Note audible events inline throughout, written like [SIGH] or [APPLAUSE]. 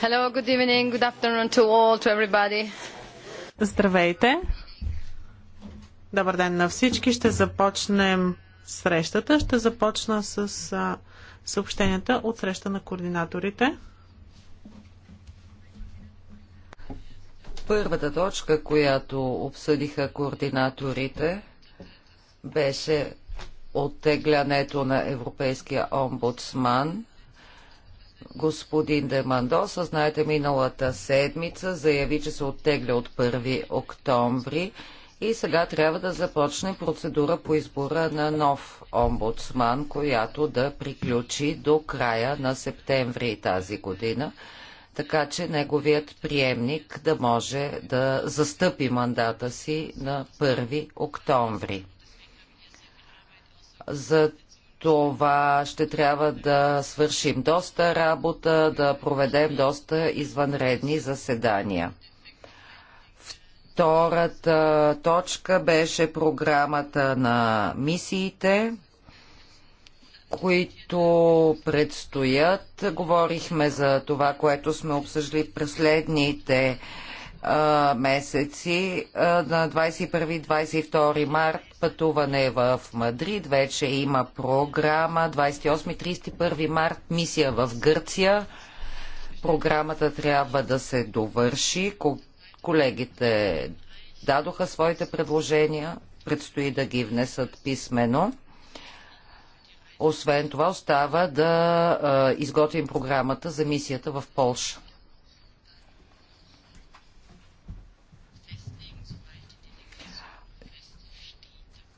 Hello, good evening, good afternoon to all, to everybody. Здравейте! Добър ден на всички. Ще започнем срещата. Ще започна с а, съобщенията от среща на координаторите. Първата точка, която обсъдиха координаторите, беше оттеглянето на Европейския омбудсман – господин Демандоса, знаете, миналата седмица заяви, че се оттегля от 1 октомври. И сега трябва да започне процедура по избора на нов омбудсман, която да приключи до края на септември тази година, така че неговият приемник да може да застъпи мандата си на 1 октомври. За това ще трябва да свършим доста работа, да проведем доста извънредни заседания. Втората точка беше програмата на мисиите, които предстоят. Говорихме за това, което сме обсъждали през следните а, месеци. А, на 21-22 март пътуване в Мадрид. Вече има програма. 28-31 март мисия в Гърция. Програмата трябва да се довърши. Колегите дадоха своите предложения, предстои да ги внесат писменно. Освен това остава да изготвим програмата за мисията в Полша.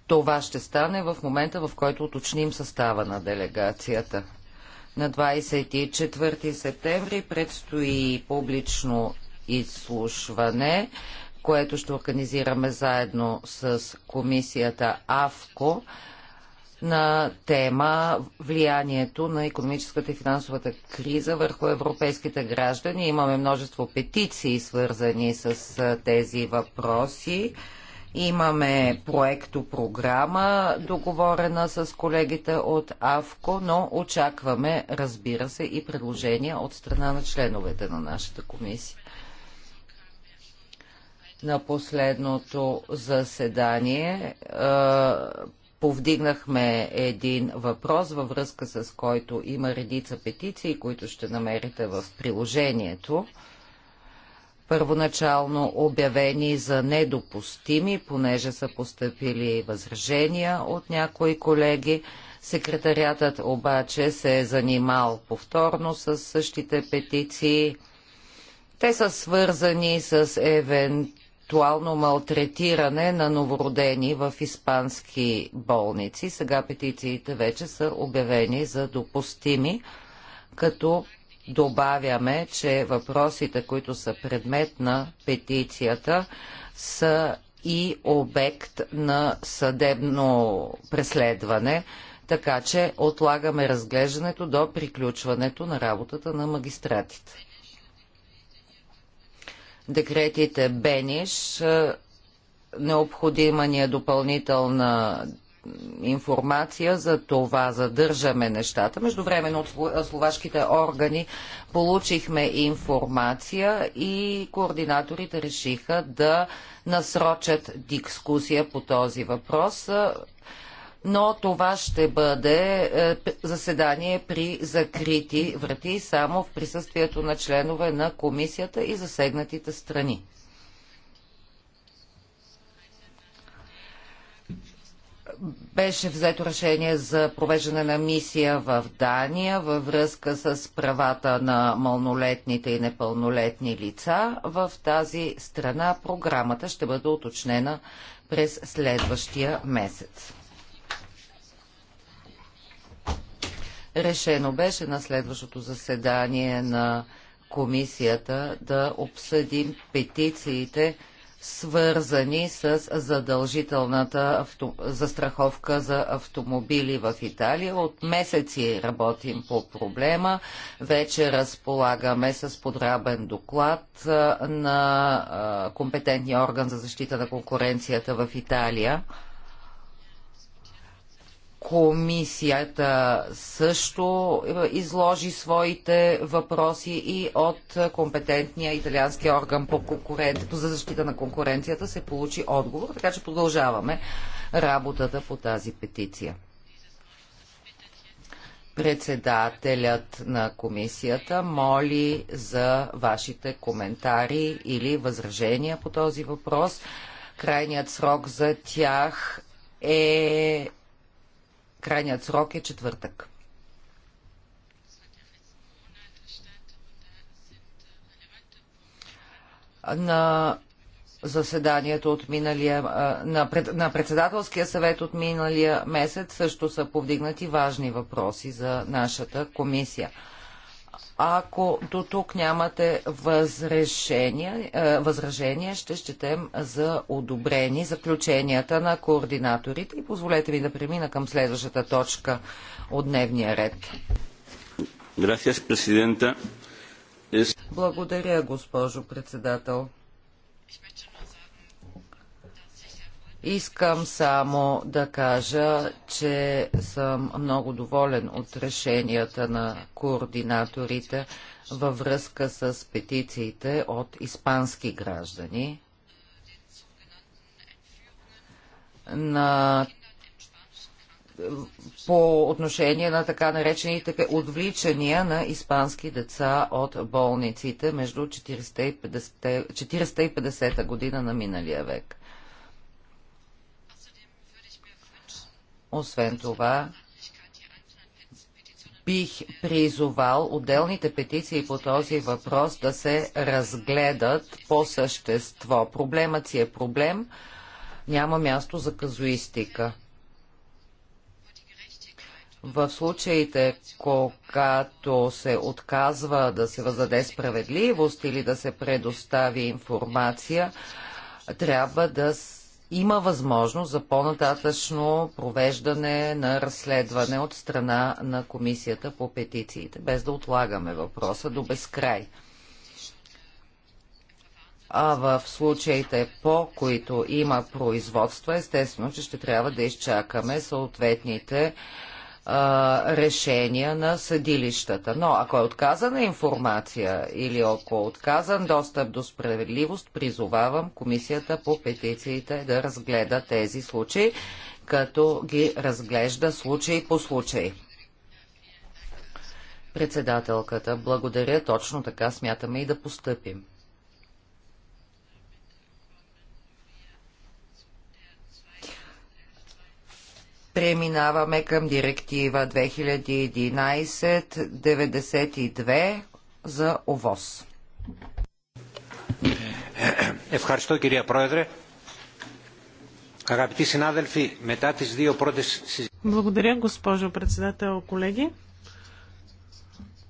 Това ще стане в момента, в който уточним състава на делегацията. На 24 септември предстои публично изслушване, което ще организираме заедно с комисията АВКО на тема влиянието на економическата и финансовата криза върху европейските граждани. Имаме множество петиции, свързани с тези въпроси. Имаме проекто програма, договорена с колегите от АВКО, но очакваме, разбира се, и предложения от страна на членовете на нашата комисия. На последното заседание е, повдигнахме един въпрос във връзка с който има редица петиции, които ще намерите в приложението. Първоначално обявени за недопустими, понеже са поступили възражения от някои колеги. Секретариатът обаче се е занимал повторно с същите петиции. Те са свързани с евентуално сексуално малтретиране на новородени в испански болници. Сега петициите вече са обявени за допустими, като добавяме, че въпросите, които са предмет на петицията, са и обект на съдебно преследване, така че отлагаме разглеждането до приключването на работата на магистратите декретите Бениш. Е, необходима ни е допълнителна информация за това задържаме нещата. Междувременно от словашките органи получихме информация и координаторите решиха да насрочат дискусия по този въпрос. Е, но това ще бъде е, заседание при закрити врати само в присъствието на членове на комисията и засегнатите страни. беше взето решение за провеждане на мисия в Дания във връзка с правата на малнолетните и непълнолетни лица. В тази страна програмата ще бъде уточнена през следващия месец. Решено беше на следващото заседание на комисията да обсъдим петициите, свързани с задължителната застраховка за автомобили в Италия. От месеци работим по проблема. Вече разполагаме с подрабен доклад на компетентния орган за защита на конкуренцията в Италия. Комисията също е, изложи своите въпроси и от компетентния италиански орган по, конкурент, за защита на конкуренцията се получи отговор, така че продължаваме работата по тази петиция. Председателят на комисията моли за вашите коментари или възражения по този въпрос. Крайният срок за тях е Крайният срок е четвъртък. На заседанието от миналия, на, пред, на председателския съвет от миналия месец също са повдигнати важни въпроси за нашата комисия. Ако до тук нямате е, възражения, ще щетем за одобрени заключенията на координаторите и позволете ми да премина към следващата точка от дневния ред. Благодаря, госпожо председател. Искам само да кажа, че съм много доволен от решенията на координаторите във връзка с петициите от испански граждани на по отношение на така наречените отвличания на испански деца от болниците между 450 40 година на миналия век. Освен това, бих призовал отделните петиции по този въпрос да се разгледат по същество. Проблемът си е проблем, няма място за казуистика. В случаите, когато се отказва да се въздаде справедливост или да се предостави информация, трябва да има възможност за по-нататъчно провеждане на разследване от страна на Комисията по петициите, без да отлагаме въпроса до безкрай. А в случаите, по които има производства, естествено, че ще трябва да изчакаме съответните решения на съдилищата. Но ако е отказана информация или ако е отказан достъп до справедливост, призовавам Комисията по петициите да разгледа тези случаи, като ги разглежда случай по случай. Председателката, благодаря, точно така смятаме и да постъпим. Преминаваме към директива 2011-92 за ОВОС. Ευχαριστώ κυρία Πρόεδρε. Αγαπητοί συνάδελφοι, μετά τις δύο πρώτες Благодаря, госпожо председател, колеги.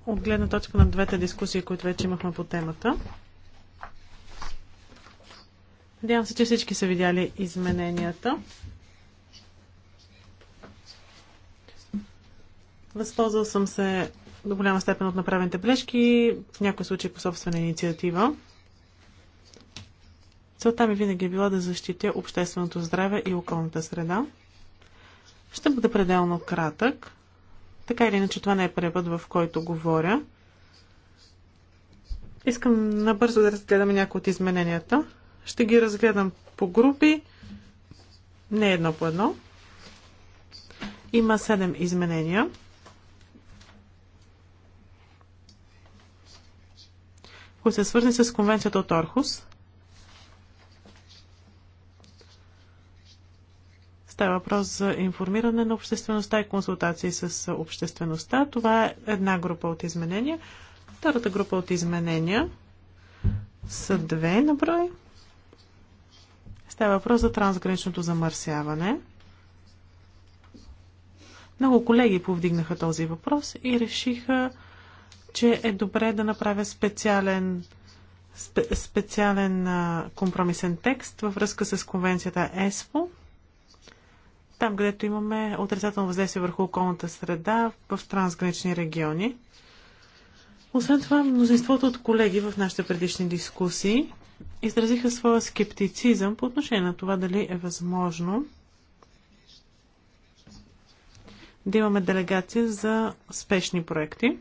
От гледна точка на двете дискусии, които вече имахме по темата. Надявам се, че всички са видяли измененията. Възползвал съм се до голяма степен от направените бележки, в някои случаи по собствена инициатива. Целта ми винаги е била да защитя общественото здраве и околната среда. Ще бъда пределно кратък. Така или иначе това не е първият в който говоря. Искам набързо да разгледам някои от измененията. Ще ги разгледам по групи, не едно по едно. Има 7 изменения. които са свързани с конвенцията от Орхус. Става въпрос за информиране на обществеността и консултации с обществеността. Това е една група от изменения. Втората група от изменения са две на брой. Става въпрос за трансграничното замърсяване. Много колеги повдигнаха този въпрос и решиха че е добре да направя специален, спе, специален а, компромисен текст във връзка с конвенцията ЕСПО. Там, където имаме отрицателно въздействие върху околната среда в трансгранични региони. Освен това, мнозинството от колеги в нашите предишни дискусии изразиха своя скептицизъм по отношение на това дали е възможно да имаме делегация за спешни проекти.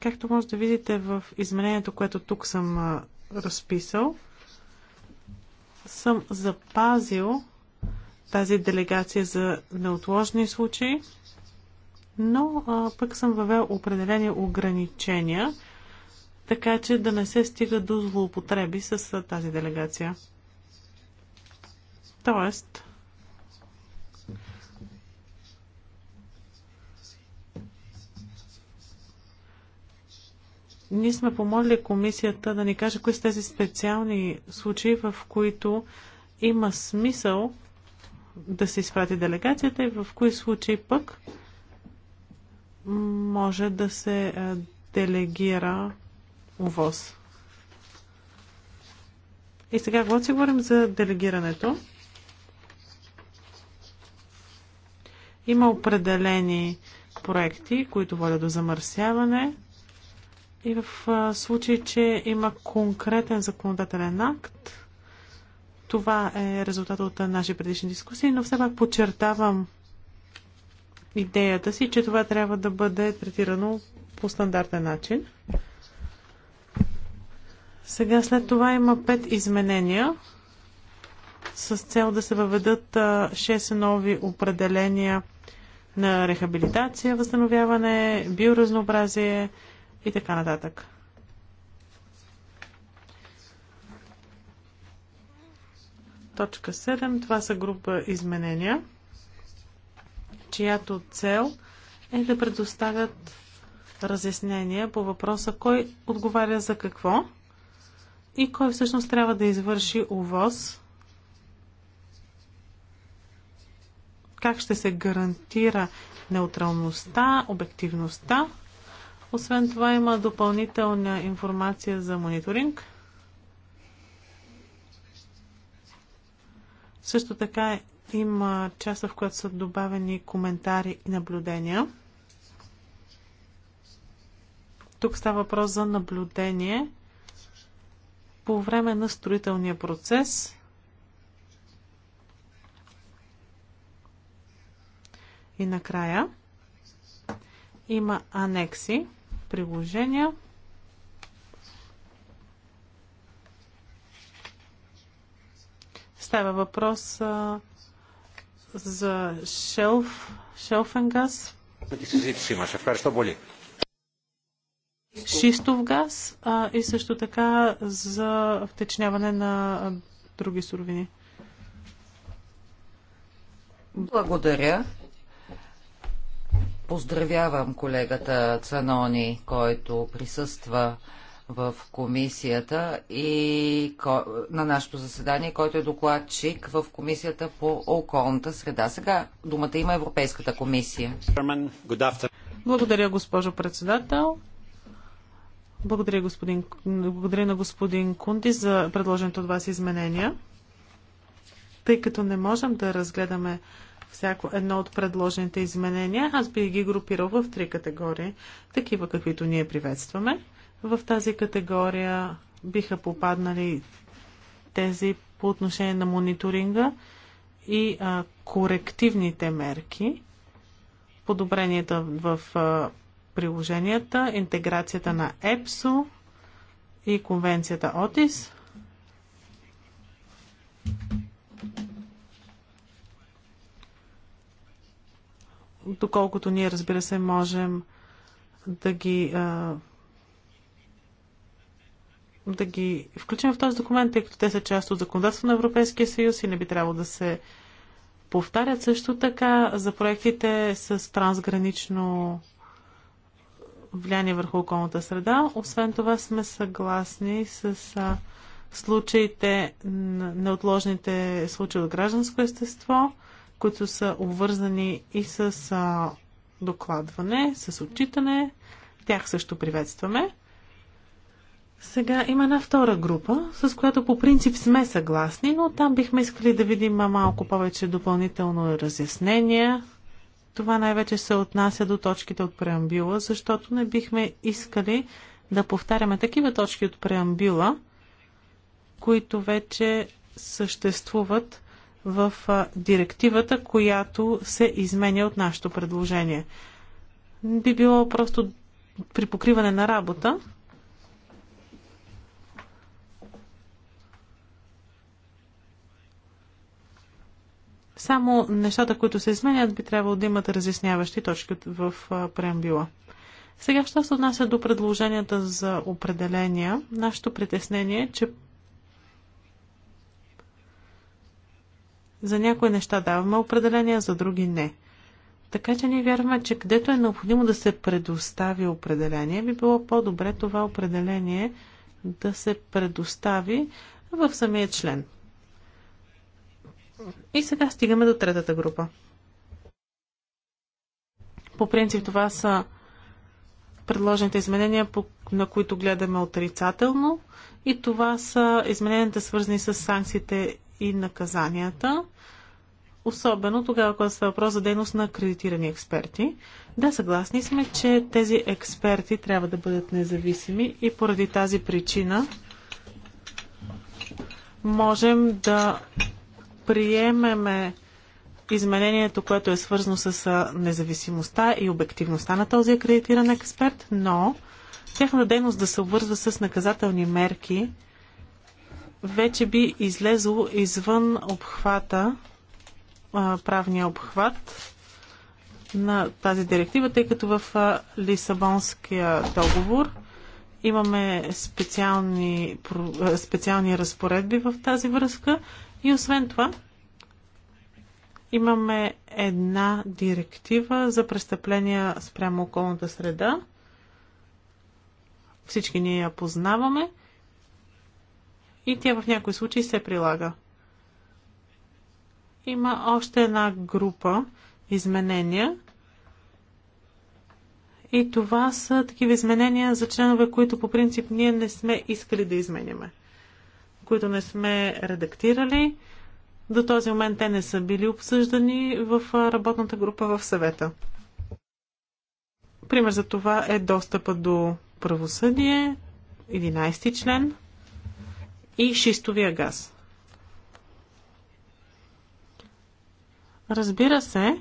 Както може да видите в изменението, което тук съм разписал, съм запазил тази делегация за неотложни случаи, но а, пък съм въвел определени ограничения, така че да не се стига до злоупотреби с а, тази делегация. Тоест, Ние сме помолили комисията да ни каже кои са тези специални случаи, в които има смисъл да се изпрати делегацията и в кои случаи пък може да се делегира увоз. И сега, когато си говорим за делегирането, има определени проекти, които водят до замърсяване, и в случай, че има конкретен законодателен акт, това е резултат от наши предишни дискусии, но все пак подчертавам идеята си, че това трябва да бъде третирано по стандартен начин. Сега след това има пет изменения с цел да се въведат шест нови определения на рехабилитация, възстановяване, биоразнообразие, и така нататък. Точка 7. Това са група изменения, чиято цел е да предоставят разяснения по въпроса кой отговаря за какво и кой всъщност трябва да извърши увоз, как ще се гарантира неутралността, обективността освен това има допълнителна информация за мониторинг. Също така има част, в която са добавени коментари и наблюдения. Тук става въпрос за наблюдение по време на строителния процес. И накрая има анекси приложения. Става въпрос а, за шелф, шелфен газ. Шистов газ а, и също така за втечняване на а, други суровини. Благодаря. Поздравявам колегата Цанони, който присъства в комисията и на нашето заседание, който е докладчик в комисията по околната среда. Сега думата има Европейската комисия. Благодаря, госпожо председател. Благодаря, господин, благодаря на господин Кунди за предложените от вас изменения. Тъй като не можем да разгледаме всяко едно от предложените изменения. Аз би ги групирал в три категории, такива каквито ние приветстваме. В тази категория биха попаднали тези по отношение на мониторинга и а, корективните мерки, подобренията в а, приложенията, интеграцията на ЕПСО и конвенцията ОТИС. доколкото ние, разбира се, можем да ги а, да ги включим в този документ, тъй като те са част от законодателство на Европейския съюз и не би трябвало да се повтарят също така за проектите с трансгранично влияние върху околната среда. Освен това сме съгласни с а, случаите, неотложните случаи от гражданско естество, които са обвързани и с а, докладване, с отчитане. Тях също приветстваме. Сега има една втора група, с която по принцип сме съгласни, но там бихме искали да видим малко повече допълнително разяснения. Това най-вече се отнася до точките от преамбюла, защото не бихме искали да повтаряме такива точки от преамбюла, които вече съществуват в директивата, която се изменя от нашето предложение. Би било просто при покриване на работа. Само нещата, които се изменят, би трябвало да имат разясняващи точки в преамбила. Сега, що се отнася до предложенията за определения, нашето притеснение е, че За някои неща даваме определения, за други не. Така че ние вярваме, че където е необходимо да се предостави определение, би било по-добре това определение да се предостави в самия член. И сега стигаме до третата група. По принцип това са предложените изменения, на които гледаме отрицателно и това са измененията свързани с санкциите и наказанията, особено тогава, когато става въпрос за дейност на акредитирани експерти. Да, съгласни сме, че тези експерти трябва да бъдат независими и поради тази причина можем да приемеме изменението, което е свързано с независимостта и обективността на този акредитиран експерт, но тяхната дейност да се обвързва с наказателни мерки вече би излезло извън обхвата, правния обхват на тази директива, тъй като в Лисабонския договор имаме специални, специални разпоредби в тази връзка и освен това имаме една директива за престъпления спрямо околната среда. Всички ние я познаваме и тя в някои случаи се прилага. Има още една група изменения. И това са такива изменения за членове, които по принцип ние не сме искали да изменяме, които не сме редактирали. До този момент те не са били обсъждани в работната група в съвета. Пример за това е достъпа до правосъдие, 11 член – и шистовия газ. Разбира се,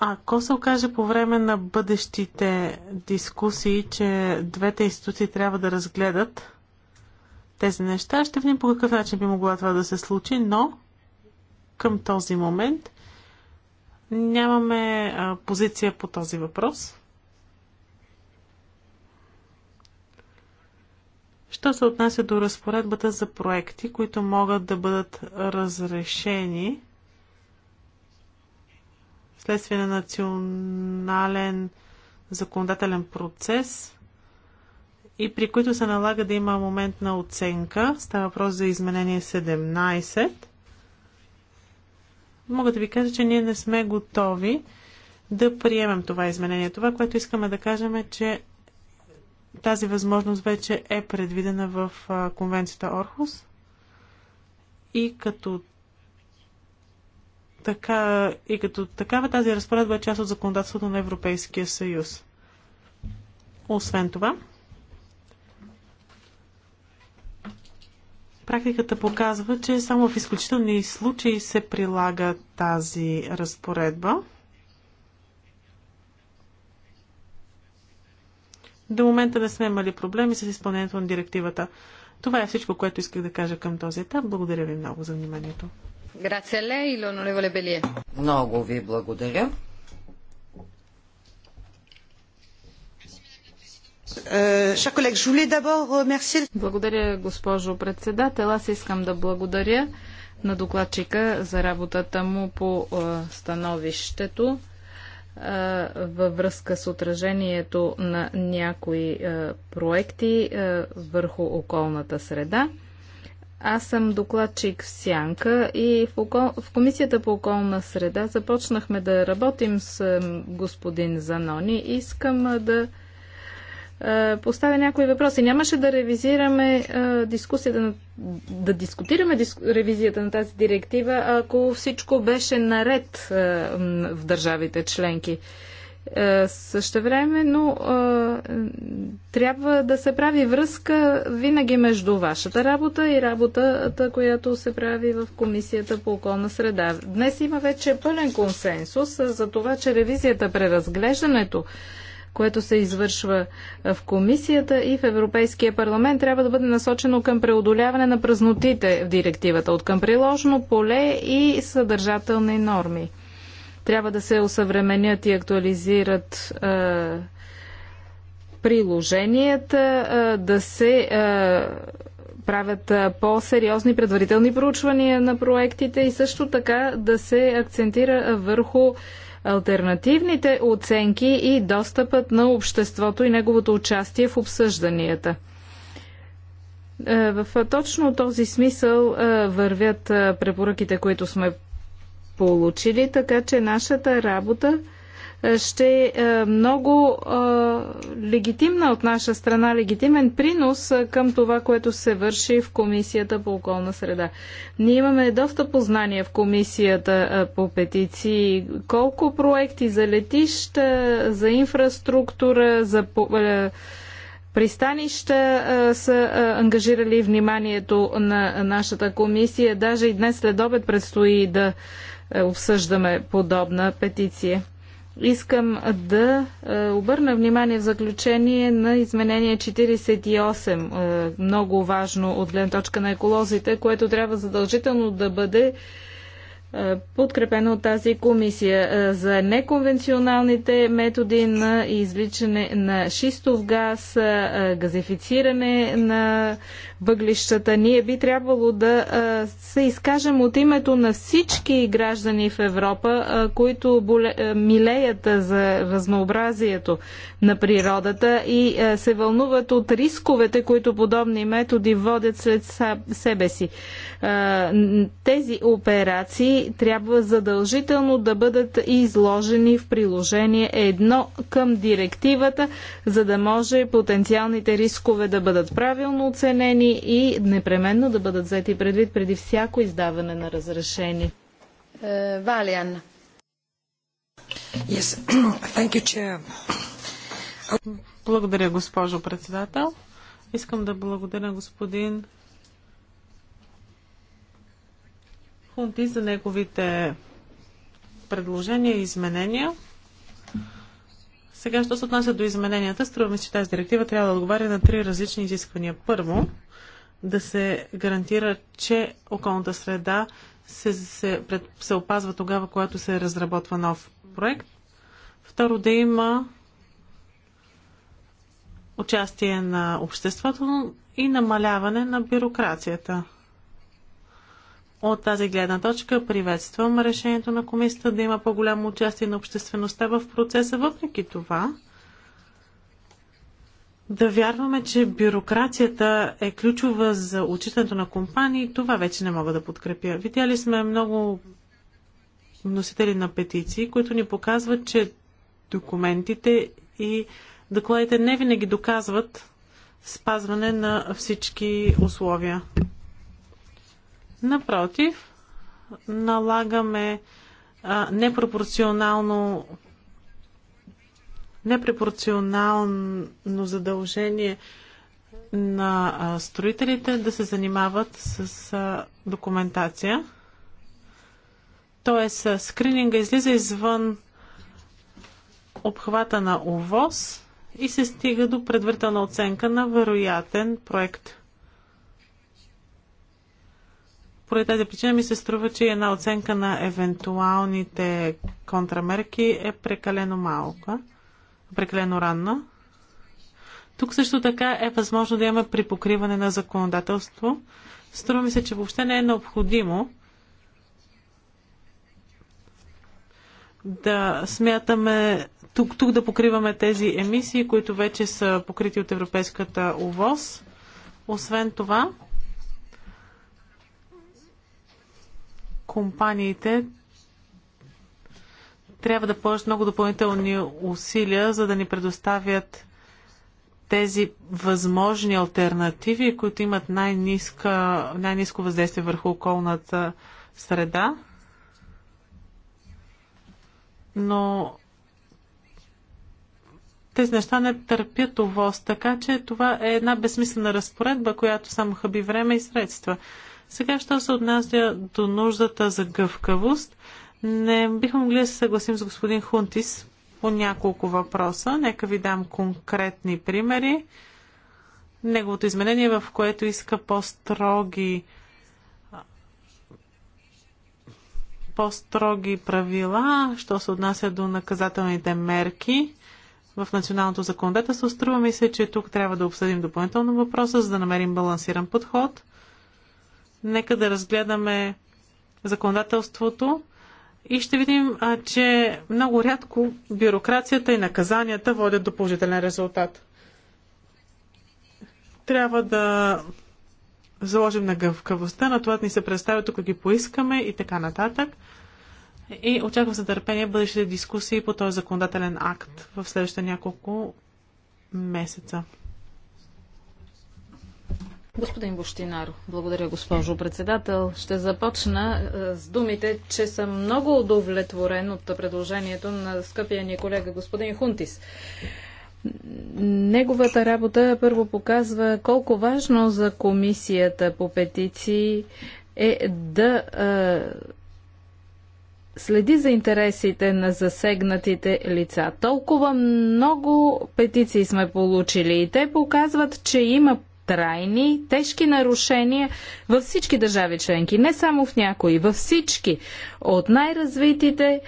ако се окаже по време на бъдещите дискусии, че двете институции трябва да разгледат тези неща, ще видим по какъв начин би могла това да се случи, но към този момент нямаме позиция по този въпрос. Що се отнася до разпоредбата за проекти, които могат да бъдат разрешени следствие на национален законодателен процес и при които се налага да има момент на оценка, става въпрос за изменение 17, мога да ви кажа, че ние не сме готови да приемем това изменение. Това, което искаме да кажем е, че тази възможност вече е предвидена в конвенцията Орхус и като така, и като такава тази разпоредба е част от законодателството на Европейския съюз. Освен това, практиката показва, че само в изключителни случаи се прилага тази разпоредба. До момента не сме имали проблеми с изпълнението на директивата. Това е всичко, което исках да кажа към този етап. Благодаря ви много за вниманието. Много ви благодаря. Е, благодаря, госпожо председател. Аз искам да благодаря на докладчика за работата му по е, становището във връзка с отражението на някои проекти върху околната среда. Аз съм докладчик в Сянка и в, окол... в Комисията по околна среда започнахме да работим с господин Занони. Искам да е, поставя някои въпроси. Нямаше да ревизираме е, дискусията, на, да дискутираме диск, ревизията на тази директива, ако всичко беше наред е, в държавите членки. Също време, но трябва да се прави връзка винаги между вашата работа и работата, която се прави в Комисията по околна среда. Днес има вече пълен консенсус за това, че ревизията, преразглеждането което се извършва е, в комисията и в Европейския парламент, трябва да бъде насочено към преодоляване на празнотите в директивата, от към приложно поле и съдържателни норми. Трябва да се осъвременят и актуализират е, приложенията, е, да се е, правят е, по-сериозни предварителни проучвания на проектите и също така да се акцентира върху альтернативните оценки и достъпът на обществото и неговото участие в обсъжданията. Е, в е, точно този смисъл е, вървят препоръките, които сме получили, така че нашата работа ще е много е, легитимна от наша страна, легитимен принос е, към това, което се върши в Комисията по околна среда. Ние имаме доста познания в Комисията е, по петиции. Колко проекти за летища, за инфраструктура, за пристанища са ангажирали вниманието на нашата комисия. Даже и днес след обед предстои да обсъждаме подобна петиция. Искам да е, обърна внимание в заключение на изменение 48, е, много важно от гледна точка на еколозите, което трябва задължително да бъде е, подкрепено от тази комисия е, за неконвенционалните методи на извличане на шистов газ, е, газифициране на въглищата. Ние би трябвало да се изкажем от името на всички граждани в Европа, които милеят за разнообразието на природата и се вълнуват от рисковете, които подобни методи водят след себе си. Тези операции трябва задължително да бъдат изложени в приложение едно към директивата, за да може потенциалните рискове да бъдат правилно оценени и непременно да бъдат взети предвид преди всяко издаване на разрешение. Е, Валиан. Yes. [CLEARS THROAT] Thank you, chair. Благодаря, госпожо председател. Искам да благодаря господин Хунти за неговите предложения и изменения. Сега, що се отнася до измененията, струва ми, че тази директива трябва да отговаря на три различни изисквания. Първо, да се гарантира, че околната среда се, се, пред, се опазва тогава, когато се разработва нов проект. Второ, да има участие на обществото и намаляване на бюрокрацията. От тази гледна точка приветствам решението на комисията да има по-голямо участие на обществеността в процеса, въпреки това да вярваме, че бюрокрацията е ключова за отчитането на компании, това вече не мога да подкрепя. Видяли сме много носители на петиции, които ни показват, че документите и докладите не винаги доказват спазване на всички условия. Напротив, налагаме а, непропорционално непропорционално задължение на а, строителите да се занимават с а, документация. Тоест, скрининга излиза извън обхвата на ОВОз и се стига до предварителна оценка на вероятен проект. Поради тази причина ми се струва, че една оценка на евентуалните контрамерки е прекалено малка, прекалено ранна. Тук също така е възможно да имаме припокриване на законодателство. Струва ми се, че въобще не е необходимо да смятаме тук, тук да покриваме тези емисии, които вече са покрити от европейската ОВОз. Освен това, компаниите трябва да положат много допълнителни усилия, за да ни предоставят тези възможни альтернативи, които имат най-низко най въздействие върху околната среда. Но тези неща не търпят овоз, така че това е една безсмислена разпоредба, която само хъби време и средства. Сега, що се отнася до нуждата за гъвкавост, не бихме могли да се съгласим с господин Хунтис по няколко въпроса. Нека ви дам конкретни примери. Неговото изменение, в което иска по-строги по-строги правила, що се отнася до наказателните мерки в националното законодателство. Струва ми се, че тук трябва да обсъдим допълнително въпроса, за да намерим балансиран подход. Нека да разгледаме законодателството и ще видим, а, че много рядко бюрокрацията и наказанията водят до положителен резултат. Трябва да заложим на гъвкавостта, на това да ни се представят, ако ги поискаме и така нататък. И очаквам за търпение бъдещите дискусии по този законодателен акт в следващите няколко месеца. Господин Бощинаро, благодаря госпожо председател. Ще започна е, с думите, че съм много удовлетворен от предложението на скъпия ни колега господин Хунтис. Неговата работа първо показва колко важно за комисията по петиции е да е, следи за интересите на засегнатите лица. Толкова много петиции сме получили и те показват, че има трайни, тежки нарушения във всички държави членки, не само в някои, във всички, от най-развитите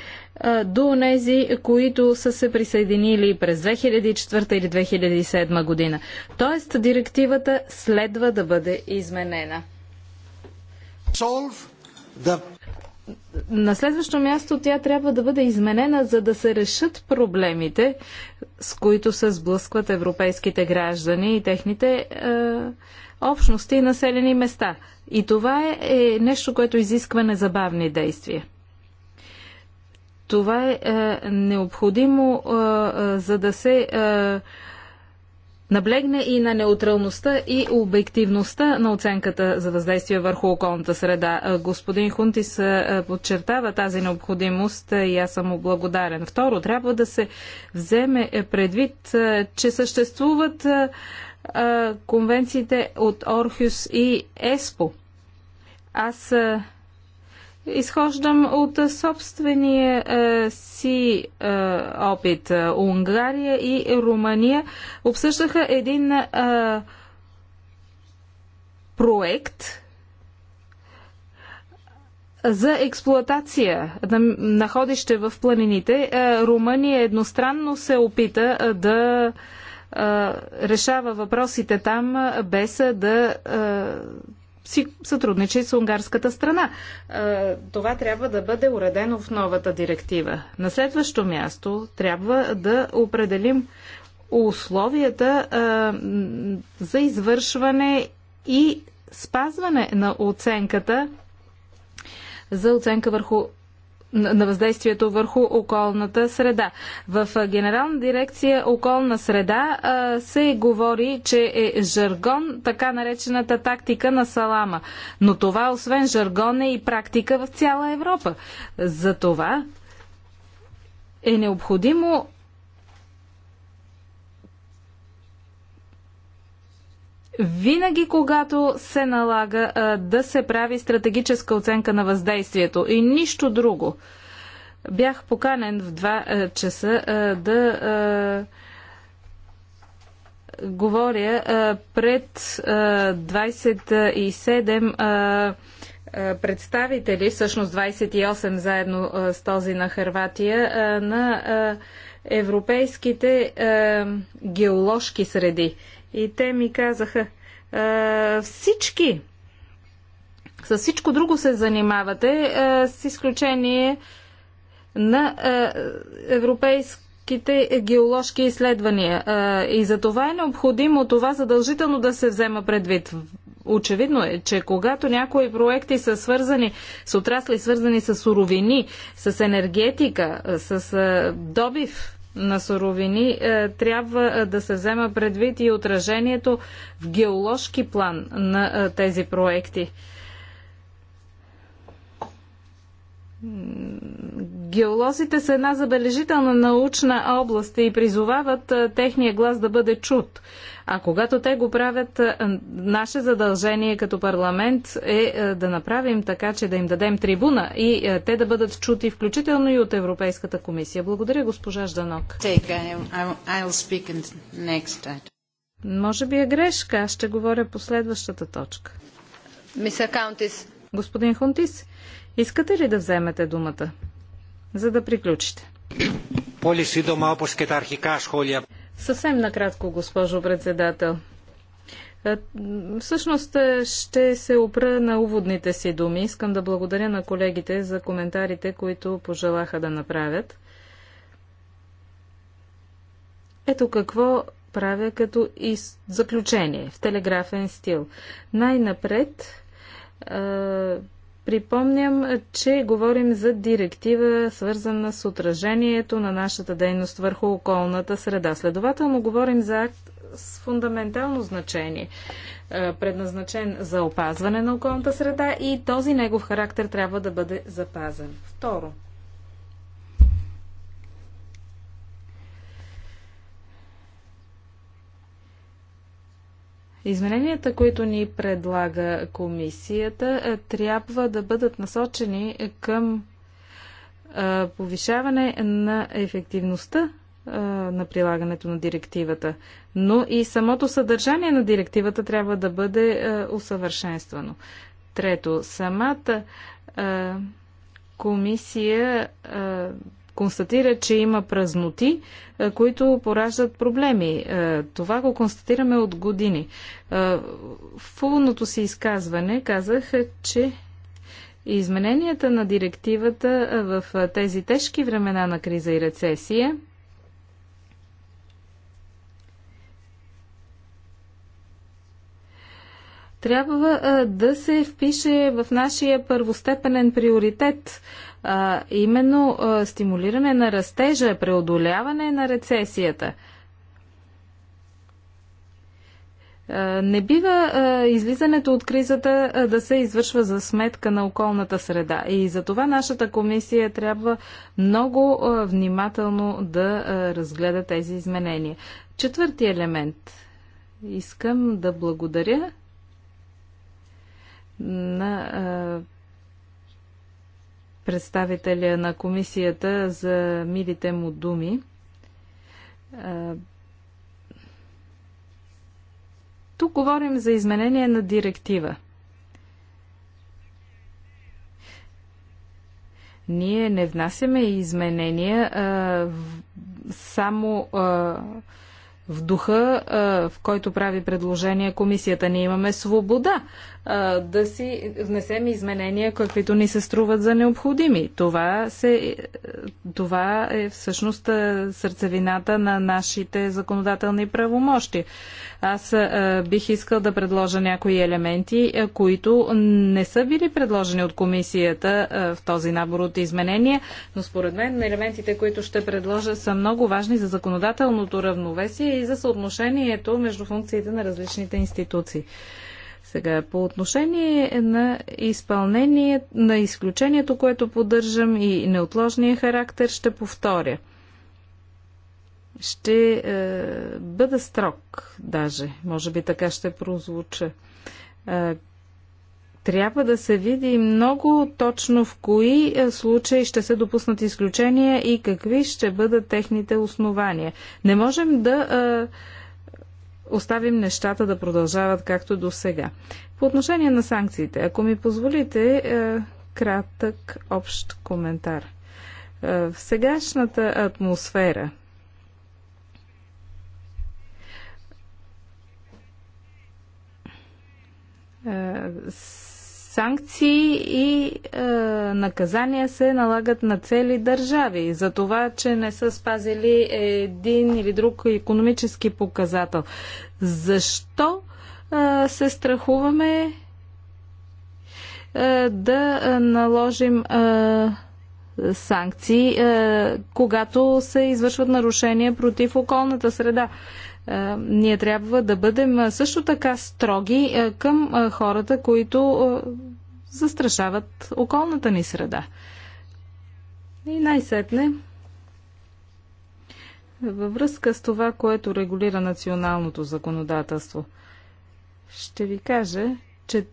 до нези, които са се присъединили през 2004 или 2007 година. Тоест, директивата следва да бъде изменена. Solve the на следващо място тя трябва да бъде изменена, за да се решат проблемите, с които се сблъскват европейските граждани и техните е, общности и населени места. И това е, е нещо, което изисква незабавни действия. Това е, е необходимо, е, е, за да се. Е, наблегне и на неутралността и обективността на оценката за въздействие върху околната среда. Господин Хунтис подчертава тази необходимост и аз съм му благодарен. Второ, трябва да се вземе е, предвид, че съществуват конвенциите от Орхюс и ЕСПО. Аз Изхождам от собствения е, си е, опит. Унгария и Румъния обсъждаха един е, проект за експлуатация на находище в планините. Е, Румъния едностранно се опита е, да е, решава въпросите там е, без е, да. Е, си сътрудничи с унгарската страна. Е, това трябва да бъде уредено в новата директива. На следващо място трябва да определим условията е, за извършване и спазване на оценката за оценка върху на въздействието върху околната среда. В Генерална дирекция околна среда се говори, че е жаргон така наречената тактика на салама. Но това, освен жаргон, е и практика в цяла Европа. За това е необходимо винаги когато се налага а, да се прави стратегическа оценка на въздействието и нищо друго. Бях поканен в 2 а, часа а, да говоря пред 27 представители, всъщност 28 заедно с този на Харватия, на европейските геоложки среди. И те ми казаха, всички, с всичко друго се занимавате, с изключение на европейските геоложки изследвания. И за това е необходимо това задължително да се взема предвид. Очевидно е, че когато някои проекти са свързани с отрасли, свързани с суровини, с енергетика, с добив на суровини е, трябва е, да се взема предвид и отражението в геоложки план на е, тези проекти. Геолозите са една забележителна научна област и призовават техния глас да бъде чут. А когато те го правят, е, наше задължение като парламент е, е да направим така, че да им дадем трибуна и е, те да бъдат чути, включително и от Европейската комисия. Благодаря, госпожа Жданок. Може би е грешка. Аз ще говоря по следващата точка. Господин Хунтис, искате ли да вземете думата, за да приключите? Полисидома, σύντομα, архика, школия. Съвсем накратко, госпожо председател. Е, всъщност е, ще се опра на уводните си думи. Искам да благодаря на колегите за коментарите, които пожелаха да направят. Ето какво правя като из... заключение в телеграфен стил. Най-напред е, Припомням, че говорим за директива, свързана с отражението на нашата дейност върху околната среда. Следователно говорим за акт с фундаментално значение, е, предназначен за опазване на околната среда и този негов характер трябва да бъде запазен. Второ, Измененията, които ни предлага комисията, е, трябва да бъдат насочени към е, повишаване на ефективността е, на прилагането на директивата, но и самото съдържание на директивата трябва да бъде усъвършенствано. Трето, самата комисия констатира, че има празноти, е, които пораждат проблеми. Е, това го констатираме от години. Е, в уводното си изказване казах, че измененията на директивата в тези тежки времена на криза и рецесия трябва да се впише в нашия първостепенен приоритет – а, именно а, стимулиране на растежа, преодоляване на рецесията. Не бива а, излизането от кризата а, да се извършва за сметка на околната среда. И за това нашата комисия трябва много а, внимателно да разгледа тези изменения. Четвърти елемент. Искам да благодаря на представителя на комисията за милите му думи. Тук говорим за изменение на директива. Ние не внасяме изменения а, само а, в духа, в който прави предложение комисията. Ние имаме свобода да си внесем изменения, каквито ни се струват за необходими. Това, се, това е всъщност сърцевината на нашите законодателни правомощи. Аз бих искал да предложа някои елементи, които не са били предложени от комисията в този набор от изменения, но според мен елементите, които ще предложа, са много важни за законодателното равновесие и за съотношението между функциите на различните институции. Сега, по отношение на изпълнение на изключението, което поддържам и неотложния характер, ще повторя. Ще е, бъда строг, даже. Може би така ще прозвуча. Е, трябва да се види много точно в кои е, случаи ще се допуснат изключения и какви ще бъдат техните основания. Не можем да а, е, оставим нещата да продължават както до сега. По отношение на санкциите, ако ми позволите, а, е, кратък общ коментар. в сегашната атмосфера а, санкции и е, наказания се налагат на цели държави за това, че не са спазили един или друг економически показател. Защо е, се страхуваме е, да е, наложим е, санкции, е, когато се извършват нарушения против околната среда? Е, ние трябва да бъдем е, също така строги е, към хората, които застрашават околната ни среда. И най-сетне, във връзка с това, което регулира националното законодателство, ще ви кажа, че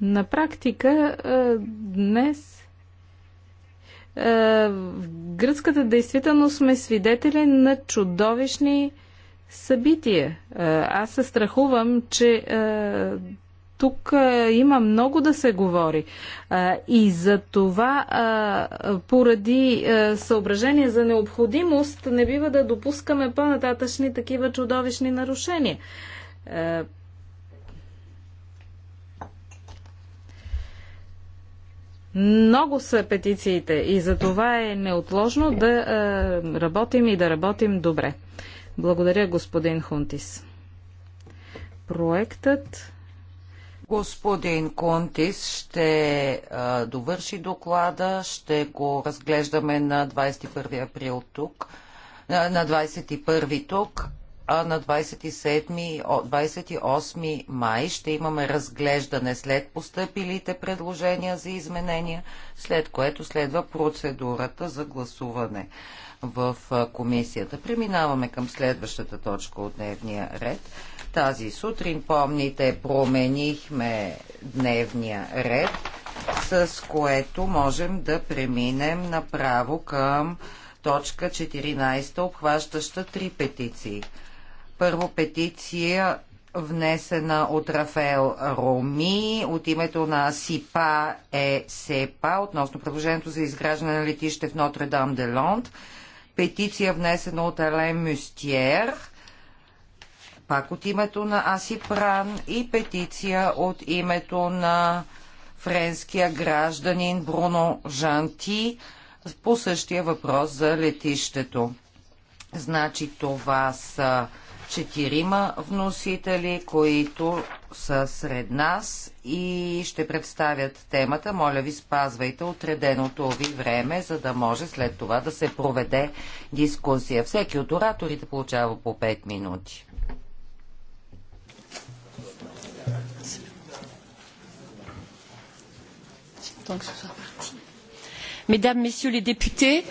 на практика днес в гръцката действителност сме свидетели на чудовищни събитие. Е, аз се страхувам, че е, тук е, има много да се говори. И за това, поради съображение за необходимост, не бива да допускаме по-нататъчни такива чудовищни нарушения. Много са петициите и за това е неотложно да работим и да работим добре. Благодаря, господин Хунтис. Проектът Господин Контис ще а, довърши доклада, ще го разглеждаме на 21 април тук, на, на 21 тук, а на 27, 28 май ще имаме разглеждане след постъпилите предложения за изменения, след което следва процедурата за гласуване в комисията. Преминаваме към следващата точка от дневния ред. Тази сутрин, помните, променихме дневния ред, с което можем да преминем направо към точка 14, обхващаща три петиции. Първо петиция внесена от Рафаел Роми от името на СИПА е СЕПА относно предложението за изграждане на летище в Нотре Дам де Лонд петиция, внесена от Ален Мюстиер, пак от името на Аси Пран и петиция от името на френския гражданин Бруно Жанти по същия въпрос за летището. Значи това са четирима вносители, които са сред нас и ще представят темата. Моля ви, спазвайте отреденото ви време, за да може след това да се проведе дискусия. Всеки от ораторите получава по 5 минути. Мидам, Messieurs ли депутати,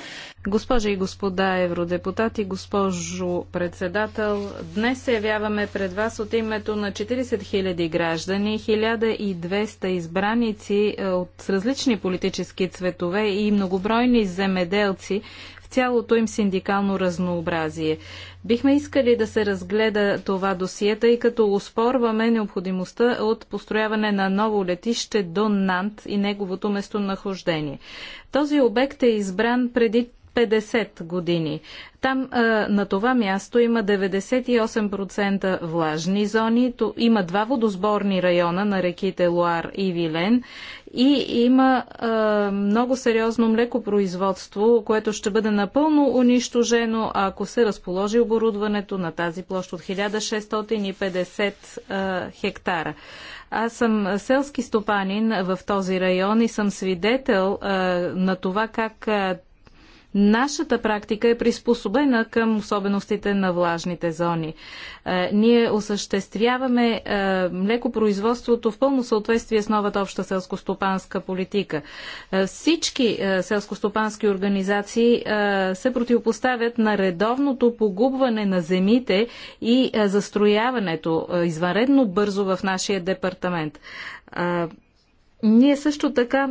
Госпожи и господа евродепутати, госпожо председател, днес се явяваме пред вас от името на 40 000 граждани, 1200 избраници е, от различни политически цветове и многобройни земеделци в цялото им синдикално разнообразие. Бихме искали да се разгледа това досие, тъй като успорваме необходимостта от построяване на ново летище до Нант и неговото местонахождение. Този обект е избран преди 50 години. Там на това място има 98% влажни зони, има два водосборни района на реките Луар и Вилен и има много сериозно млекопроизводство, което ще бъде напълно унищожено, ако се разположи оборудването на тази площ от 1650 хектара. Аз съм селски стопанин в този район и съм свидетел а, на това как а, Нашата практика е приспособена към особеностите на влажните зони. Е, ние осъществяваме е, млекопроизводството в пълно съответствие с новата обща селскостопанска политика. Е, всички селскостопански организации се противопоставят на редовното погубване на земите и застрояването извънредно бързо в нашия департамент ние също така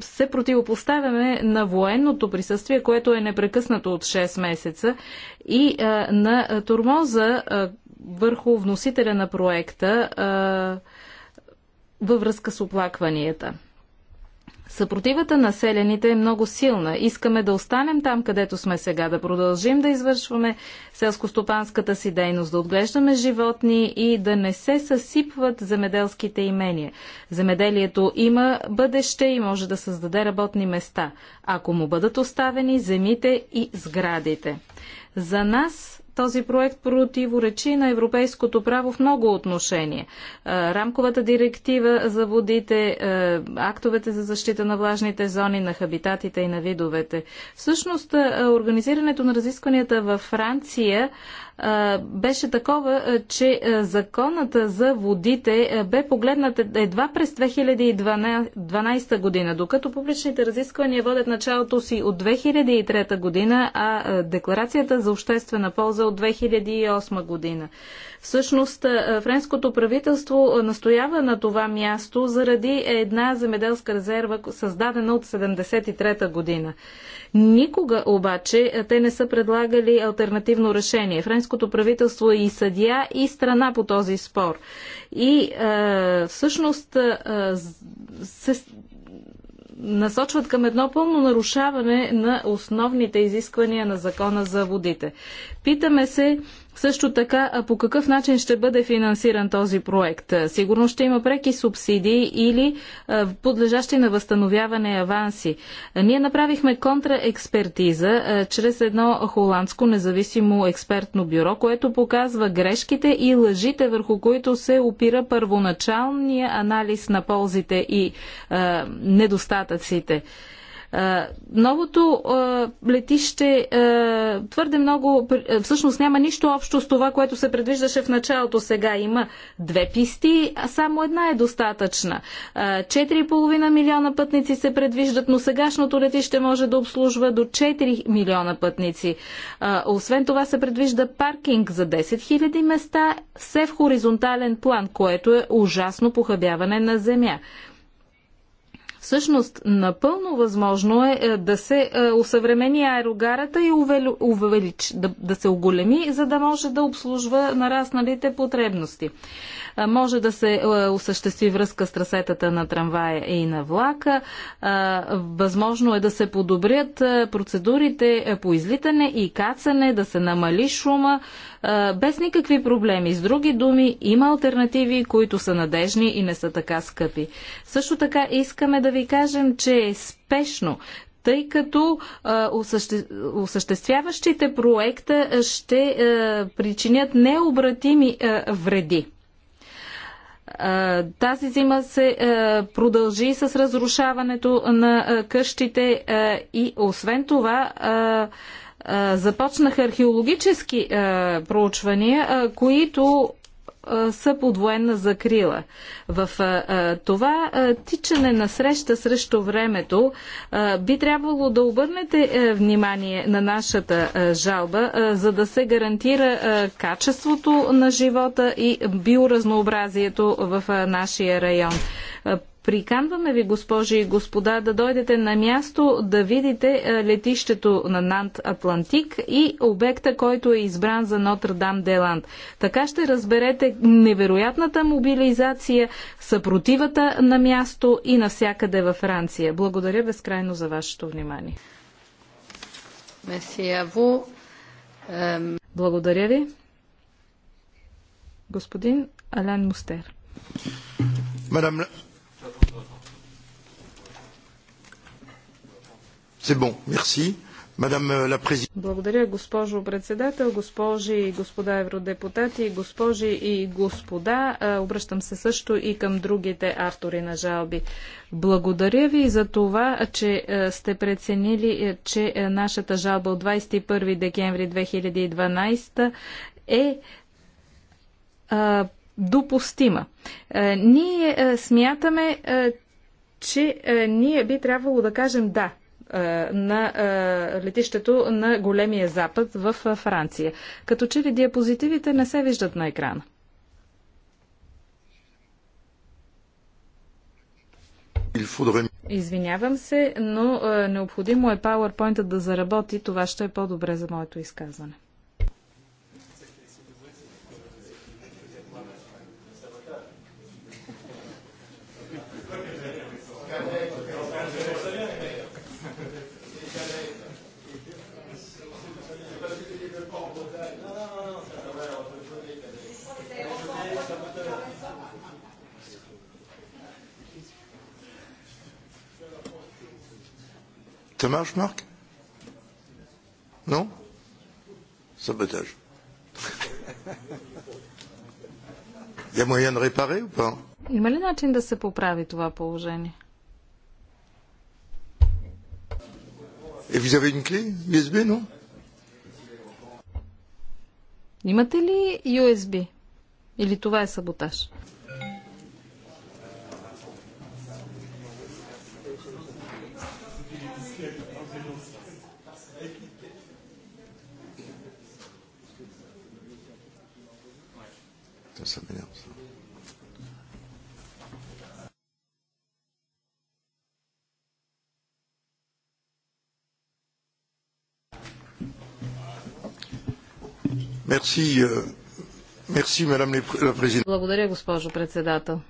се противопоставяме на военното присъствие, което е непрекъснато от 6 месеца и а, на турмоза а, върху вносителя на проекта а, във връзка с оплакванията. Съпротивата на селените е много силна. Искаме да останем там, където сме сега, да продължим да извършваме селскостопанската си дейност, да отглеждаме животни и да не се съсипват земеделските имения. Земеделието има бъдеще и може да създаде работни места, ако му бъдат оставени земите и сградите. За нас този проект противоречи на европейското право в много отношения. Е, рамковата директива за водите, е, актовете за защита на влажните зони, на хабитатите и на видовете. Всъщност, е, организирането на разискванията във Франция беше такова, че законът за водите бе погледнат едва през 2012 година, докато публичните разисквания водят началото си от 2003 година, а декларацията за обществена полза от 2008 година. Всъщност, френското правителство настоява на това място заради една земеделска резерва, създадена от 1973 година. Никога обаче те не са предлагали альтернативно решение. Френското правителство е и съдия, и страна по този спор. И е, всъщност е, се насочват към едно пълно нарушаване на основните изисквания на закона за водите. Питаме се също така, по какъв начин ще бъде финансиран този проект? Сигурно ще има преки субсидии или подлежащи на възстановяване аванси. Ние направихме контраекспертиза чрез едно холандско независимо експертно бюро, което показва грешките и лъжите, върху които се опира първоначалния анализ на ползите и недостатъците. Новото летище твърде много, всъщност няма нищо общо с това, което се предвиждаше в началото. Сега има две писти, а само една е достатъчна. 4,5 милиона пътници се предвиждат, но сегашното летище може да обслужва до 4 милиона пътници. Освен това се предвижда паркинг за 10 000 места, все в хоризонтален план, което е ужасно похабяване на земя. Всъщност, напълно възможно е, е да се е, усъвремени аерогарата и увелич, да, да се оголеми, за да може да обслужва нарасналите потребности. Е, може да се осъществи връзка с трасетата на трамвая и на влака. Възможно е да се подобрят процедурите по излитане и кацане, да се намали шума, без никакви проблеми. С други думи, има альтернативи, които са надежни и не са така скъпи. Също така искаме да ви кажем, че е спешно тъй като а, осъще... осъществяващите проекта ще а, причинят необратими а, вреди. Тази зима се продължи с разрушаването на къщите и освен това започнаха археологически проучвания, които са под военна закрила. В това тичане на среща срещу времето би трябвало да обърнете внимание на нашата жалба, за да се гарантира качеството на живота и биоразнообразието в нашия район Приканваме ви, госпожи и господа, да дойдете на място да видите е, летището на Нант Атлантик и обекта, който е избран за Нотр-Дам Деланд. Така ще разберете невероятната мобилизация, съпротивата на място и навсякъде във Франция. Благодаря безкрайно за вашето внимание. Благодаря ви. Господин Алян Мустер. Мадам Euh, Благодаря, госпожо председател, госпожи и господа евродепутати, госпожи и господа. Е, обръщам се също и към другите автори на жалби. Благодаря ви за това, че е, сте преценили, е, че нашата жалба от 21 декември 2012 е допустима. Ние смятаме, че ние би трябвало да кажем да е, на е, летището на Големия Запад в е, Франция. Като че ли диапозитивите не се виждат на екрана? Извинявам се, но необходимо е PowerPoint да заработи. Това ще е по-добре за моето изказване. marche, Marc Non Sabotage. Il y a moyen de réparer ou pas Il Има ли начин да се поправи това положение? Et vous avez une clé USB, non Имате ли USB? Или това е саботаж? something else. Merci, merci, Madame la Présidente. Благодаря, госпожо председател.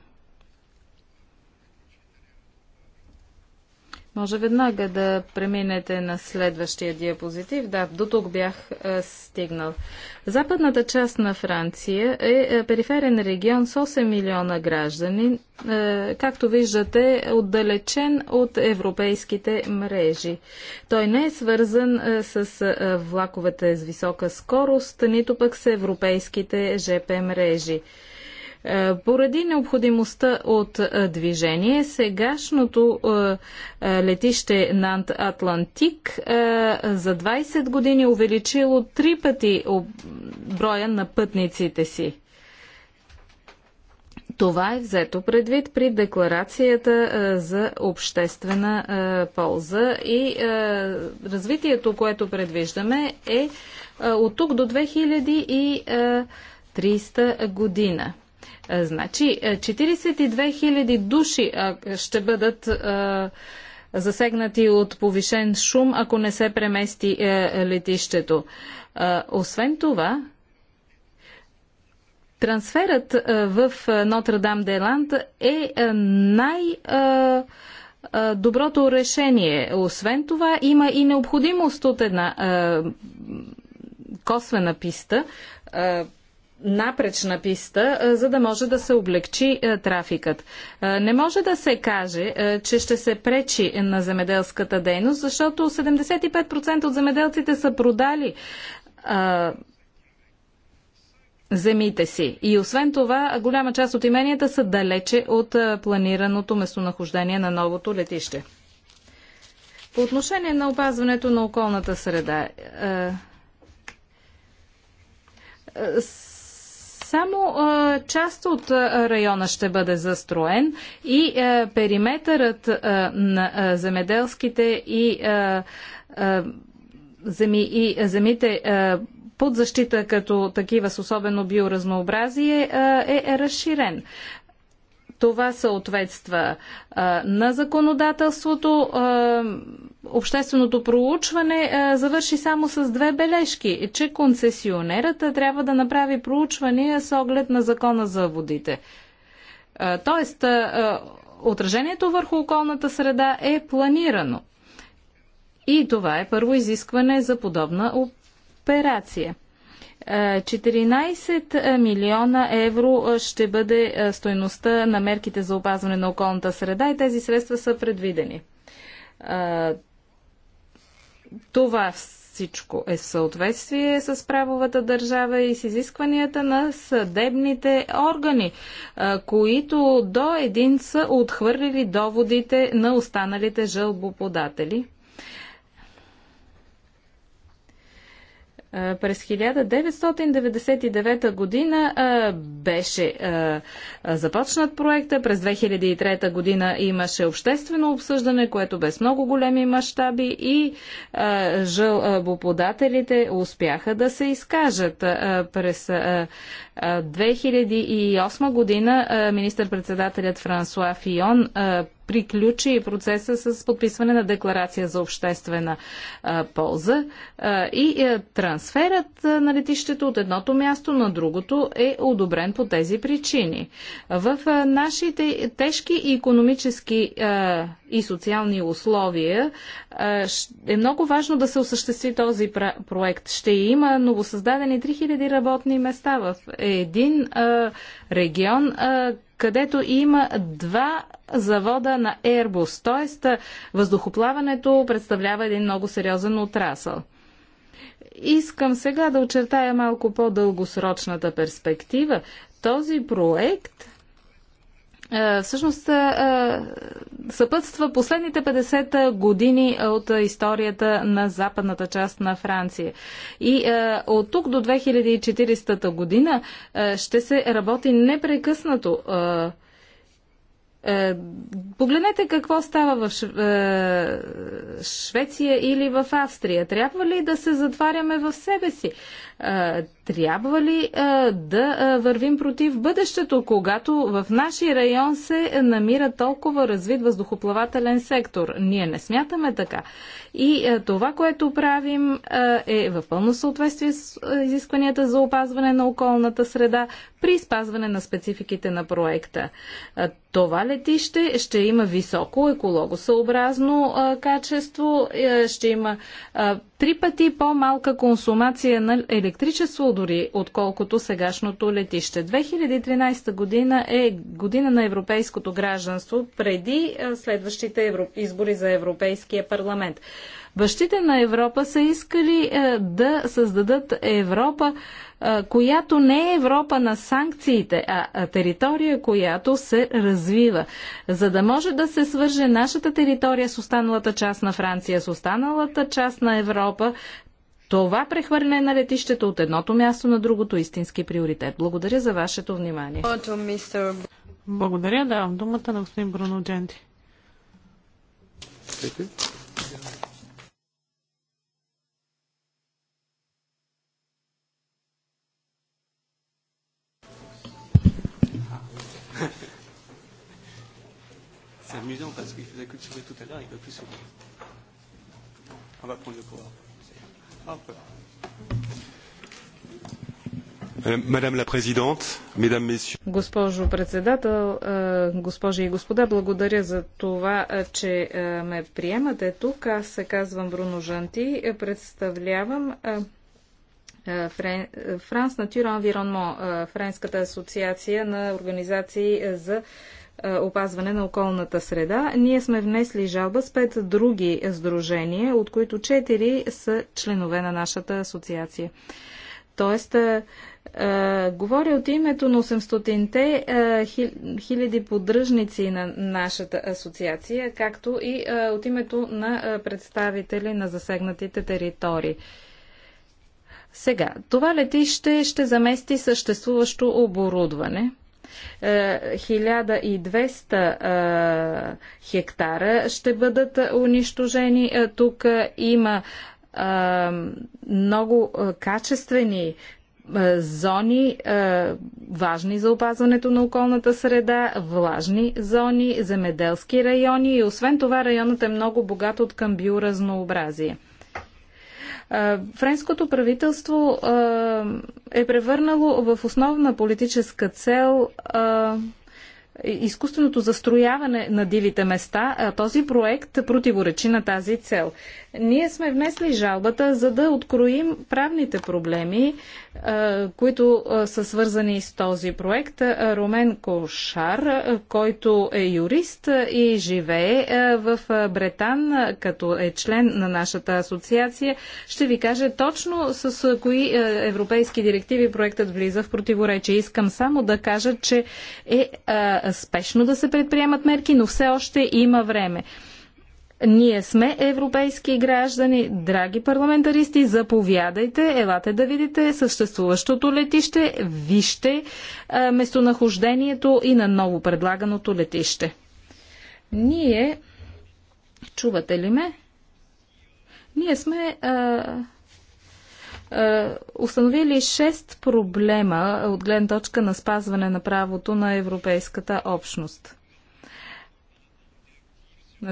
Може веднага да преминете на следващия диапозитив. Да, до тук бях е, стигнал. Западната част на Франция е, е периферен регион с 8 милиона граждани, е, както виждате, отдалечен от европейските мрежи. Той не е свързан с влаковете с висока скорост, нито пък с европейските ЖП мрежи. Е, поради необходимостта от е, движение, сегашното е, летище над Атлантик за 20 години увеличило три пъти броя на пътниците си. Това е взето предвид при декларацията за обществена полза и развитието, което предвиждаме е от тук до 300 година. Е, значи 42 е, 000 души е, ще бъдат засегнати от повишен шум, ако не се премести летището. Освен това, трансферът в Нотр-Дам Деланд е най- доброто решение. Освен това, има и необходимост от една косвена писта, напречна писта, за да може да се облегчи трафикът. Не може да се каже, че ще се пречи на земеделската дейност, защото 75% от земеделците са продали земите си. И освен това, голяма част от именията са далече от планираното местонахождение на новото летище. По отношение на опазването на околната среда, само а, част от района ще бъде застроен и а, периметърът а, на а, земеделските и а, а, земи и земите а, под защита като такива с особено биоразнообразие а, е, е разширен това съответства а, на законодателството а, общественото проучване е, завърши само с две бележки, че концесионерът е, трябва да направи проучвания с оглед на закона за водите. Е, тоест, отражението върху околната среда е планирано. И това е първо изискване за подобна операция. 14 милиона евро ще бъде стойността на мерките за опазване на околната среда и тези средства са предвидени. Това всичко е в съответствие с правовата държава и с изискванията на съдебните органи, които до един са отхвърлили доводите на останалите жълбоподатели. През 1999 година беше започнат проекта. През 2003 година имаше обществено обсъждане, което без много големи мащаби и жълбоподателите успяха да се изкажат. През 2008 година министър-председателят Франсуа Фион приключи процеса с подписване на декларация за обществена а, полза а, и е, а, трансферът на летището от едното място на другото е одобрен по тези причини. В а, нашите тежки економически а, и социални условия а, е много важно да се осъществи този проект. Ще има новосъздадени 3000 работни места в един а, регион, а, където има два завода на Airbus. т.е. въздухоплаването представлява един много сериозен отрасъл. Искам сега да очертая малко по-дългосрочната перспектива. Този проект е, всъщност е, е, съпътства последните 50 години от историята на западната част на Франция. И от тук до 2040 година ще се работи непрекъснато. Погледнете какво става в Швеция или в Австрия. Трябва ли да се затваряме в себе си? трябва ли да вървим против бъдещето, когато в нашия район се намира толкова развит въздухоплавателен сектор? Ние не смятаме така. И това, което правим е в пълно съответствие с изискванията за опазване на околната среда при спазване на спецификите на проекта. Това летище ще има високо екологосъобразно качество, ще има три пъти по-малка консумация на електричество дори, отколкото сегашното летище. 2013 година е година на европейското гражданство преди следващите евро... избори за Европейския парламент. Бащите на Европа са искали е, да създадат Европа, е, която не е Европа на санкциите, а, а територия, която се развива. За да може да се свърже нашата територия с останалата част на Франция, с останалата част на Европа, това прехвърляне на летището от едното място на другото е истински приоритет. Благодаря за вашето внимание. Благодаря, давам думата на господин Бруно Дженти. C'est amusant parce qu'il faisait que de sourire tout à l'heure, il ne veut plus sourire. On va prendre le pouvoir. Hop. Euh, Госпожо председател, е, госпожи и господа, благодаря за това, е, че е, ме приемате тук. Аз се казвам Бруно Жанти, представлявам Франс Натюр Environnement, Френската асоциация на организации за е, опазване на околната среда. Ние сме внесли жалба с пет други сдружения, от които четири са членове на нашата асоциация. Тоест, а, е, а, е, говоря от името на 800-те хиляди поддръжници на нашата асоциация, както и а, от името на представители на засегнатите територии. Сега, това летище ще замести съществуващо оборудване – 1200 хектара ще бъдат унищожени. Тук има много качествени зони, важни за опазването на околната среда, влажни зони, земеделски райони и освен това районът е много богат от към биоразнообразие. Френското правителство е превърнало в основна политическа цел изкуственото застрояване на дивите места, този проект противоречи на тази цел. Ние сме внесли жалбата, за да откроим правните проблеми, които са свързани с този проект. Ромен Кошар, който е юрист и живее в Бретан, като е член на нашата асоциация, ще ви каже точно с кои европейски директиви проектът влиза в противоречие. Искам само да кажа, че е спешно да се предприемат мерки, но все още има време. Ние сме европейски граждани, драги парламентаристи, заповядайте, елате да видите съществуващото летище, вижте а, местонахождението и на ново предлаганото летище. Ние, чувате ли ме? Ние сме а, а, установили шест проблема от гледна точка на спазване на правото на Европейската общност.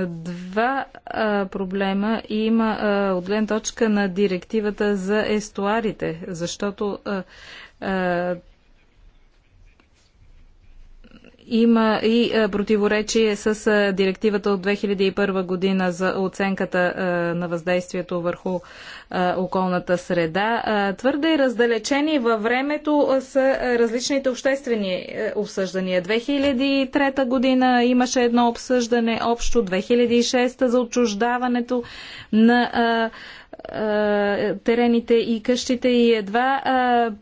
Два а, проблема има а, от гледна точка на директивата за естуарите, защото а, а, има и е, противоречие с е, директивата от 2001 година за оценката е, на въздействието върху околната среда. Твърде раздалечени във времето са различните обществени обсъждания. 2003 година имаше едно обсъждане общо, 2006 за отчуждаването на терените и къщите и едва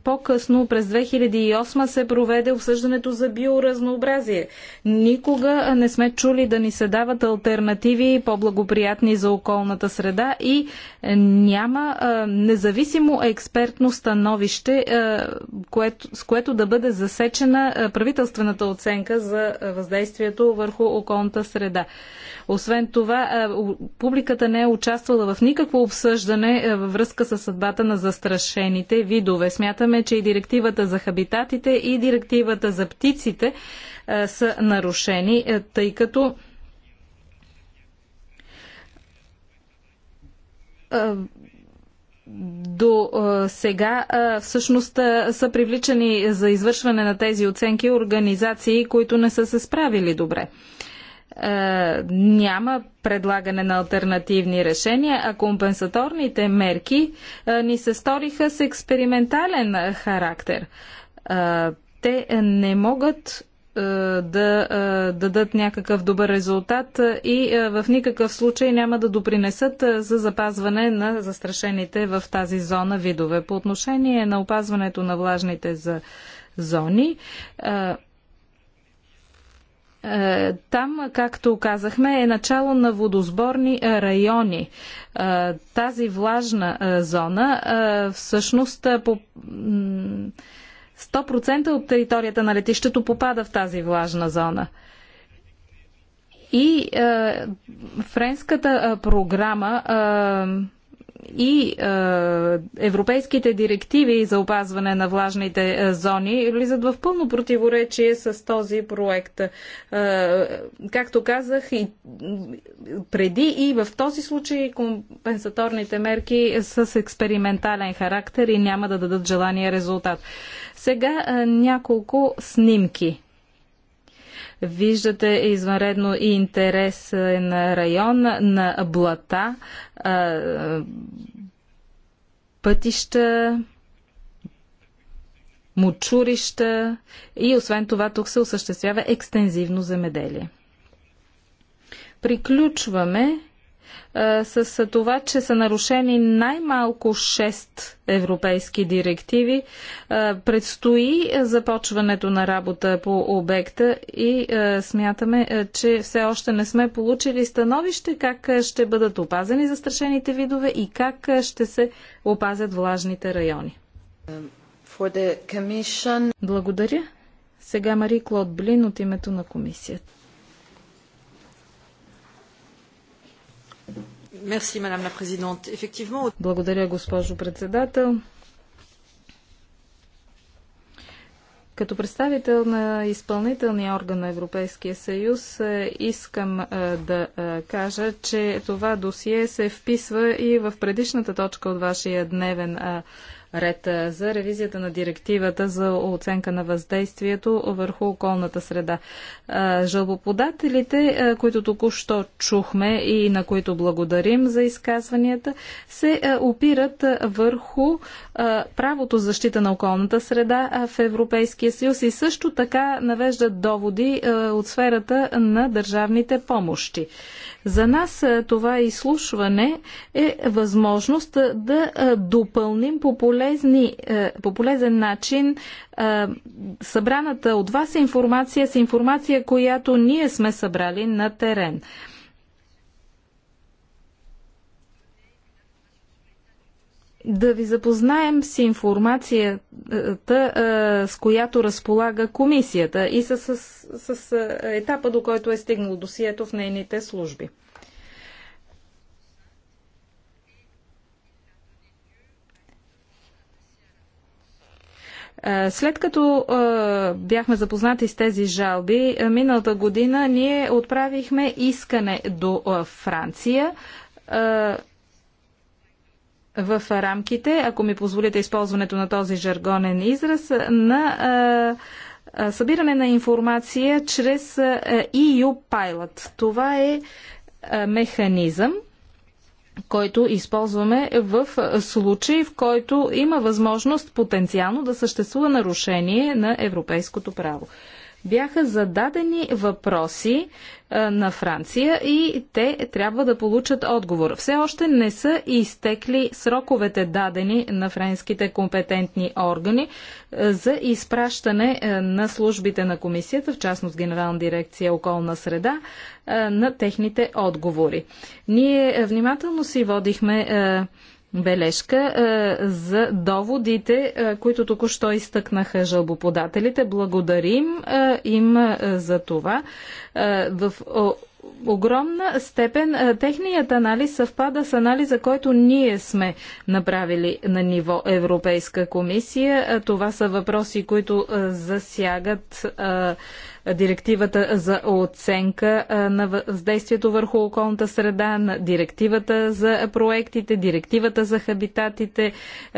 по-късно през 2008 се проведе обсъждането за биоразнообразие. Никога не сме чули да ни се дават альтернативи по-благоприятни за околната среда и няма независимо експертно становище, което, с което да бъде засечена правителствената оценка за въздействието върху околната среда. Освен това, публиката не е участвала в никакво обсъждане обсъждане е, във връзка с съдбата на застрашените видове. Смятаме, че и директивата за хабитатите и директивата за птиците е, са нарушени, е, тъй като до сега всъщност са привличани за извършване на тези оценки организации, които не са се справили добре. Е, няма предлагане на альтернативни решения, а компенсаторните мерки е, ни се сториха с експериментален характер. Е, те не могат да дадат някакъв добър резултат и в никакъв случай няма да допринесат за запазване на застрашените в тази зона видове. По отношение на опазването на влажните зони, е, там, както казахме, е начало на водосборни е, райони. Е, тази влажна зона всъщност по 100% от територията на летището попада в тази влажна зона. И е, френската е, програма е, и е, европейските директиви за опазване на влажните е, зони влизат в пълно противоречие с този проект. Е, както казах, и преди и в този случай компенсаторните мерки са с експериментален характер и няма да дадат желания резултат. Сега е, няколко снимки Виждате извънредно и интерес е, на район на блата, пътища, мочурища и освен това тук се осъществява екстензивно земеделие. Приключваме с това, че са нарушени най-малко 6 европейски директиви. Предстои започването на работа по обекта и смятаме, че все още не сме получили становище как ще бъдат опазени застрашените видове и как ще се опазят влажните райони. Благодаря. Сега Мари Клод Блин от името на комисията. Благодаря, госпожо председател. Като представител на изпълнителния орган на Европейския съюз е, искам е, да е, кажа, че това досие се вписва и в предишната точка от вашия дневен ред за ревизията на директивата за оценка на въздействието върху околната среда. Жалбоподателите, които току-що чухме и на които благодарим за изказванията, се опират върху правото защита на околната среда в Европейския съюз и също така навеждат доводи от сферата на държавните помощи. За нас това изслушване е възможност да допълним по, полезни, по полезен начин събраната от вас информация с информация, която ние сме събрали на терен. да ви запознаем с информацията, е, с която разполага комисията и с, с, с, е, етапа, до който е стигнало досието в нейните служби. Е, след като бяхме запознати с тези жалби, миналата година ние отправихме искане до Франция в рамките, ако ми позволите използването на този жаргонен израз, на а, събиране на информация чрез EU Pilot. Това е а, механизъм, който използваме в случай, в който има възможност потенциално да съществува нарушение на европейското право бяха зададени въпроси е, на Франция и те трябва да получат отговор. Все още не са изтекли сроковете дадени на френските компетентни органи е, за изпращане е, на службите на комисията, в частност Генерална дирекция околна среда, на техните отговори. Ние внимателно си водихме бележка е, за доводите, е, които току-що изтъкнаха жалбоподателите. Благодарим е, им за това. В огромна степен техният анализ съвпада с анализа, който ние сме направили на ниво Европейска комисия. Това са въпроси, които засягат директивата за оценка на въздействието върху околната среда, на директивата за проектите, директивата за хабитатите,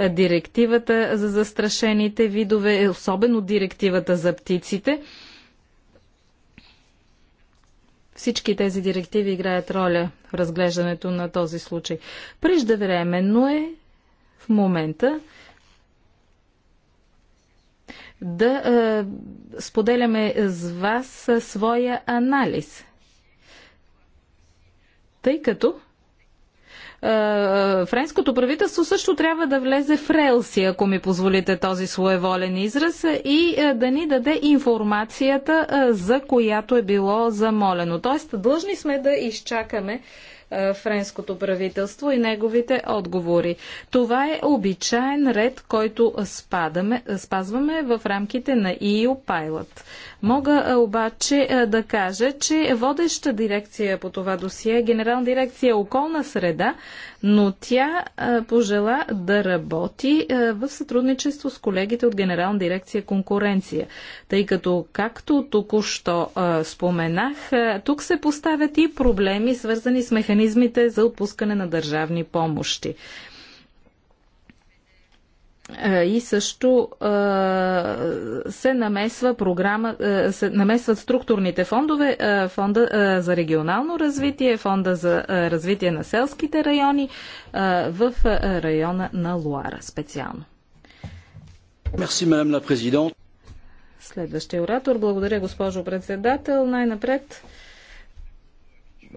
директивата за застрашените видове, особено директивата за птиците. Всички тези директиви играят роля в разглеждането на този случай. Преждевременно е в момента да е, споделяме с вас своя анализ. Тъй като е, френското правителство също трябва да влезе в релси, ако ми позволите този своеволен израз, и е, да ни даде информацията, за която е било замолено. Тоест, длъжни сме да изчакаме е, френското правителство и неговите отговори. Това е обичайен ред, който спадаме, спазваме в рамките на EU Pilot. Мога е, обаче е, да кажа, че водеща дирекция по това досие, генерална дирекция околна среда, но тя пожела да работи в сътрудничество с колегите от Генерална дирекция конкуренция, тъй като, както току-що споменах, тук се поставят и проблеми, свързани с механизмите за отпускане на държавни помощи. Е, и също е, се намесва програма, е, се намесват структурните фондове, фонда за регионално развитие, фонда за развитие на селските райони в района на Луара специално. Merci, мадам ла Следващия оратор. Благодаря, госпожо председател. Най-напред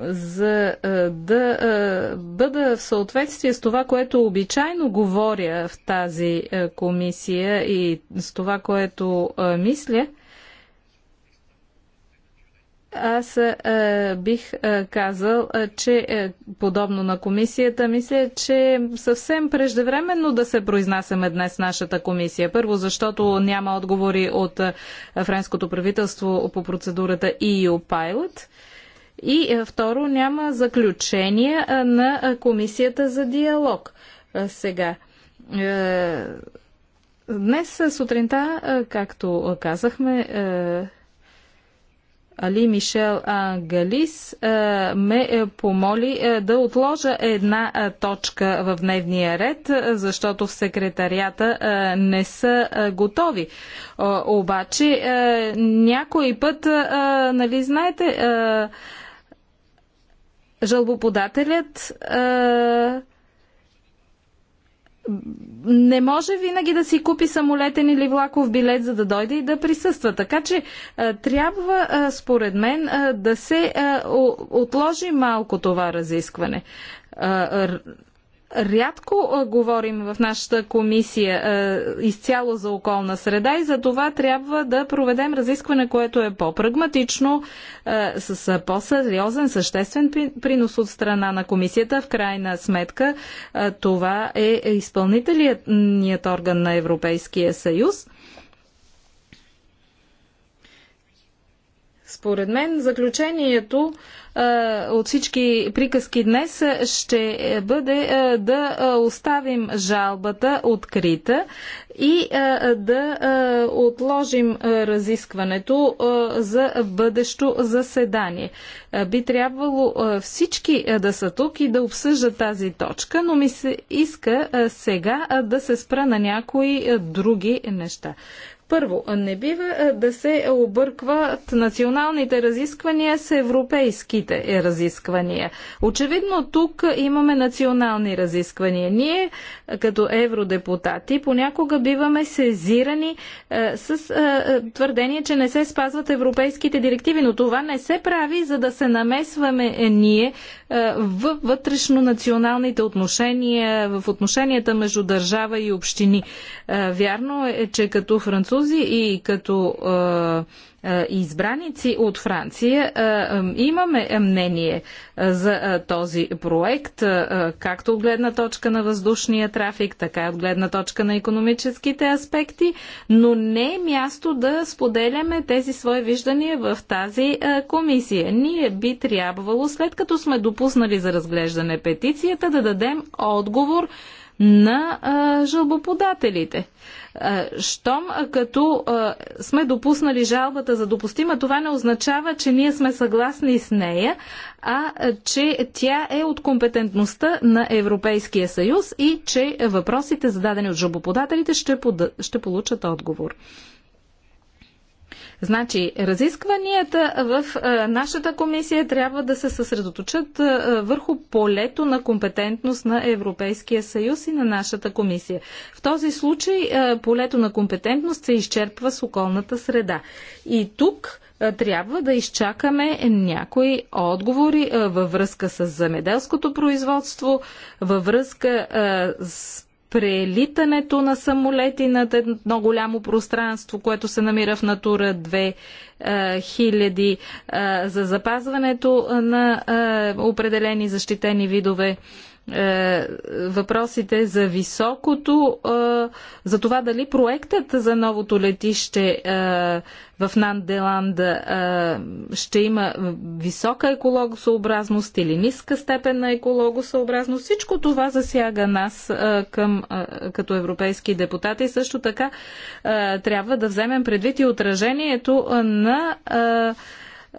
за е, да е, бъда в съответствие с това, което обичайно говоря в тази е, комисия и с това, което мисля, аз бих казал, че подобно на комисията, мисля, че съвсем преждевременно да се произнасяме днес нашата комисия. Първо, защото няма отговори от френското правителство по процедурата EU Pilot. И е, второ, няма заключение на комисията за диалог сега. Е, днес е, сутринта, както казахме, Али Мишел Галис ме помоли да отложа една точка в дневния ред, защото в секретарията не са готови. Обаче някой път, нали знаете, жалбоподателят а, не може винаги да си купи самолетен или влаков билет, за да дойде и да присъства. Така че а, трябва, а, според мен, а, да се а, о, отложи малко това разискване. А, Рядко говорим в нашата комисия изцяло за околна среда и за това трябва да проведем разискване, което е по-прагматично, с по-сериозен, съществен принос от страна на комисията. В крайна сметка това е изпълнителният орган на Европейския съюз. Според мен заключението от всички приказки днес ще е, бъде да оставим жалбата открита и да отложим разискването за бъдещо заседание. Би трябвало всички да са тук и да обсъждат тази точка, но ми се иска сега да се спра на някои други неща. Първо, не бива да се объркват националните разисквания с европейските е, разисквания. Очевидно тук имаме национални разисквания. Ние, като евродепутати, понякога биваме сезирани с твърдение, че не се спазват европейските директиви, но това не се прави, за да се намесваме е, ние в вътрешно националните отношения, в отношенията между държава и общини. Вярно е, че като француз французи и като избраници от Франция имаме мнение за този проект, както от гледна точка на въздушния трафик, така и от гледна точка на економическите аспекти, но не е място да споделяме тези свои виждания в тази комисия. Ние би трябвало, след като сме допуснали за разглеждане петицията, да дадем отговор на жълбоподателите. Е, щом като е, сме допуснали жалбата за допустима, това не означава, че ние сме съгласни с нея, а е, че тя е от компетентността на Европейския съюз и че въпросите зададени от жалбоподателите ще, ще получат отговор. Значи, разискванията в нашата комисия трябва да се съсредоточат върху полето на компетентност на Европейския съюз и на нашата комисия. В този случай полето на компетентност се изчерпва с околната среда. И тук трябва да изчакаме някои отговори във връзка с замеделското производство, във връзка с прелитането на самолети над едно голямо пространство, което се намира в Натура 2000, е, е, за запазването на е, определени защитени видове е, въпросите за високото, е, за това дали проектът за новото летище е, в Нанделанда ще има висока екологосъобразност или ниска степен на екологосъобразност. Всичко това засяга нас към, като европейски депутати. Също така трябва да вземем предвид и отражението на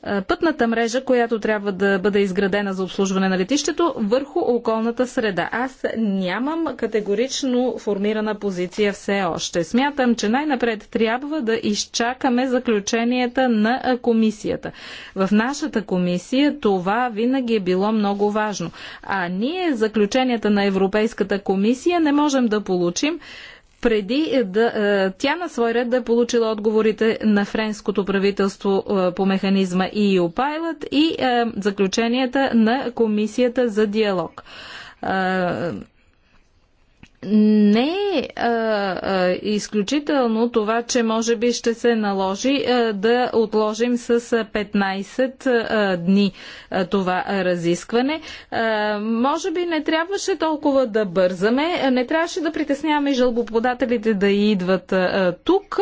е, пътната мрежа, която трябва да бъде изградена за обслужване на летището, върху околната среда. Аз нямам категорично формирана позиция все още. Смятам, че най-напред трябва да изчакаме заключенията на комисията. В нашата комисия това винаги е било много важно. А ние заключенията на Европейската комисия не можем да получим преди е, да, е, тя на свой ред да е получила отговорите на френското правителство е, по механизма EU Pilot и заключенията на Комисията за диалог не е изключително това, че може би ще се наложи а, да отложим с 15 а, дни а, това разискване. може би не трябваше толкова да бързаме, не трябваше да притесняваме жалбоподателите да идват тук.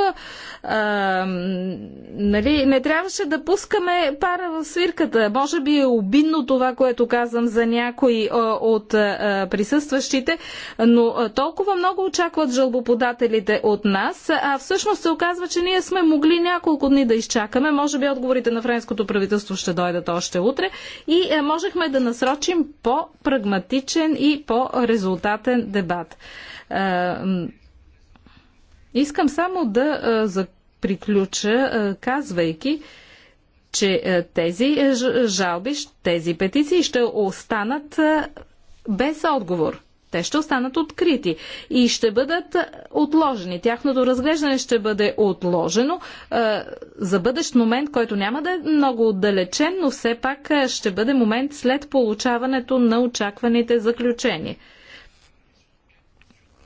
нали, не трябваше да пускаме пара в свирката. Може би е обидно това, което казвам за някои от присъстващите, но толкова много очакват жалбоподателите от нас, а всъщност се оказва, че ние сме могли няколко дни да изчакаме. Може би отговорите на френското правителство ще дойдат още утре и е, можехме да насрочим по-прагматичен и по-резултатен дебат. Е, искам само да е, приключа, казвайки, че тези жалби, тези петиции ще останат без отговор те ще останат открити и ще бъдат е, отложени. Тяхното разглеждане ще бъде отложено е, за бъдещ момент, който няма да е много отдалечен, но все пак е, ще бъде момент след получаването на очакваните заключения.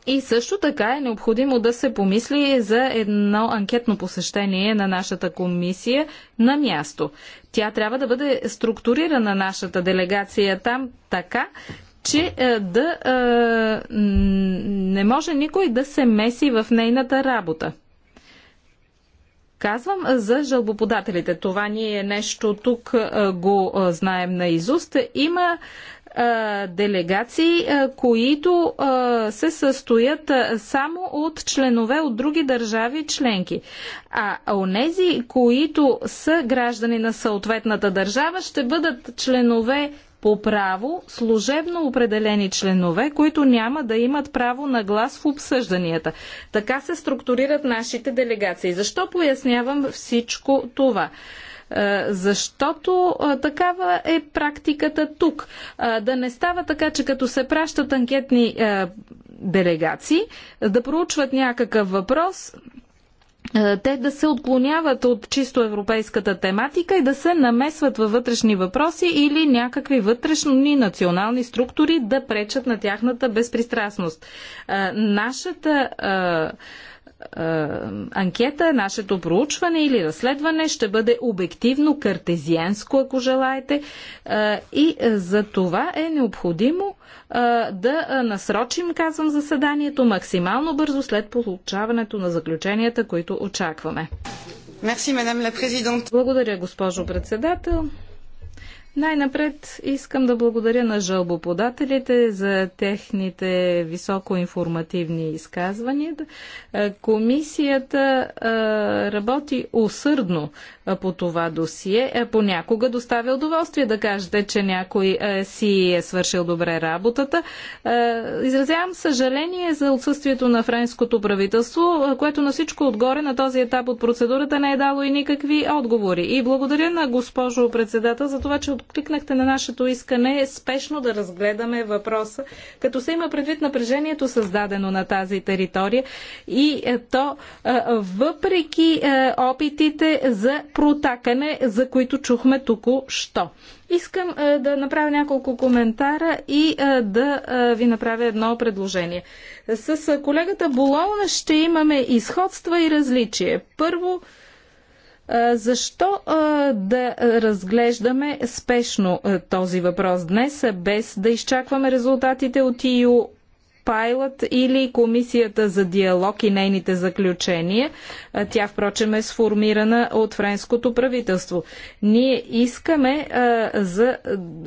И също така е необходимо да се помисли за едно анкетно посещение на нашата комисия на място. Тя трябва да бъде структурирана нашата делегация там така, че е, да е, не може никой да се меси в нейната работа. Казвам е, за жалбоподателите. Това ние нещо тук го знаем на изуст. Има делегации, които се състоят само от членове от други държави членки. А онези, които са граждани на съответната държава, ще бъдат членове по право служебно определени членове, които няма да имат право на глас в обсъжданията. Така се структурират нашите делегации. Защо пояснявам всичко това? Е, защото е, такава е практиката тук. Е, да не става така, че като се пращат анкетни делегации да проучват някакъв въпрос, е, те да се отклоняват от чисто европейската тематика и да се намесват във вътрешни въпроси или някакви вътрешни национални структури да пречат на тяхната безпристрастност. Е, нашата е, е, анкета, нашето проучване или разследване ще бъде обективно, картезианско, ако желаете. Е, и е, за това е необходимо да насрочим, казвам, заседанието максимално бързо след получаването на заключенията, които очакваме. Merci, Благодаря, госпожо председател. Най-напред искам да благодаря на жалбоподателите за техните високоинформативни изказвания. Комисията работи усърдно по това досие. Е, понякога доставя удоволствие да кажете, че някой е, си е свършил добре работата. Е, изразявам съжаление за отсъствието на френското правителство, което на всичко отгоре на този етап от процедурата не е дало и никакви отговори. И благодаря на госпожо председател за това, че откликнахте на нашето искане спешно да разгледаме въпроса, като се има предвид напрежението създадено на тази територия и то въпреки опитите за протакане, за които чухме току-що. Искам е, да направя няколко коментара и е, да е, ви направя едно предложение. С колегата Болона ще имаме изходства и различия. Първо, защо да разглеждаме спешно този въпрос днес, без да изчакваме резултатите от ИО Пайлът или Комисията за диалог и нейните заключения. Тя, впрочем, е сформирана от френското правителство. Ние искаме а, за,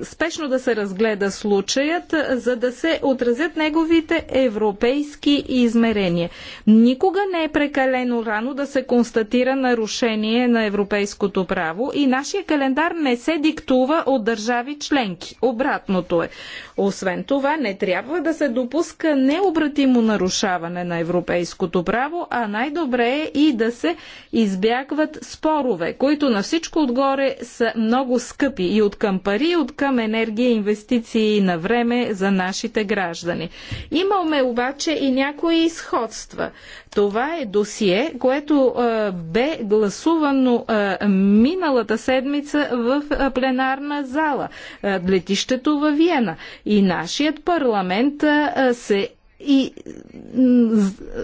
спешно да се разгледа случаят, за да се отразят неговите европейски измерения. Никога не е прекалено рано да се констатира нарушение на европейското право и нашия календар не се диктува от държави членки. Обратното е. Освен това, не трябва да се допуска всяка необратимо нарушаване на европейското право, а най-добре е и да се избягват спорове, които на всичко отгоре са много скъпи и от към пари, и от към енергия, инвестиции на време за нашите граждани. Имаме обаче и някои изходства. Това е досие, което а, бе гласувано а, миналата седмица в а, пленарна зала, а, летището във Виена. И нашият парламент а, се и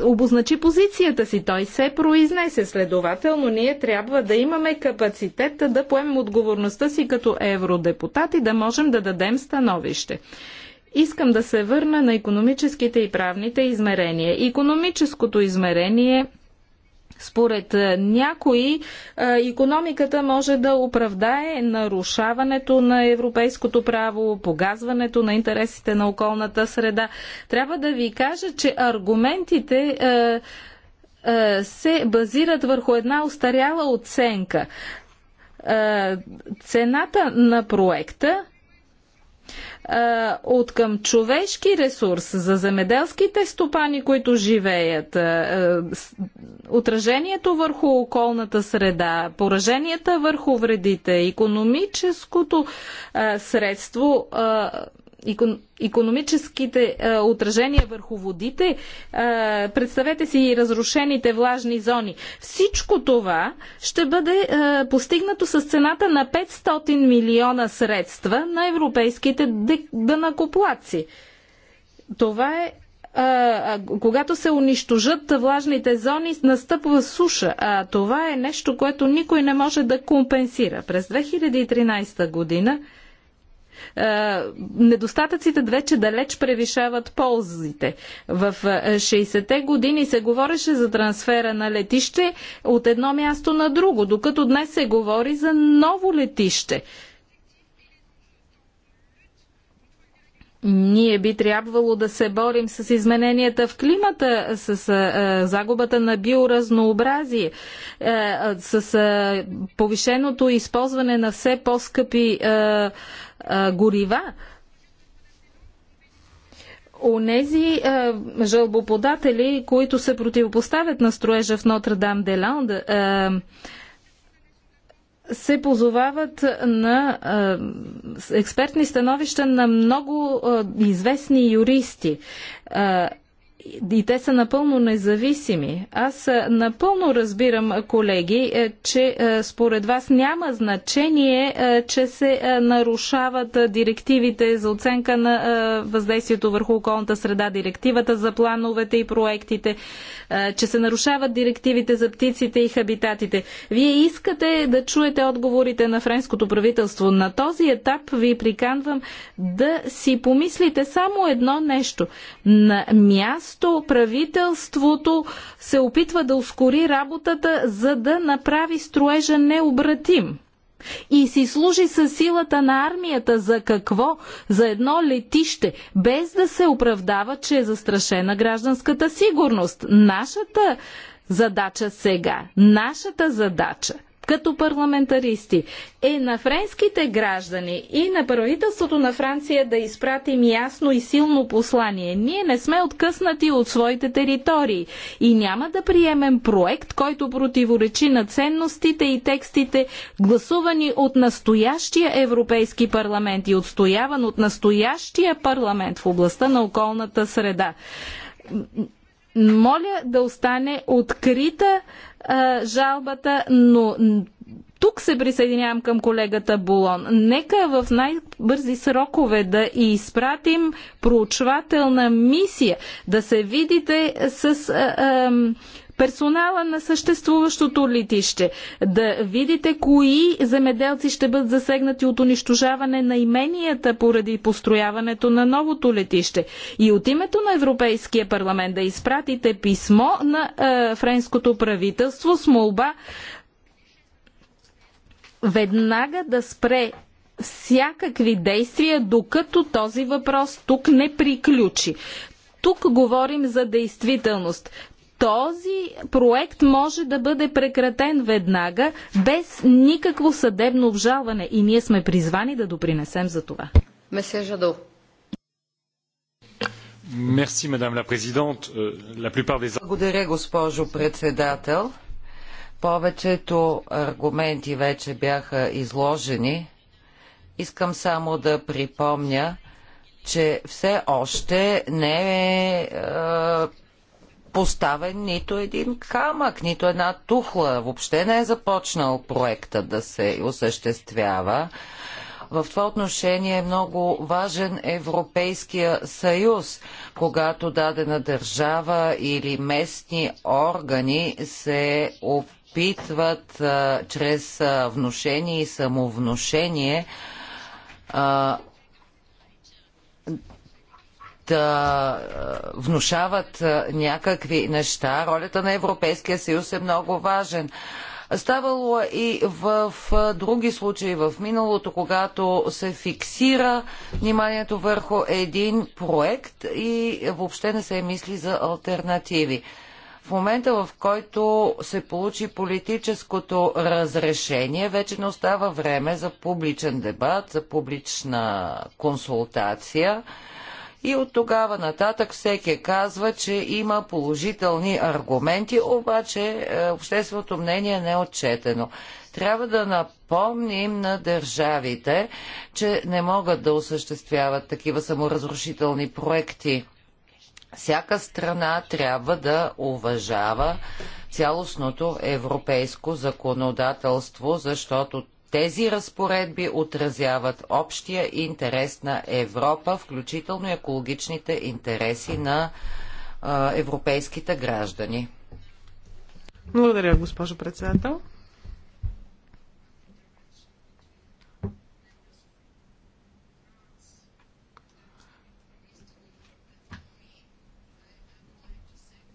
обозначи позицията си. Той се произнесе. Следователно, ние трябва да имаме капацитета да поемем отговорността си като евродепутати, да можем да дадем становище. Искам да се върна на економическите и правните измерения. Економическото измерение според е, някои, економиката може да оправдае нарушаването на европейското право, погазването на интересите на околната среда. Трябва да ви кажа, че аргументите е, е, се базират върху една устаряла оценка. Цената на проекта от към човешки ресурс за земеделските стопани, които живеят, отражението върху околната среда, пораженията върху вредите, економическото средство економическите отражения върху водите, представете си и разрушените влажни зони. Всичко това ще бъде постигнато с цената на 500 милиона средства на европейските дънакоплаци. Това е когато се унищожат влажните зони, настъпва суша. А това е нещо, което никой не може да компенсира. През 2013 година е, недостатъците вече далеч превишават ползите. В 60-те е, години се говореше за трансфера на летище от едно място на друго, докато днес се говори за ново летище. Ние би трябвало да се борим с измененията в климата, с а, загубата на биоразнообразие, а, с а, повишеното използване на все по-скъпи горива. Онези а, жълбоподатели, които се противопоставят на строежа в Нотр-Дам-де-Ланд, се позовават на експертни становища на много известни юристи и те са напълно независими. Аз напълно разбирам, колеги, е, че според вас няма значение, че се нарушават директивите за оценка на въздействието върху околната среда, директивата за плановете и проектите, че се нарушават директивите за птиците и хабитатите. Вие искате да чуете отговорите на френското правителство. На този етап ви приканвам да си помислите само едно нещо. На място често правителството се опитва да ускори работата, за да направи строежа необратим. И си служи със силата на армията за какво? За едно летище, без да се оправдава, че е застрашена гражданската сигурност. Нашата задача сега, нашата задача като парламентаристи е на френските граждани и на правителството на Франция да изпратим ясно и силно послание. Ние не сме откъснати от своите територии и няма да приемем проект, който противоречи на ценностите и текстите, гласувани от настоящия Европейски парламент и отстояван от настоящия парламент в областта на околната среда моля да остане открита жалбата, но тук се присъединявам към колегата Булон. Нека в най-бързи срокове да изпратим проучвателна мисия, да се видите с а, а, персонала на съществуващото летище, да видите кои земеделци ще бъдат засегнати от унищожаване на именията поради построяването на новото летище. И от името на Европейския парламент да изпратите писмо на е, френското правителство с молба веднага да спре всякакви действия, докато този въпрос тук не приключи. Тук говорим за действителност този проект може да бъде прекратен веднага, без никакво съдебно обжалване. И ние сме призвани да допринесем за това. Жадо. Е, Благодаря, госпожо председател. Повечето аргументи вече бяха изложени. Искам само да припомня, че все още не е, е поставен нито един камък, нито една тухла. Въобще не е започнал проекта да се осъществява. В това отношение е много важен Европейския съюз, когато дадена държава или местни органи се опитват а, чрез а, внушение и самовнушение а, да внушават някакви неща, ролята на Европейския съюз е много важен. Ставало е и в други случаи в миналото, когато се фиксира вниманието върху един проект и въобще не се мисли за альтернативи. В момента, в който се получи политическото разрешение, вече не остава време за публичен дебат, за публична консултация. И от тогава нататък всеки казва, че има положителни аргументи, обаче е, общественото мнение не е отчетено. Трябва да напомним на държавите, че не могат да осъществяват такива саморазрушителни проекти. Всяка страна трябва да уважава цялостното европейско законодателство, защото тези разпоредби отразяват общия интерес на Европа, включително и екологичните интереси на а, европейските граждани. Благодаря, госпожо председател.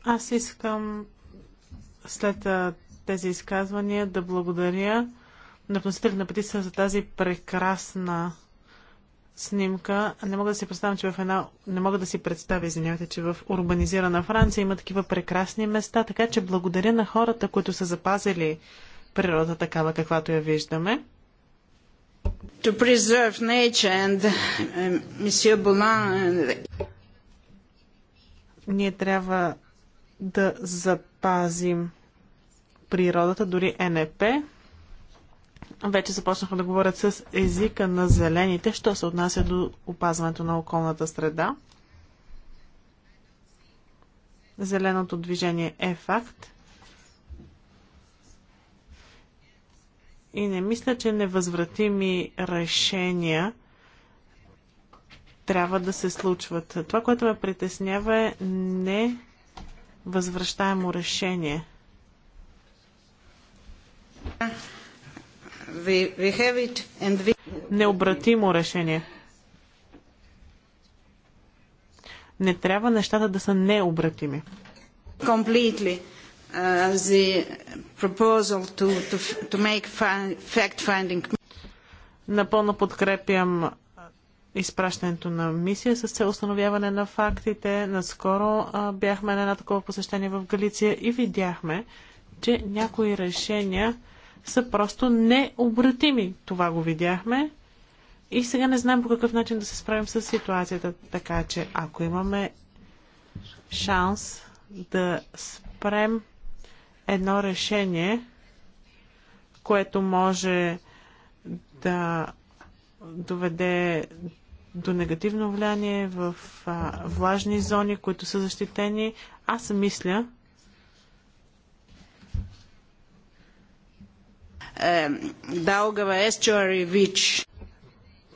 Аз искам след тези изказвания да благодаря на вносителите на петицията за тази прекрасна снимка. Не мога да си представя, че в една... Не мога да си представя, извинявайте, че в урбанизирана Франция има такива прекрасни места, така че благодаря на хората, които са запазили природа такава, каквато я виждаме. To preserve nature and uh, Monsieur Boulin uh, Ние трябва да запазим природата, дори НЕП, вече започнаха да говорят с езика на зелените, що се отнася до опазването на околната среда. Зеленото движение е факт. И не мисля, че невъзвратими решения трябва да се случват. Това, което ме притеснява е невъзвръщаемо решение. Необратимо решение. Не трябва нещата да са необратими. Completely. Uh, Напълно подкрепям изпращането на мисия с цел установяване на фактите. Наскоро бяхме на едно такова посещение в Галиция и видяхме, че някои решения са просто необратими. Това го видяхме. И сега не знаем по какъв начин да се справим с ситуацията. Така че, ако имаме шанс да спрем едно решение, което може да доведе до негативно влияние в а, влажни зони, които са защитени, аз мисля,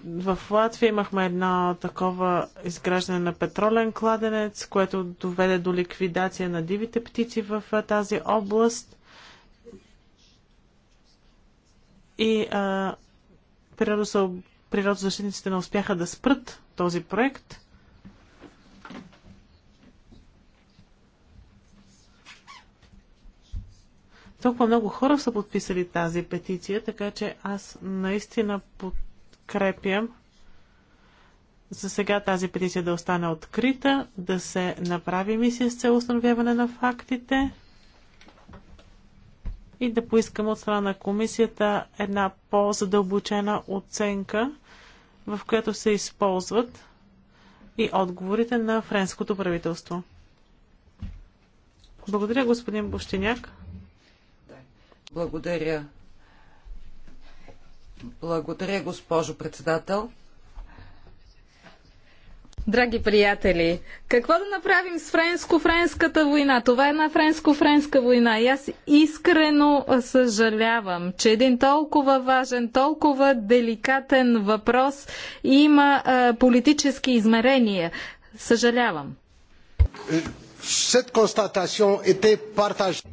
В Латвия имахме едно такова изграждане на петролен кладенец, което доведе до ликвидация на дивите птици в тази област. И природозащитниците не успяха да спрат този проект. Толкова много хора са подписали тази петиция, така че аз наистина подкрепям за сега тази петиция да остане открита, да се направи мисия с цел установяване на фактите и да поискаме от страна на комисията една по-задълбочена оценка, в която се използват и отговорите на френското правителство. Благодаря, господин Бощеняк. Благодаря. Благодаря, госпожо председател. Драги приятели, какво да направим с френско-френската война? Това е една френско-френска война и аз искрено съжалявам, че един толкова важен, толкова деликатен въпрос има а, политически измерения. Съжалявам. Cette constatation était partagée.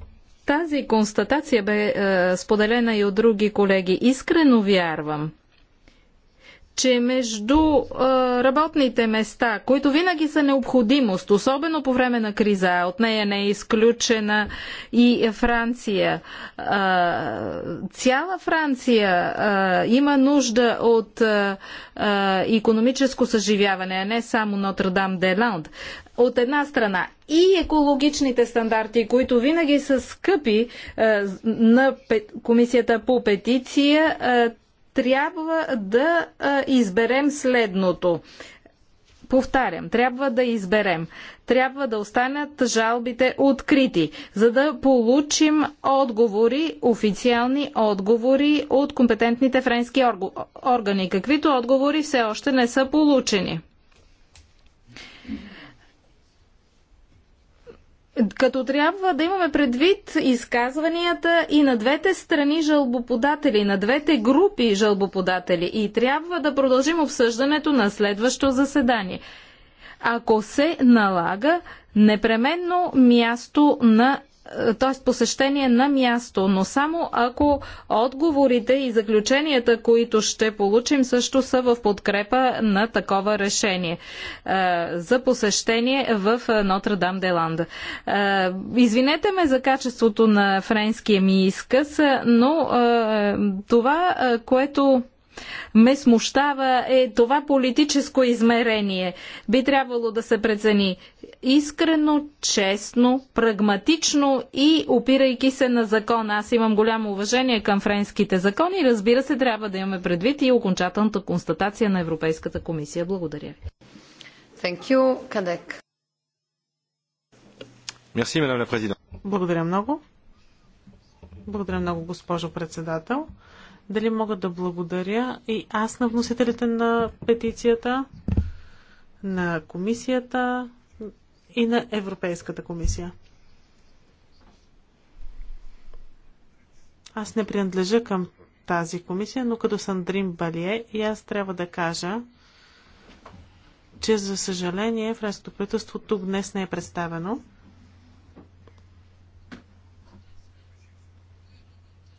Тази констатация бе е, споделена и от други колеги. Искрено вярвам, че между е, работните места, които винаги са необходимост, особено по време на криза, от нея не е изключена и Франция. Е, цяла Франция е, има нужда от е, е, економическо съживяване, а не само Нотр-Дам де Ланд от една страна и екологичните стандарти, които винаги са скъпи е, на комисията по петиция, е, трябва да е, изберем следното. Повтарям, трябва да изберем. Трябва да останат жалбите открити, за да получим отговори, официални отговори от компетентните френски органи, каквито отговори все още не са получени. като трябва да имаме предвид изказванията и на двете страни жалбоподатели, на двете групи жалбоподатели и трябва да продължим обсъждането на следващо заседание. Ако се налага, непременно място на т.е. посещение на място, но само ако отговорите и заключенията, които ще получим, също са в подкрепа на такова решение е, за посещение в е, Нотр-Дам де Ланда. Е, извинете ме за качеството на френския ми изказ, но това, което ме смущава е това политическо измерение. Би трябвало да се прецени искрено, честно, прагматично и опирайки се на закон. Аз имам голямо уважение към френските закони. Разбира се, трябва да имаме предвид и окончателната констатация на Европейската комисия. Благодаря ви. Thank you, Merci, Благодаря много. Благодаря много, госпожо председател. Дали мога да благодаря и аз на вносителите на петицията, на комисията и на Европейската комисия. Аз не принадлежа към тази комисия, но като съм Дрим Балие и аз трябва да кажа, че за съжаление френското правителство тук днес не е представено.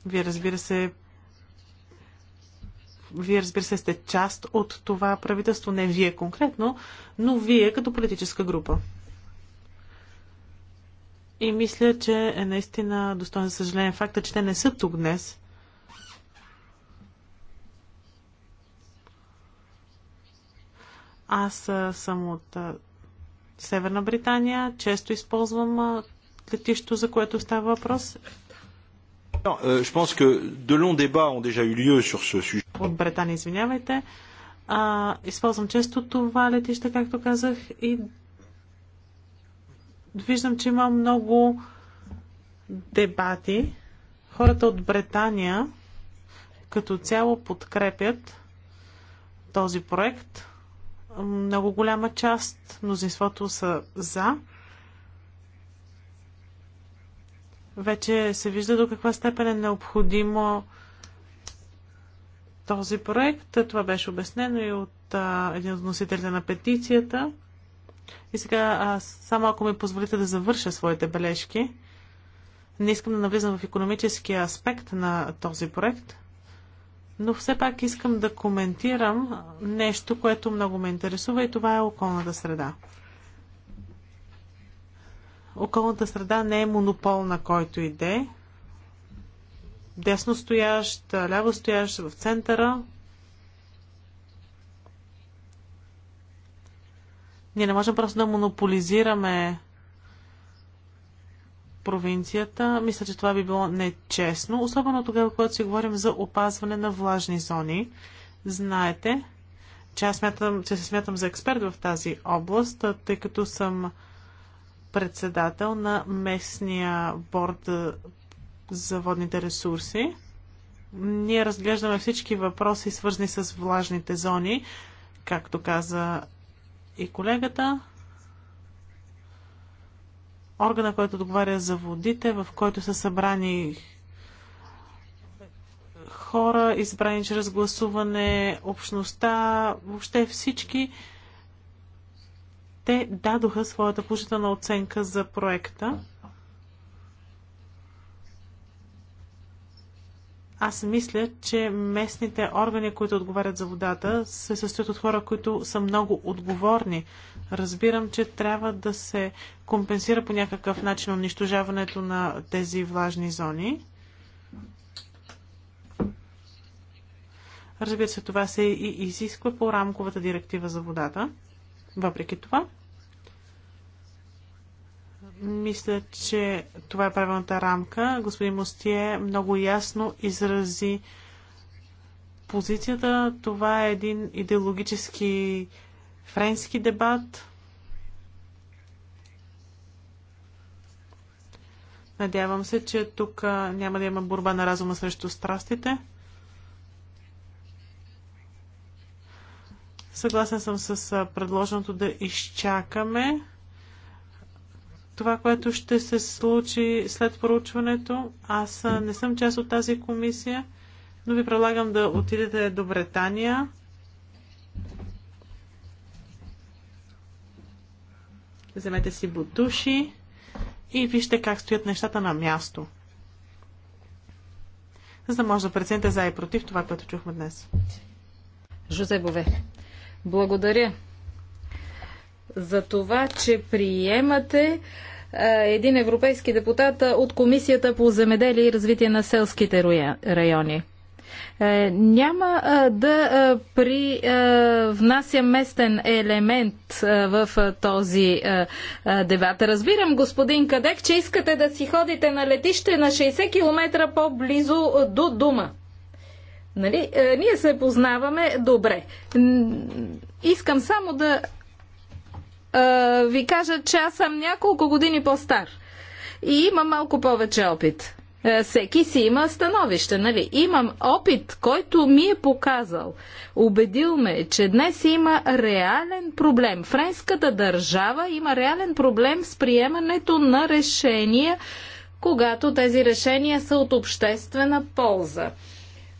Вие разбира се вие, разбира се, сте част от това правителство, не вие конкретно, но вие като политическа група. И мисля, че е наистина достоен за съжаление факта, че те не са тук днес. Аз съм от Северна Британия, често използвам летището, за което става въпрос. Euh, je pense que de longs débats ont déjà eu lieu sur ce sujet от Британия, извинявайте. А, използвам често това летище, както казах, и виждам, че има много дебати. Хората от Британия като цяло подкрепят този проект. Много голяма част, мнозинството са за. Вече се вижда до каква степен е необходимо този проект. Това беше обяснено и от а, един от носителите на петицията. И сега, а, само ако ми позволите да завърша своите бележки, не искам да навлизам в економическия аспект на този проект, но все пак искам да коментирам нещо, което много ме интересува и това е околната среда. Околната среда не е монопол на който иде. Десно ляво стоящ, в центъра. Ние не можем просто да монополизираме провинцията. Мисля, че това би било нечестно, особено тогава, когато си говорим за опазване на влажни зони. Знаете, че аз смятам, че се смятам за експерт в тази област, тъй като съм председател на местния борд за водните ресурси. Ние разглеждаме всички въпроси, свързани с влажните зони, както каза и колегата. Органа, който отговаря за водите, в който са събрани хора, избрани чрез гласуване, общността, въобще всички, те дадоха своята положителна оценка за проекта. Аз мисля, че местните органи, които отговарят за водата, се състоят от хора, които са много отговорни. Разбирам, че трябва да се компенсира по някакъв начин унищожаването на тези влажни зони. Разбира се, това се и изисква по рамковата директива за водата. Въпреки това, мисля, че това е правилната рамка. Господин Мостие много ясно изрази позицията. Това е един идеологически френски дебат. Надявам се, че тук няма да има борба на разума срещу страстите. Съгласен съм с предложеното да изчакаме това, което ще се случи след проучването. Аз не съм част от тази комисия, но ви предлагам да отидете до Британия. Вземете си бутуши и вижте как стоят нещата на място. За да може да прецените за и против това, което чухме днес. Жозе Бове. Благодаря за това, че приемате един европейски депутат от Комисията по земеделие и развитие на селските райони. Е, няма да при внася местен елемент в този дебат. Разбирам, господин Кадек, че искате да си ходите на летище на 60 км по-близо до дума. Нали? Е, ние се познаваме добре. Искам само да ви кажа, че аз съм няколко години по-стар и имам малко повече опит. Е, всеки си има становище, нали? Имам опит, който ми е показал. Убедил ме, че днес има реален проблем. Френската държава има реален проблем с приемането на решения, когато тези решения са от обществена полза.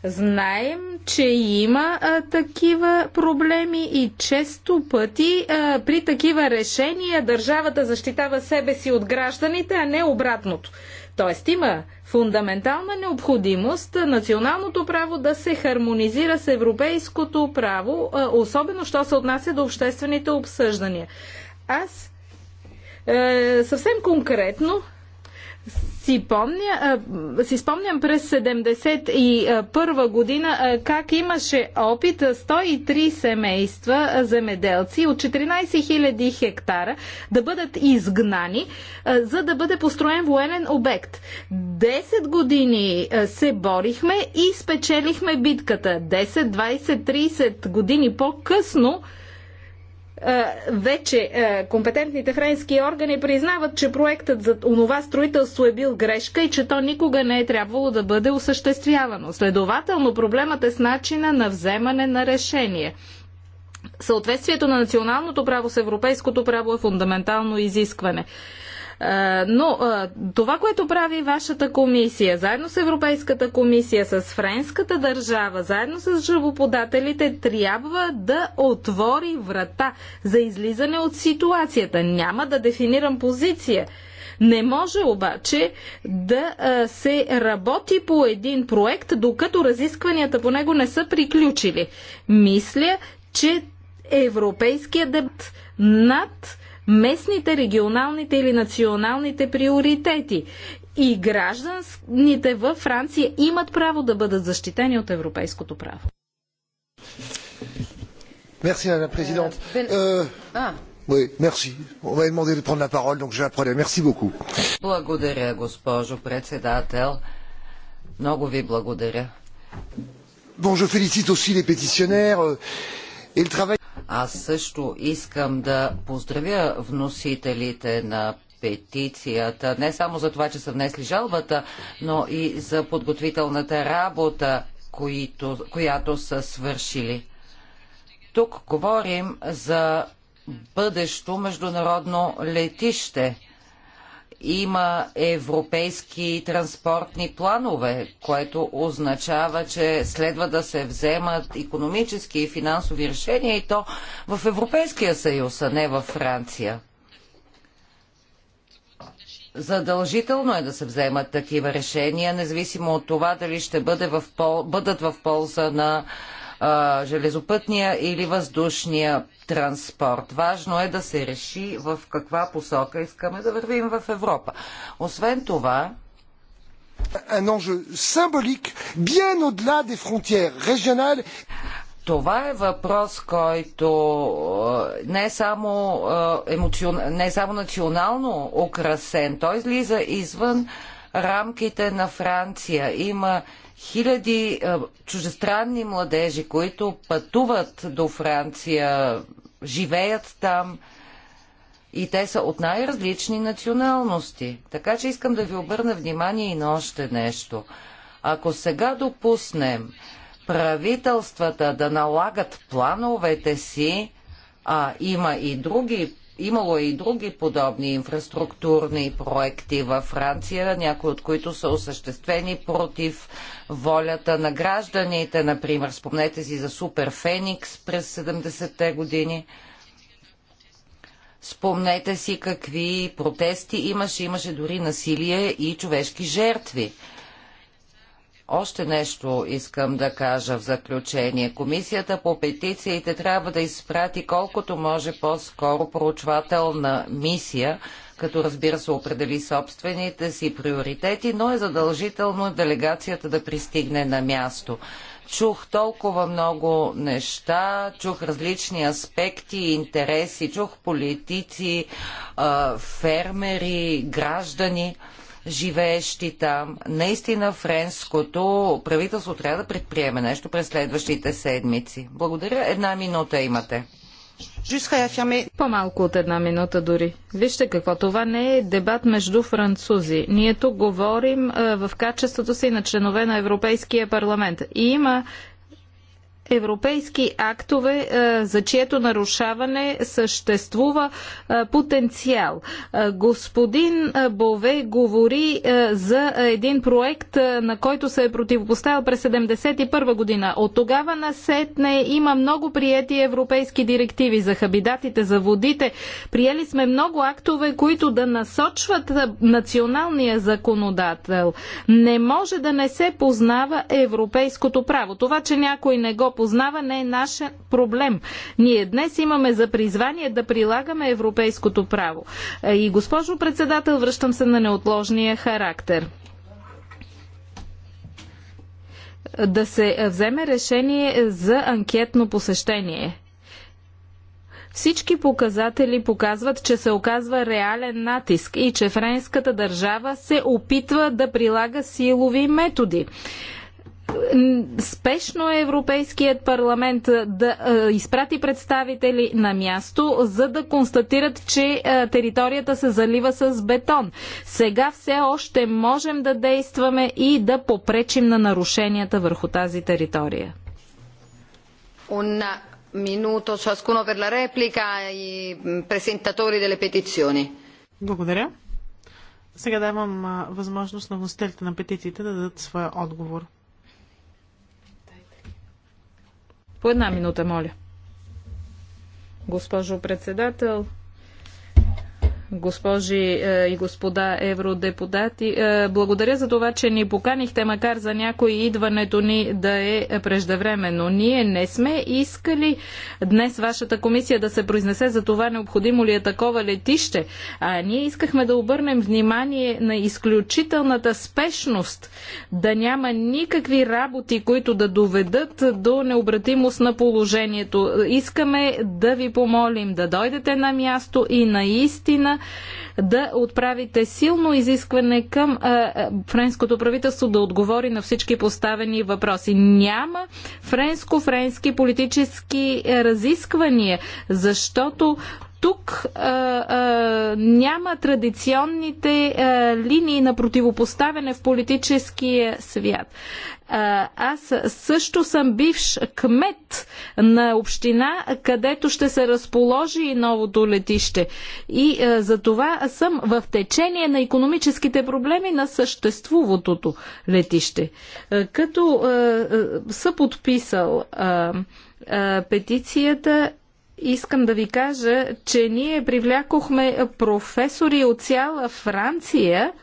Знаем, че има а, такива проблеми и често пъти а, при такива решения държавата защитава себе си от гражданите, а не обратното. Тоест има фундаментална необходимост националното право да се хармонизира с европейското право, а, особено що се отнася до обществените обсъждания. Аз а, е, съвсем конкретно си помня, си спомням през 71 година как имаше опит 103 семейства земеделци от 14 000 хектара да бъдат изгнани, за да бъде построен военен обект. 10 години се борихме и спечелихме битката. 10, 20, 30 години по-късно е, вече е, компетентните френски органи признават, че проектът за онова строителство е бил грешка и че то никога не е трябвало да бъде осъществявано. Следователно, проблемът е с начина на вземане на решение. Съответствието на националното право с европейското право е фундаментално изискване. Е, но е, това, което прави вашата комисия, заедно с Европейската комисия, с френската държава, заедно с живоподателите, трябва да отвори врата за излизане от ситуацията. Няма да дефинирам позиция. Не може обаче да е, се работи по един проект, докато разискванията по него не са приключили. Мисля, че европейският дебат над местните, регионалните или националните приоритети. И гражданите във Франция имат право да бъдат защитени от европейското право. Merci, Madame la Présidente. Euh, euh ah. Oui, merci. On m'a demandé de prendre la parole, donc je la prenais. Merci beaucoup. Благодаря, госпожо председател. Много ви благодаря. Bon, je félicite aussi les pétitionnaires euh, et le travail. Аз също искам да поздравя вносителите на петицията, не само за това, че са внесли жалбата, но и за подготвителната работа, които, която са свършили. Тук говорим за бъдещо международно летище има европейски транспортни планове, което означава, че следва да се вземат економически и финансови решения и то в Европейския съюз, а не във Франция. Задължително е да се вземат такива решения, независимо от това дали ще бъде в пол... бъдат в полза на а, железопътния или въздушния транспорт. Важно е да се реши в каква посока искаме да вървим в Европа. Освен това, un enjeu symbolique bien au-delà des frontières régionales. Това е въпрос, който не е само, емоцион... не е само национално украсен. Той излиза извън рамките на Франция. Има хиляди а, чужестранни младежи, които пътуват до Франция, живеят там и те са от най-различни националности. Така че искам да ви обърна внимание и на още нещо. Ако сега допуснем правителствата да налагат плановете си, а има и други Имало е и други подобни инфраструктурни проекти във Франция, някои от които са осъществени против волята на гражданите. Например, спомнете си за Супер Феникс през 70-те години. Спомнете си какви протести имаше. Имаше дори насилие и човешки жертви. Още нещо искам да кажа в заключение. Комисията по петициите трябва да изпрати колкото може по-скоро проучвателна мисия, като разбира се определи собствените си приоритети, но е задължително делегацията да пристигне на място. Чух толкова много неща, чух различни аспекти интереси, чух политици, фермери, граждани живеещи там. Наистина френското правителство трябва да предприеме нещо през следващите седмици. Благодаря. Една минута имате. По-малко от една минута дори. Вижте какво, това не е дебат между французи. Ние тук говорим а, в качеството си на членове на Европейския парламент. И има европейски актове, е, за чието нарушаване съществува е, потенциал. Е, господин Бове говори за един проект, на който се е противопоставил през 1971 година. От тогава насетне има много приети европейски директиви за хабидатите, за водите. Приели сме много актове, които да насочват националния законодател. Не може да не се познава европейското право. Това, че някой не го познава, не е наш проблем. Ние днес имаме за призвание да прилагаме европейското право. Е, и госпожо председател, връщам се на неотложния характер да се вземе решение за анкетно посещение. Всички показатели показват, че се оказва реален натиск и че френската държава се опитва да прилага силови методи. Спешно е Европейският парламент да е, изпрати представители на място, за да констатират, че е, територията се залива с бетон. Сега все още можем да действаме и да попречим на нарушенията върху тази територия. Una... minuto ciascuno per la replica ai presentatori delle petizioni. Благодаря. Сега давам възможност на вносителите на петициите да дадат своя отговор. По една минута, моля. Госпожо председател, госпожи е, и господа евродепутати. Е, благодаря за това, че ни поканихте, макар за някои идването ни да е преждевременно. Ние не сме искали днес вашата комисия да се произнесе за това необходимо ли е такова летище, а ние искахме да обърнем внимание на изключителната спешност да няма никакви работи, които да доведат до необратимост на положението. Искаме да ви помолим да дойдете на място и наистина да отправите силно изискване към а, френското правителство да отговори на всички поставени въпроси. Няма френско-френски политически разисквания, защото тук а, а, няма традиционните а, линии на противопоставяне в политическия свят. А, аз също съм бивш кмет на община, където ще се разположи и новото летище. И а, за това съм в течение на економическите проблеми на съществуватото летище. А, като а, а, съм подписал а, а, петицията Искам да ви кажа, че ние привлякохме професори от цяла Франция,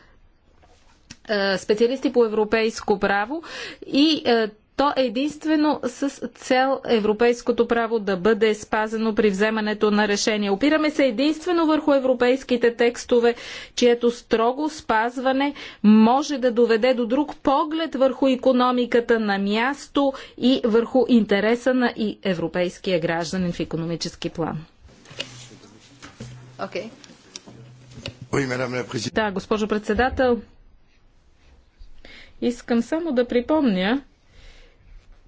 е, специалисти по европейско право и е, то е единствено с цел европейското право да бъде спазено при вземането на решение. Опираме се единствено върху европейските текстове, чието строго спазване може да доведе до друг поглед върху економиката на място и върху интереса на и европейския гражданин в економически план. Okay. да, госпожо председател, искам само да припомня,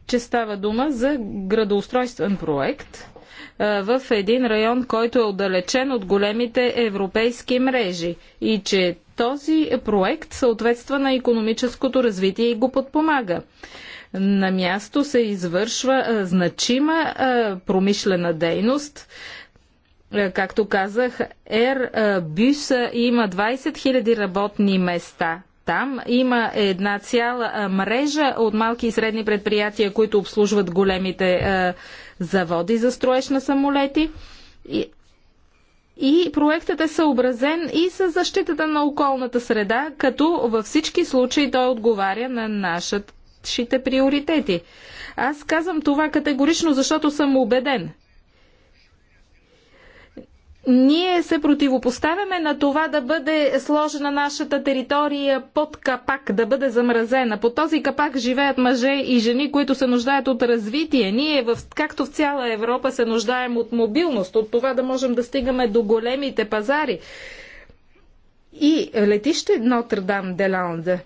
че става дума за градоустройствен проект в един район, който е отдалечен от големите европейски мрежи и че този проект съответства на економическото развитие и го подпомага. На място се извършва значима промишлена дейност както казах, Airbus има 20 000 работни места там има една цяла мрежа от малки и средни предприятия, които обслужват големите заводи за строеж на самолети. И, и проектът е съобразен и с защитата на околната среда, като във всички случаи той отговаря на нашите приоритети. Аз казвам това категорично, защото съм убеден – ние се противопоставяме на това да бъде сложена нашата територия под капак, да бъде замразена. По този капак живеят мъже и жени, които се нуждаят от развитие. Ние, в, както в цяла Европа, се нуждаем от мобилност, от това да можем да стигаме до големите пазари. И летище Нотр-Дам де Ланде,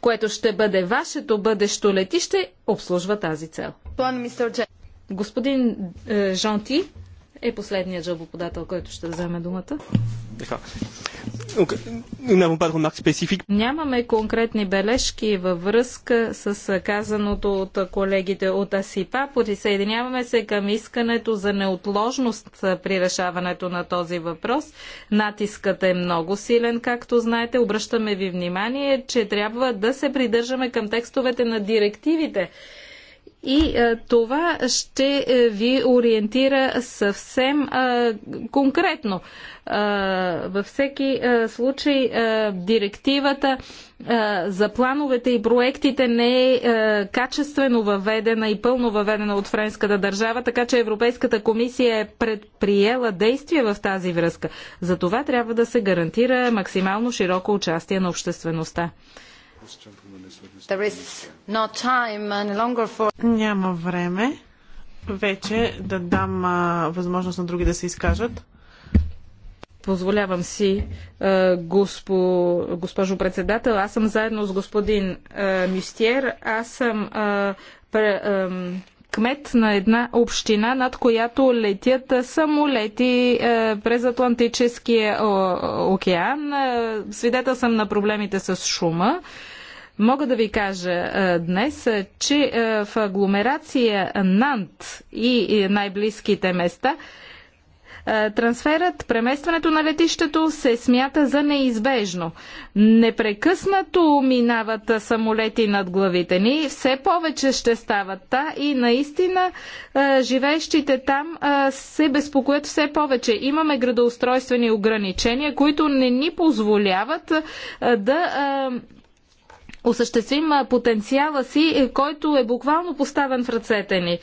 което ще бъде вашето бъдещо летище, обслужва тази цел. Господин е, Жонти, е последният жалбоподател, който ще вземе думата. Нямаме конкретни бележки във връзка с казаното от колегите от АСИПА. Присъединяваме се към искането за неотложност при решаването на този въпрос. Натискът е много силен, както знаете. Обръщаме ви внимание, че трябва да се придържаме към текстовете на директивите и е, това ще е, ви ориентира съвсем е, конкретно. Е, във всеки е, случай е, директивата за плановете и проектите не е качествено въведена и пълно въведена от френската държава, така че Европейската комисия е предприела действия в тази връзка. За това трябва да се гарантира максимално широко участие на обществеността. Няма време вече да дам а, възможност на други да се изкажат. Позволявам си, а, госпо, госпожо председател, аз съм заедно с господин а, Мюстиер. Аз съм пр, кмет на една община, над която летят самолети през Атлантическия океан. Свидетел съм на проблемите с шума. Мога да ви кажа днес, че в агломерация Нант и най-близките места трансферът, преместването на летището се смята за неизбежно. Непрекъснато минават самолети над главите ни, все повече ще стават та и наистина живеещите там се безпокоят все повече. Имаме градоустройствени ограничения, които не ни позволяват да осъществим потенциала си, е, който е буквално поставен в ръцете ни.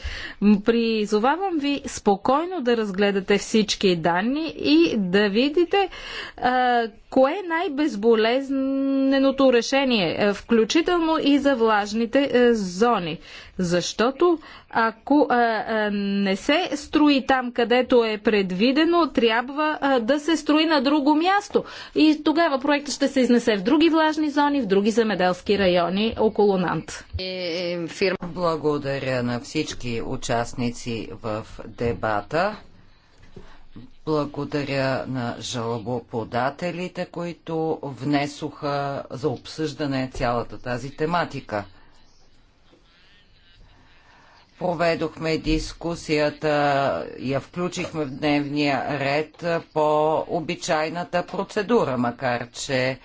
Призовавам ви спокойно да разгледате всички данни и да видите а, Кое е най-безболезненото решение, е, включително и за влажните е, зони? Защото ако е, не се строи там, където е предвидено, трябва да се строи на друго място. И тогава проектът ще се изнесе в други влажни зони, в други земеделски райони около Нант. Благодаря на всички участници в дебата. Благодаря на жалобоподателите, които внесоха за обсъждане цялата тази тематика. Проведохме дискусията, я включихме в дневния ред по обичайната процедура, макар че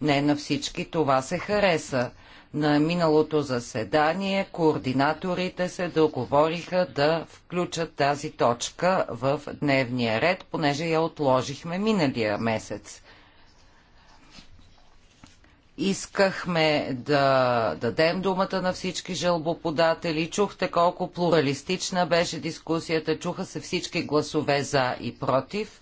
не на всички това се хареса на миналото заседание координаторите се договориха да включат тази точка в дневния ред, понеже я отложихме миналия месец. Искахме да дадем думата на всички жалбоподатели. Чухте колко плуралистична беше дискусията, чуха се всички гласове за и против.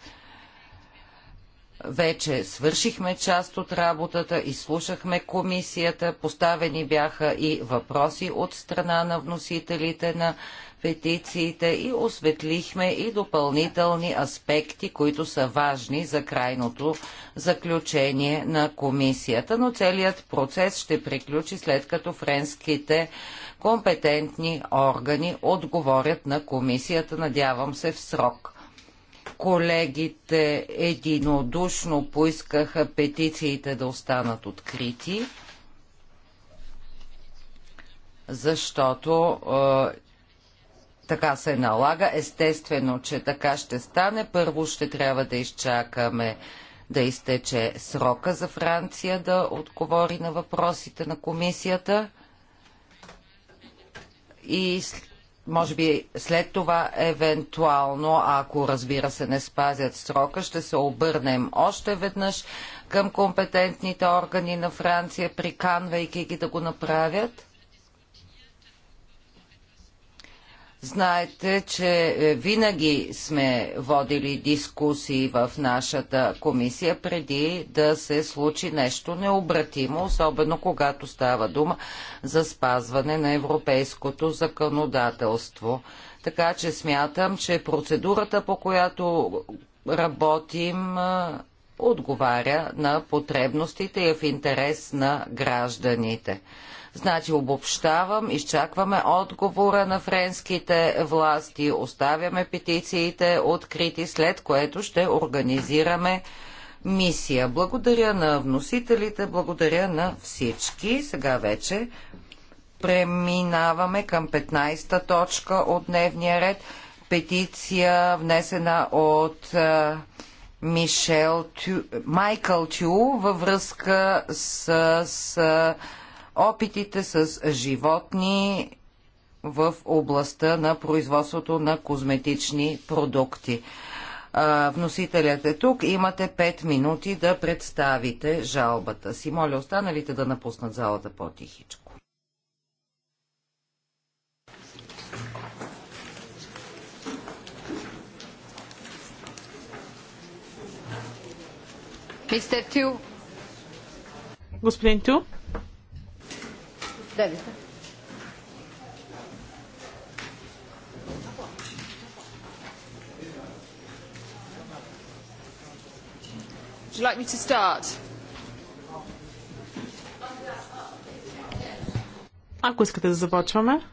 Вече свършихме част от работата, изслушахме комисията, поставени бяха и въпроси от страна на вносителите на петициите и осветлихме и допълнителни аспекти, които са важни за крайното заключение на комисията. Но целият процес ще приключи след като френските компетентни органи отговорят на комисията, надявам се, в срок. Колегите единодушно поискаха петициите да останат открити, защото е, така се налага. Естествено, че така ще стане. Първо ще трябва да изчакаме да изтече срока за Франция да отговори на въпросите на комисията и може би след това, евентуално, ако разбира се не спазят срока, ще се обърнем още веднъж към компетентните органи на Франция, приканвайки ги да го направят. Знаете, че е, винаги сме водили дискусии в нашата комисия преди да се случи нещо необратимо, особено когато става дума за спазване на европейското законодателство. Така че смятам, че процедурата, по която работим, е, отговаря на потребностите и е в интерес на гражданите. Значи обобщавам, изчакваме отговора на френските власти, оставяме петициите открити, след което ще организираме мисия. Благодаря на вносителите, благодаря на всички. Сега вече преминаваме към 15-та точка от дневния ред. Петиция, внесена от Мишел Тю, Майкъл Тю във връзка с, с опитите с животни в областта на производството на козметични продукти. Вносителят е тук. Имате 5 минути да представите жалбата си. Моля останалите да напуснат залата по-тихичко. Господин Тю. Would you like me to start? Ако искате да започваме.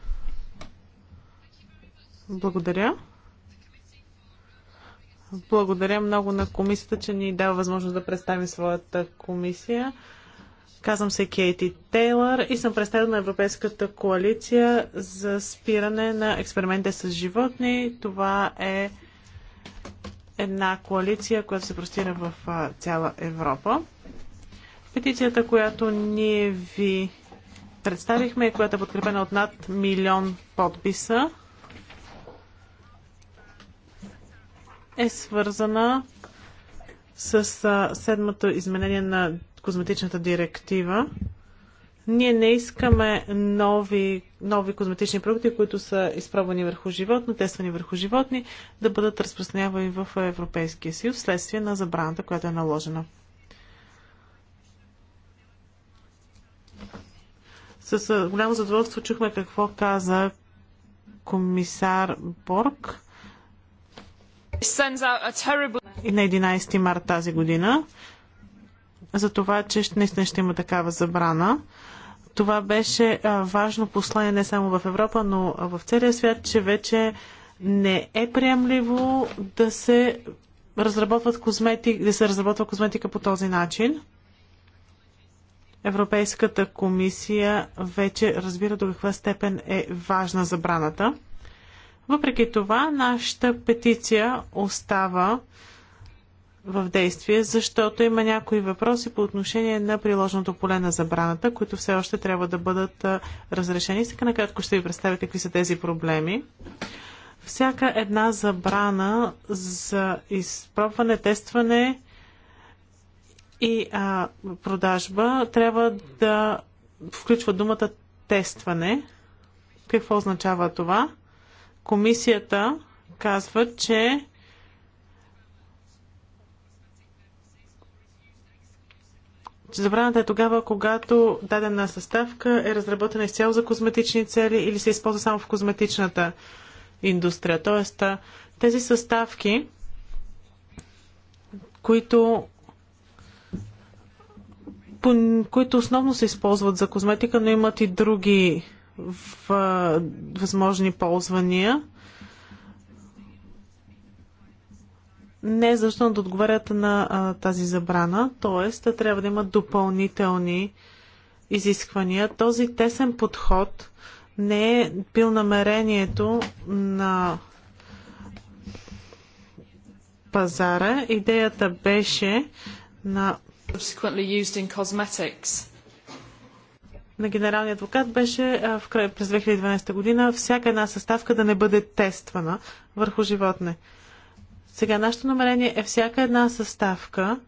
Благодаря. Благодаря много на комисията, че ни дава възможност да представим своята комисия. Казвам се Кейти Тейлър и съм представител на Европейската коалиция за спиране на експериментите с животни. Това е една коалиция, която се простира в цяла Европа. Петицията, която ние ви представихме, която е подкрепена от над милион подписа, е свързана с седмото изменение на козметичната директива. Ние не искаме нови, нови козметични продукти, които са изпробвани върху животни, тествани върху животни, да бъдат разпространявани в Европейския съюз вследствие на забраната, която е наложена. С голямо задоволство чухме какво каза комисар Борг и на 11 март тази година за това, че наистина ще има такава забрана. Това беше важно послание не само в Европа, но в целия свят, че вече не е приемливо да се разработват козметик, да се разработва козметика по този начин. Европейската комисия вече разбира до каква степен е важна забраната. Въпреки това, нашата петиция остава в действие, защото има някои въпроси по отношение на приложеното поле на забраната, които все още трябва да бъдат разрешени. Сега накратко ще ви представя какви са тези проблеми. Всяка една забрана за изпробване, тестване и а, продажба трябва да включва думата тестване. Какво означава това? Комисията казва, че забраната е тогава, когато дадена съставка е разработена изцяло за козметични цели или се използва само в козметичната индустрия. Тоест, тези съставки, които по, които основно се използват за козметика, но имат и други възможни ползвания. не е защо да отговарят на а, тази забрана, т.е. трябва да имат допълнителни изисквания. Този тесен подход не е бил намерението на пазара. Идеята беше на на генералния адвокат беше в край, през 2012 година всяка една съставка да не бъде тествана върху животне. Сега нашето намерение е всяка една съставка,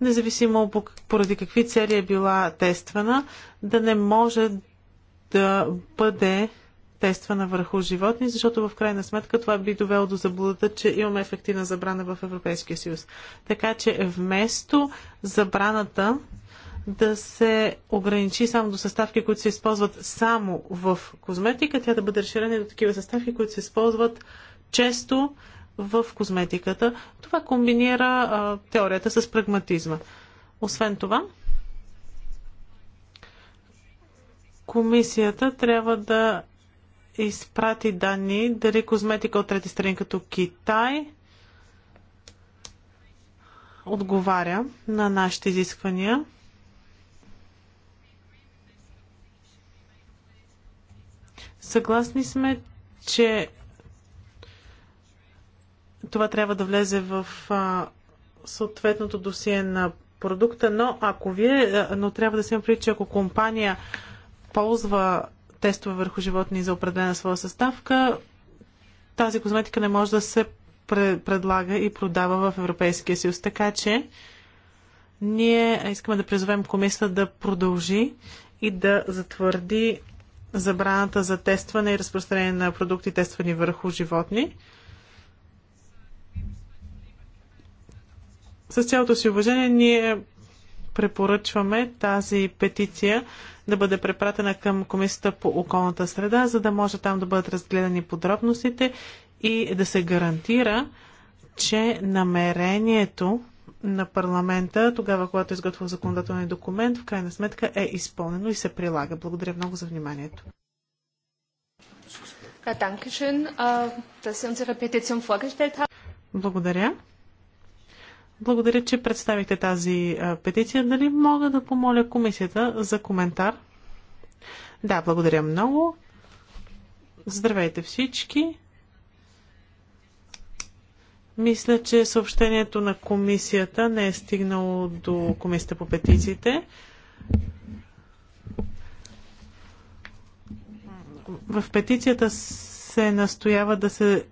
независимо поради какви цели е била тествана, да не може да бъде тествана върху животни, защото в крайна сметка това би довело до заблудата, че имаме ефективна забрана в Европейския съюз. Така че вместо забраната да се ограничи само до съставки, които се използват само в козметика, тя да бъде разширена до такива съставки, които се използват често в козметиката. Това комбинира а, теорията с прагматизма. Освен това, комисията трябва да изпрати данни дали козметика от трети страни като Китай отговаря на нашите изисквания. Съгласни сме, че това трябва да влезе в а, съответното досие на продукта, но ако вие, но трябва да се има предвид, че ако компания ползва тестове върху животни за определена своя съставка, тази козметика не може да се предлага и продава в Европейския съюз. Така че ние искаме да призовем комисията да продължи и да затвърди забраната за тестване и разпространение на продукти, тествани върху животни. с цялото си уважение, ние препоръчваме тази петиция да бъде препратена към Комисията по околната среда, за да може там да бъдат разгледани подробностите и да се гарантира, че намерението на парламента, тогава когато изготвя законодателния документ, в крайна сметка е изпълнено и се прилага. Благодаря много за вниманието. Äh, Благодаря. Благодаря, че представихте тази петиция. Дали мога да помоля комисията за коментар? Да, благодаря много. Здравейте всички. Мисля, че съобщението на комисията не е стигнало до комисията по петициите. В петицията се настоява да се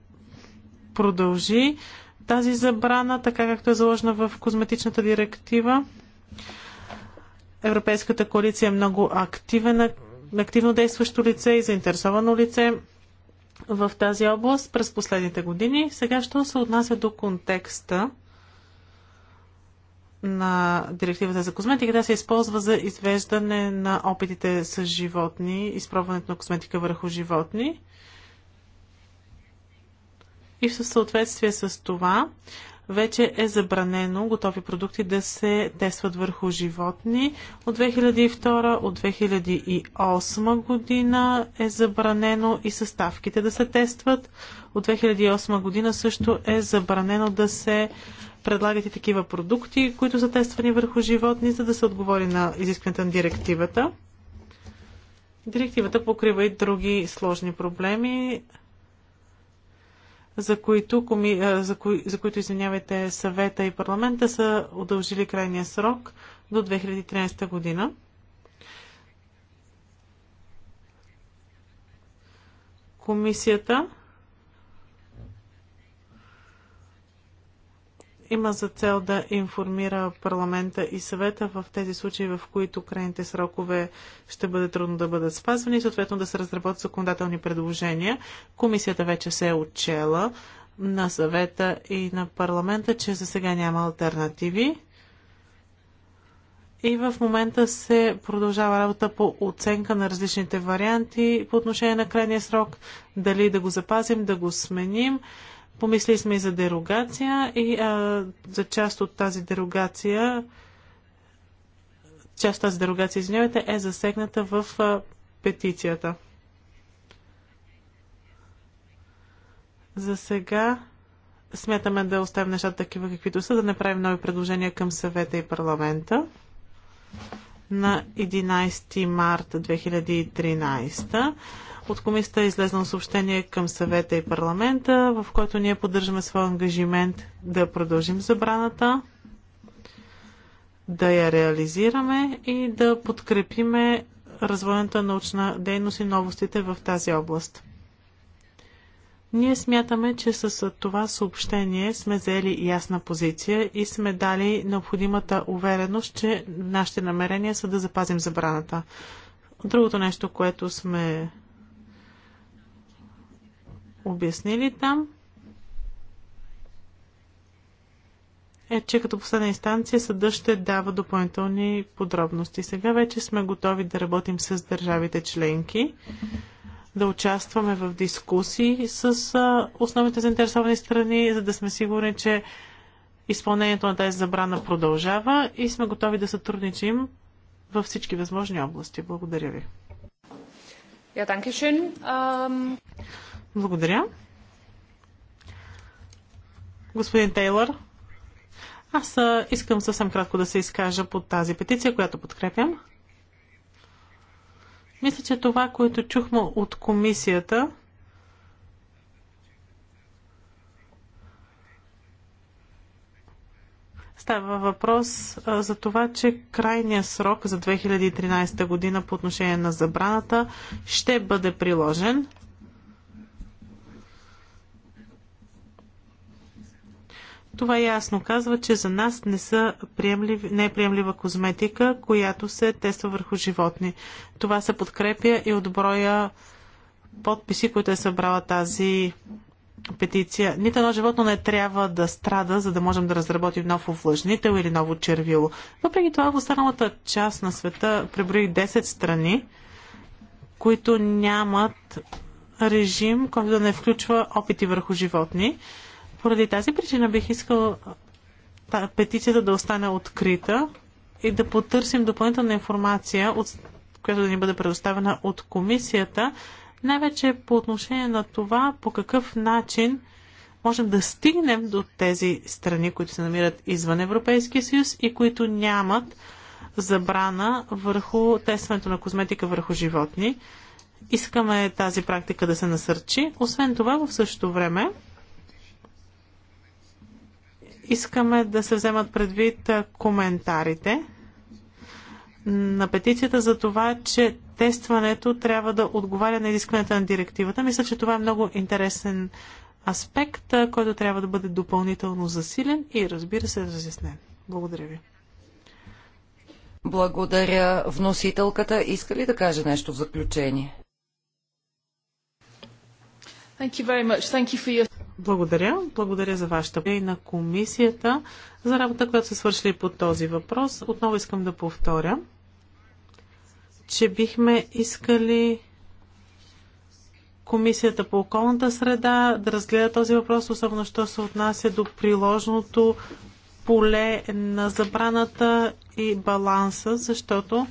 продължи тази забрана, така както е заложена в козметичната директива. Европейската коалиция е много активен, активно действащо лице и заинтересовано лице в тази област през последните години. Сега, що се отнася до контекста на директивата за козметика, тя се използва за извеждане на опитите с животни, изпробването на козметика върху животни. И в съответствие с това вече е забранено готови продукти да се тестват върху животни. От 2002, от 2008 година е забранено и съставките да се тестват. От 2008 година също е забранено да се предлагат и такива продукти, които са тествани върху животни, за да се отговори на изискването на директивата. Директивата покрива и други сложни проблеми, за които, коми, за, кои, за които извинявайте, съвета и парламента са удължили крайния срок до 2013 година. Комисията има за цел да информира парламента и съвета в тези случаи, в които крайните срокове ще бъде трудно да бъдат спазвани и съответно да се разработят законодателни предложения. Комисията вече се е отчела на съвета и на парламента, че за сега няма альтернативи. И в момента се продължава работа по оценка на различните варианти по отношение на крайния срок, дали да го запазим, да го сменим. Помисли сме и за дерогация и а, за част от тази дерогация част от тази дерогация, извинявайте, е засегната в а, петицията. За сега смятаме да оставим нещата такива каквито са, да не правим нови предложения към съвета и парламента на 11 март 2013 от комисията е излезнало съобщение към съвета и парламента, в което ние поддържаме своя ангажимент да продължим забраната, да я реализираме и да подкрепиме развойната научна дейност и новостите в тази област. Ние смятаме, че с това съобщение сме заели ясна позиция и сме дали необходимата увереност, че нашите намерения са да запазим забраната. Другото нещо, което сме обяснили там, е, че като последна инстанция съда ще дава допълнителни подробности. Сега вече сме готови да работим с държавите членки. Mm-hmm да участваме в дискусии с основните заинтересовани страни, за да сме сигурни, че изпълнението на тази забрана продължава и сме готови да сътрудничим във всички възможни области. Благодаря ви. Yeah, um... Благодаря. Господин Тейлър, аз искам съвсем кратко да се изкажа по тази петиция, която подкрепям. Мисля, че това, което чухме от комисията, Става въпрос за това, че крайният срок за 2013 година по отношение на забраната ще бъде приложен. Това ясно казва, че за нас не, са приемлив, не е приемлива козметика, която се тества върху животни. Това се подкрепя и от броя подписи, които е събрала тази петиция. Нито едно животно не трябва да страда, за да можем да разработим нов увлажнител или ново червило. Въпреки това, в останалата част на света преброих 10 страни, които нямат режим, който да не включва опити върху животни. Поради тази причина бих искал петицията да остане открита и да потърсим допълнителна информация, от, която да ни бъде предоставена от комисията, най-вече по отношение на това по какъв начин можем да стигнем до тези страни, които се намират извън Европейския съюз и които нямат забрана върху тестването на козметика върху животни. Искаме тази практика да се насърчи. Освен това, в същото време, Искаме да се вземат предвид коментарите на петицията за това, че тестването трябва да отговаря на изискването на директивата. Мисля, че това е много интересен аспект, който трябва да бъде допълнително засилен и разбира се разяснен. Благодаря ви. Благодаря. Вносителката иска ли да каже нещо в заключение? Your... Благодаря. Благодаря за вашата и на комисията за работа, която са свършили по този въпрос. Отново искам да повторя, че бихме искали Комисията по околната среда да разгледа този въпрос, особено що се отнася до приложното поле на забраната и баланса, защото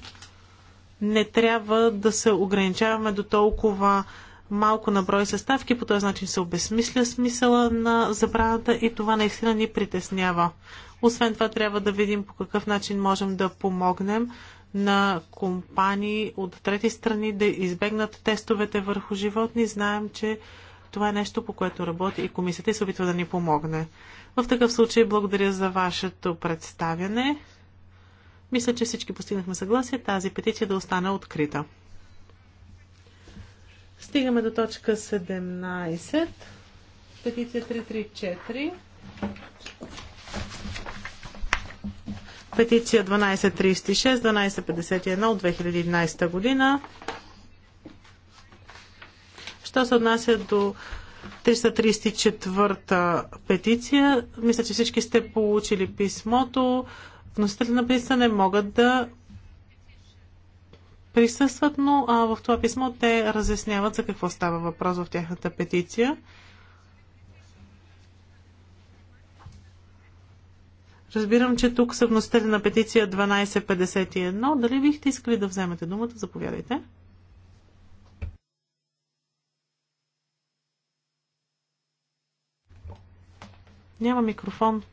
не трябва да се ограничаваме до толкова малко на брой съставки, по този начин се обезсмисля смисъла на забраната и това наистина ни притеснява. Освен това трябва да видим по какъв начин можем да помогнем на компании от трети страни да избегнат тестовете върху животни. Знаем, че това е нещо, по което работи и комисията и се опитва да ни помогне. В такъв случай благодаря за вашето представяне. Мисля, че всички постигнахме съгласие тази петиция да остане открита. Стигаме до точка 17. Петиция 334. Петиция 1236, 1251 от 2011 година. Що се отнася до 334-та петиция, мисля, че всички сте получили писмото. Вносители на писане могат да присъстват, но а, в това писмо те разясняват за какво става въпрос в тяхната петиция. Разбирам, че тук са вносители на петиция 1251. Дали бихте искали да вземете думата? Заповядайте. Няма микрофон.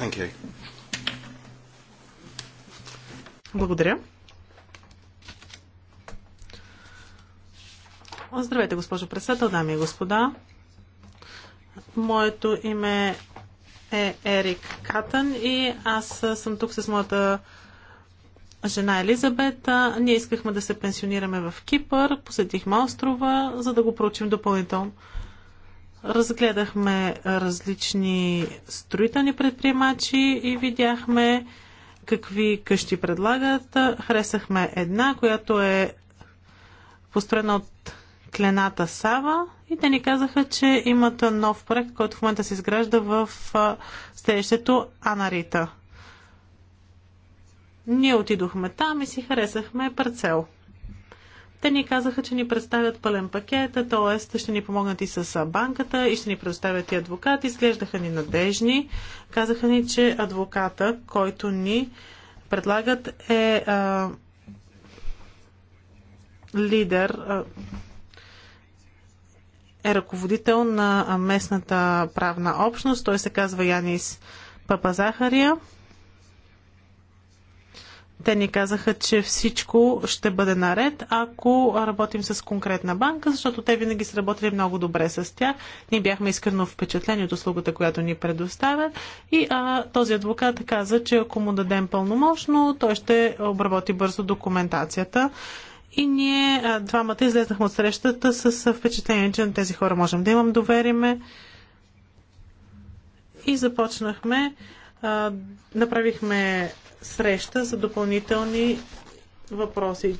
Thank you. Благодаря. Здравейте, госпожо председател, дами и господа. Моето име е Ерик Катън и аз съм тук с моята жена Елизабет. Ние искахме да се пенсионираме в Кипър, посетихме острова, за да го проучим допълнително. Разгледахме различни строителни предприемачи и видяхме какви къщи предлагат. Харесахме една, която е построена от клената Сава и те ни казаха, че имат нов проект, който в момента се изгражда в селището Анарита. Ние отидохме там и си харесахме парцел. Те ни казаха, че ни представят пълен пакет, т.е. ще ни помогнат и с банката и ще ни предоставят и адвокат. Изглеждаха ни надежни. Казаха ни, че адвоката, който ни предлагат е а, лидер, а, е ръководител на местната правна общност. Той се казва Янис Папазахария. Те ни казаха, че всичко ще бъде наред, ако работим с конкретна банка, защото те винаги са работили много добре с тях. Ние бяхме искрено впечатлени от услугата, която ни предоставя. И а, този адвокат каза, че ако му дадем пълномощно, той ще обработи бързо документацията. И ние а, двамата излезнахме от срещата с впечатление, че на тези хора можем да имам довериме. И започнахме направихме среща за допълнителни въпроси.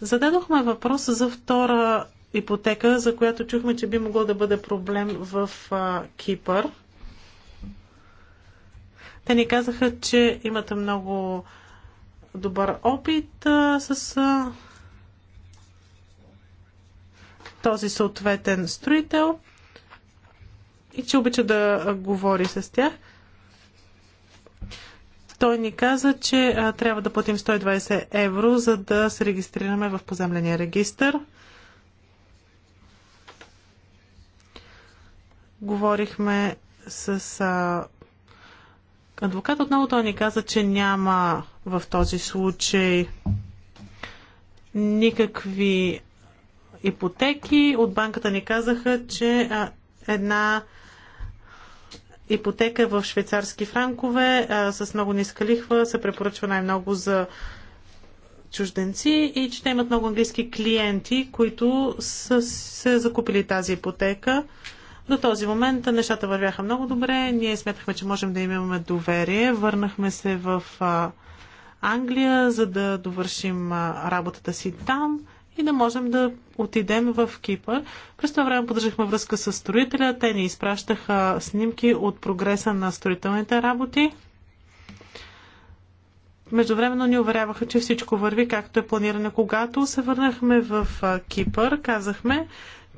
Зададохме въпрос за втора ипотека, за която чухме, че би могло да бъде проблем в а, Кипър. Те ни казаха, че имате много добър опит а, с а, този съответен строител и че обича да говори с тях. Той ни каза, че а, трябва да платим 120 евро, за да се регистрираме в поземления регистр. Говорихме с а, адвокат. Отново той ни каза, че няма в този случай никакви ипотеки. От банката ни казаха, че а, една ипотека в швейцарски франкове а, с много ниска лихва се препоръчва най-много за чужденци и че те имат много английски клиенти, които са се закупили тази ипотека. До този момент нещата вървяха много добре. Ние сметахме, че можем да имаме доверие. Върнахме се в а, Англия, за да довършим а, работата си там и да можем да отидем в Кипър. През това време поддържахме връзка с строителя. Те ни изпращаха снимки от прогреса на строителните работи. Междувременно ни уверяваха, че всичко върви както е планирано. Когато се върнахме в Кипър, казахме,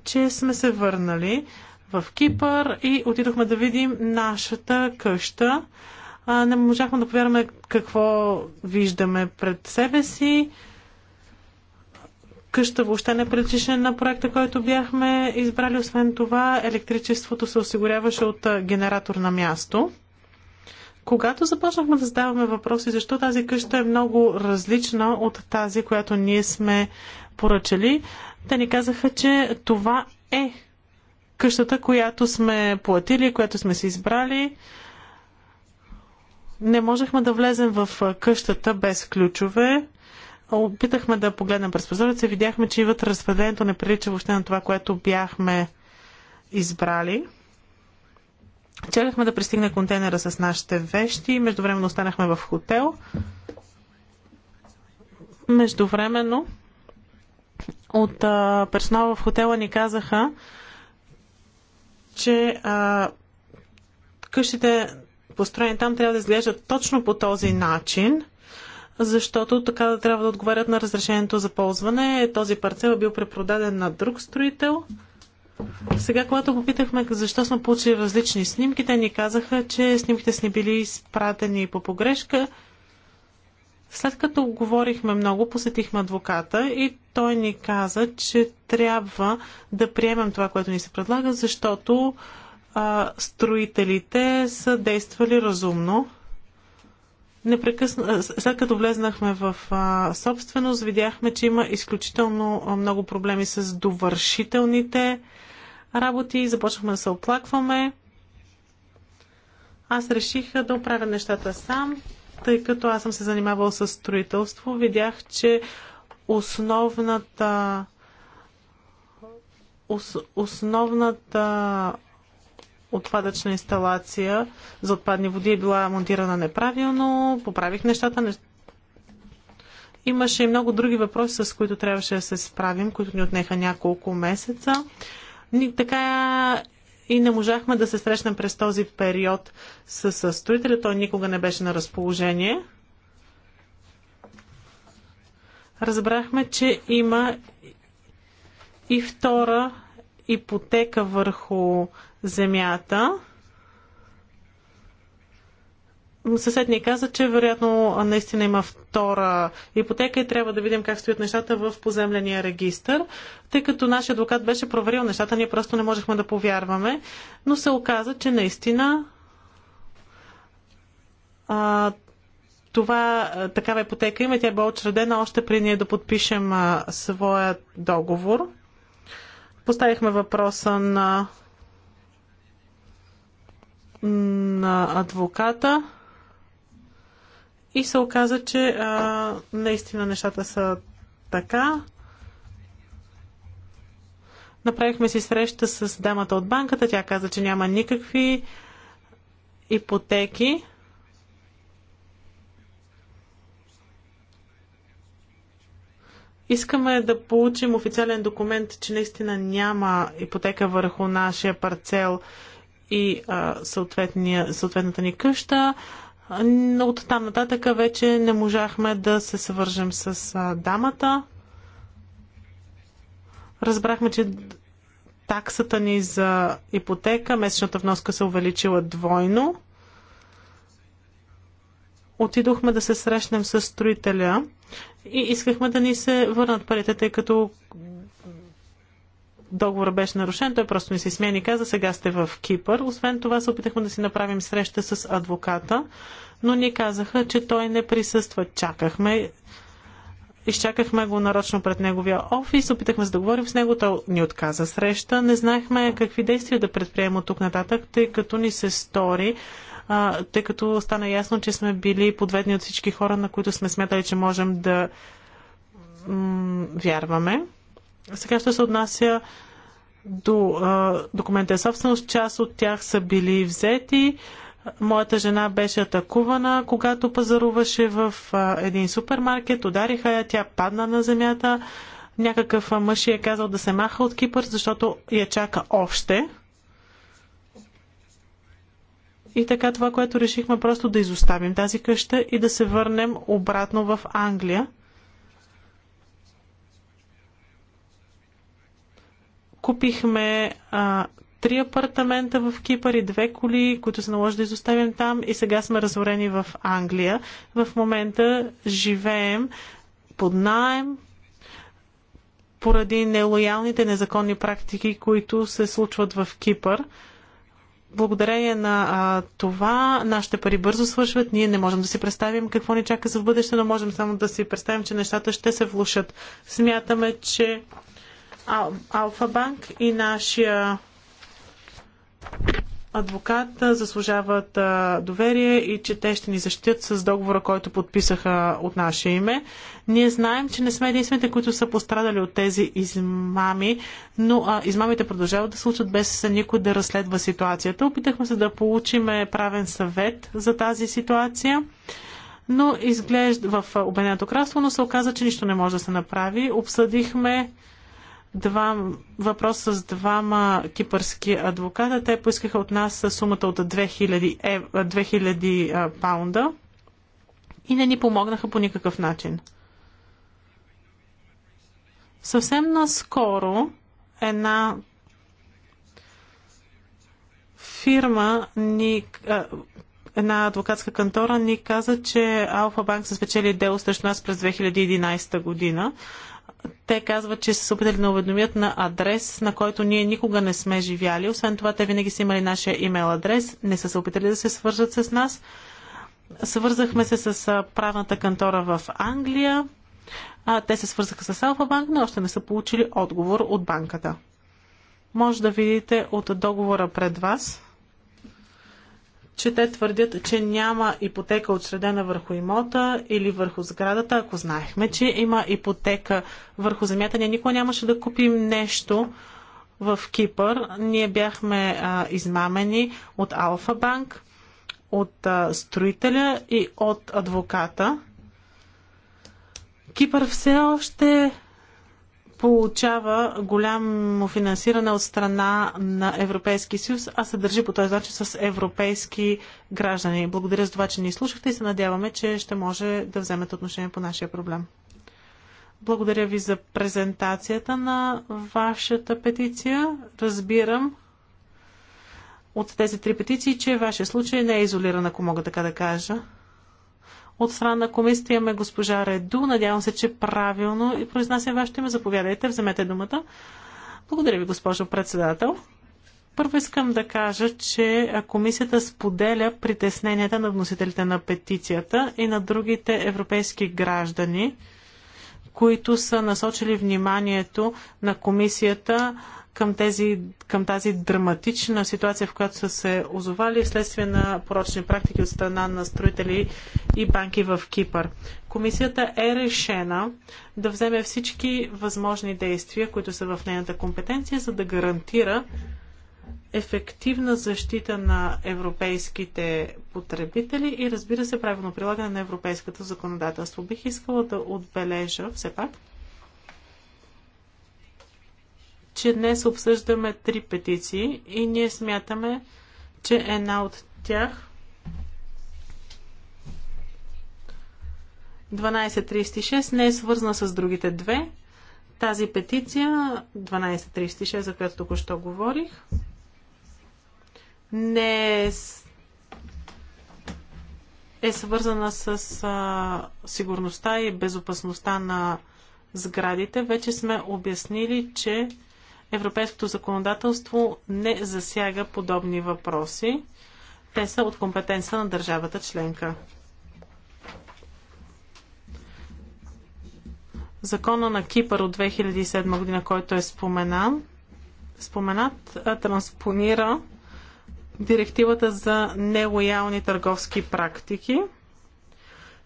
че сме се върнали в Кипър и отидохме да видим нашата къща. не можахме да повярваме какво виждаме пред себе си къща въобще не е приличаше на проекта, който бяхме избрали. Освен това, електричеството се осигуряваше от генератор на място. Когато започнахме да задаваме въпроси защо тази къща е много различна от тази, която ние сме поръчали, те ни казаха, че това е къщата, която сме платили, която сме си избрали. Не можехме да влезем в къщата без ключове опитахме да погледнем през прозореца и видяхме, че и вътре разпределението не прилича въобще на това, което бяхме избрали. Чакахме да пристигне контейнера с нашите вещи. Междувременно останахме в хотел. Междувременно от а, персонала в хотела ни казаха, че а, къщите построени там трябва да изглеждат точно по този начин – защото така да трябва да отговарят на разрешението за ползване. Този парцел е бил препродаден на друг строител. Сега, когато попитахме защо сме получили различни снимки, те ни казаха, че снимките са ни били изпратени по погрешка. След като говорихме много, посетихме адвоката и той ни каза, че трябва да приемем това, което ни се предлага, защото а, строителите са действали разумно. Непрекъсна... След като влезнахме в а, собственост, видяхме, че има изключително а, много проблеми с довършителните работи. Започнахме да се оплакваме. Аз реших да оправя нещата сам, тъй като аз съм се занимавал с строителство. Видях, че основната ос, основната отпадъчна инсталация за отпадни води е била монтирана неправилно, поправих нещата. Не... Имаше и много други въпроси, с които трябваше да се справим, които ни отнеха няколко месеца. Ни, така и не можахме да се срещнем през този период с, с строителя. Той никога не беше на разположение. Разбрахме, че има и втора ипотека върху земята. Съсед ни каза, че вероятно наистина има втора ипотека и трябва да видим как стоят нещата в поземления регистр. Тъй като нашия адвокат беше проверил нещата, ние просто не можехме да повярваме, но се оказа, че наистина а, това, такава ипотека има, тя бе очредена още при ние да подпишем а, своя договор. Поставихме въпроса на, на адвоката и се оказа, че а, наистина нещата са така. Направихме си среща с дамата от банката. Тя каза, че няма никакви ипотеки. Искаме да получим официален документ, че наистина няма ипотека върху нашия парцел и а, съответната ни къща. Но от там нататък вече не можахме да се свържем с а, дамата. Разбрахме, че таксата ни за ипотека, месечната вноска се увеличила двойно отидохме да се срещнем с строителя и искахме да ни се върнат парите, тъй като договорът беше нарушен. Той просто ми се смени и каза, сега сте в Кипър. Освен това се опитахме да си направим среща с адвоката, но ни казаха, че той не присъства. Чакахме Изчакахме го нарочно пред неговия офис, опитахме се да говорим с него, той ни отказа среща. Не знаехме какви действия да предприемем от тук нататък, тъй като ни се стори, а, тъй като стана ясно, че сме били подведни от всички хора, на които сме сметали, че можем да вярваме. Сега ще се отнася до а, документа е собственост. Част от тях са били взети. Моята жена беше атакувана, когато пазаруваше в а, един супермаркет. Удариха я, тя падна на земята. Някакъв мъж е казал да се маха от Кипър, защото я чака още. И така това, което решихме просто да изоставим тази къща и да се върнем обратно в Англия. Купихме а, три апартамента в Кипър и две коли, които се наложи да изоставим там и сега сме разорени в Англия. В момента живеем под найем поради нелоялните незаконни практики, които се случват в Кипър благодарение на а, това нашите пари бързо свършват. Ние не можем да си представим какво ни чака за в бъдеще, но можем само да си представим, че нещата ще се влушат. Смятаме, че Алфа Банк и нашия адвокат заслужават доверие и че те ще ни защитят с договора, който подписаха от наше име. Ние знаем, че не сме единствените, които са пострадали от тези измами, но а, измамите продължават да се случат без никой да разследва ситуацията. Опитахме се да получиме правен съвет за тази ситуация но изглежда в Обединеното кралство, но се оказа, че нищо не може да се направи. Обсъдихме два, въпрос с двама кипърски адвоката. Те поискаха от нас сумата от 2000, ев, 2000 паунда и не ни помогнаха по никакъв начин. Съвсем наскоро една фирма ни, една адвокатска кантора ни каза, че Алфа Банк са спечели дело срещу нас през 2011 година те казват, че са се опитали да уведомят на адрес, на който ние никога не сме живяли. Освен това, те винаги са имали нашия имейл адрес, не са се опитали да се свържат с нас. Свързахме се с правната кантора в Англия. А, те се свързаха с Алфа Банк, но още не са получили отговор от банката. Може да видите от договора пред вас че те твърдят, че няма ипотека отсредена върху имота или върху сградата. Ако знаехме, че има ипотека върху земята, ние никога нямаше да купим нещо в Кипър. Ние бяхме а, измамени от Алфа Банк, от а, строителя и от адвоката. Кипър все още получава голямо финансиране от страна на Европейския съюз, а се държи по този начин с европейски граждани. Благодаря за това, че ни слушахте и се надяваме, че ще може да вземете отношение по нашия проблем. Благодаря ви за презентацията на вашата петиция. Разбирам от тези три петиции, че вашия случай не е изолиран, ако мога така да кажа. От страна на комисията имаме госпожа Реду. Надявам се, че правилно и произнася вашето име. Заповядайте, вземете думата. Благодаря ви, госпожо председател. Първо искам да кажа, че комисията споделя притесненията на вносителите на петицията и на другите европейски граждани, които са насочили вниманието на комисията към, тези, към тази драматична ситуация, в която са се озовали вследствие на порочни практики от страна на строители и банки в Кипър. Комисията е решена да вземе всички възможни действия, които са в нейната компетенция, за да гарантира ефективна защита на европейските потребители и разбира се правилно прилагане на европейското законодателство. Бих искала да отбележа все пак, че днес обсъждаме три петиции и ние смятаме, че една от тях 1236 не е свързана с другите две. Тази петиция 1236, за която току-що говорих, не е, е свързана с а, сигурността и безопасността на сградите. Вече сме обяснили, че Европейското законодателство не засяга подобни въпроси. Те са от компетенция на държавата членка. Закона на Кипър от 2007 година, който е споменан, споменат, транспонира директивата за нелоялни търговски практики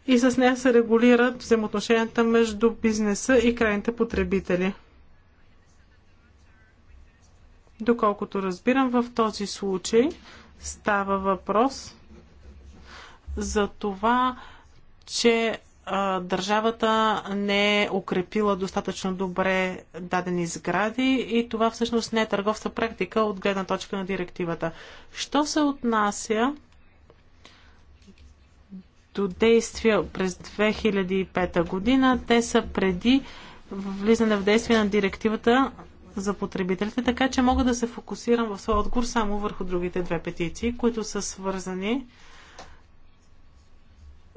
и с нея се регулират взаимоотношенията между бизнеса и крайните потребители. Доколкото разбирам, в този случай става въпрос за това, че а, държавата не е укрепила достатъчно добре дадени сгради и това всъщност не е търговска практика от гледна точка на директивата. Що се отнася до действия през 2005 година, те са преди влизане в действие на директивата за потребителите, така че мога да се фокусирам в своя отговор само върху другите две петиции, които са свързани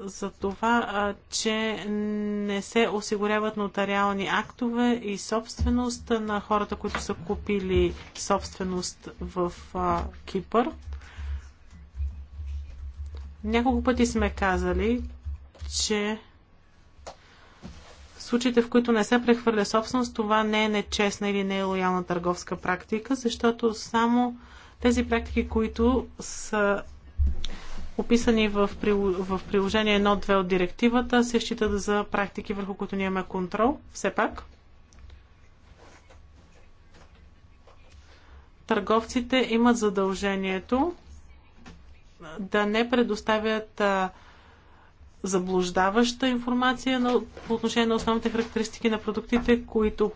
за това, че не се осигуряват нотариални актове и собственост на хората, които са купили собственост в Кипър. Няколко пъти сме казали, че случаите, в които не се прехвърля собственост, това не е нечестна или не е лоялна търговска практика, защото само тези практики, които са описани в, приложение 1-2 от директивата, се считат за практики, върху които ние имаме контрол. Все пак, търговците имат задължението да не предоставят а, заблуждаваща информация на, по отношение на основните характеристики на продуктите, които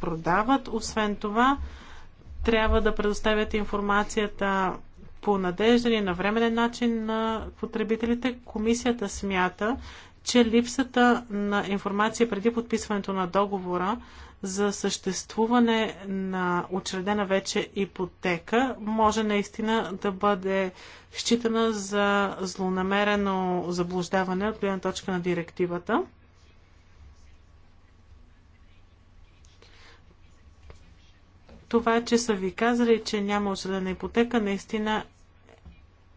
продават. Освен това, трябва да предоставят информацията по надежден и навременен начин на потребителите. Комисията смята, че липсата на информация преди подписването на договора за съществуване на учредена вече ипотека може наистина да бъде считана за злонамерено заблуждаване от гледна точка на директивата. Това, че са ви казали, че няма учредена ипотека, наистина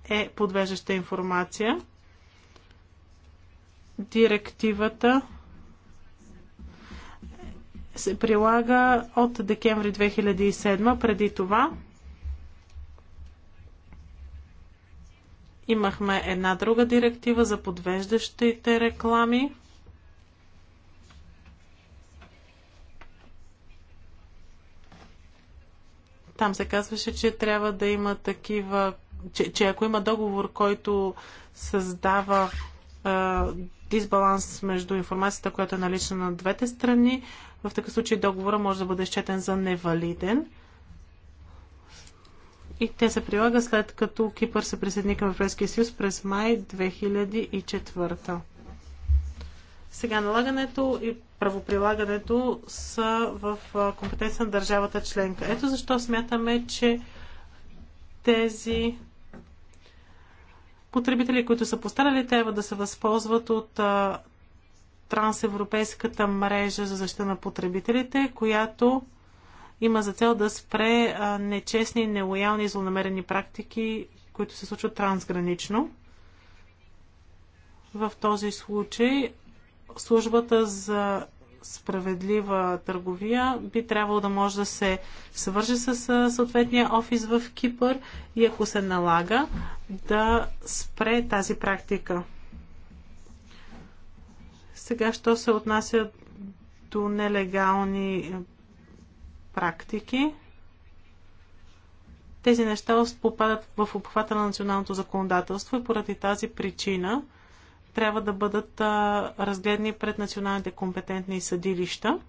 е подвеждаща информация. Директивата се прилага от декември 2007. Преди това имахме една друга директива за подвеждащите реклами. Там се казваше, че трябва да има такива, че, че ако има договор, който създава е, дисбаланс между информацията, която е налична на двете страни, в такъв случай договора може да бъде счетен за невалиден. И те се прилага след като Кипър се присъедини към Европейския съюз през май 2004. Сега налагането и правоприлагането са в компетенция на държавата членка. Ето защо смятаме, че тези потребители, които са постарали, трябва да се възползват от трансевропейската мрежа за защита на потребителите, която има за цел да спре нечестни, нелоялни и злонамерени практики, които се случват трансгранично. В този случай службата за справедлива търговия би трябвало да може да се свържи с съответния офис в Кипър и ако се налага да спре тази практика. Сега, що се отнася до нелегални практики, тези неща попадат в обхвата на националното законодателство и поради тази причина трябва да бъдат разгледани пред националните компетентни съдилища.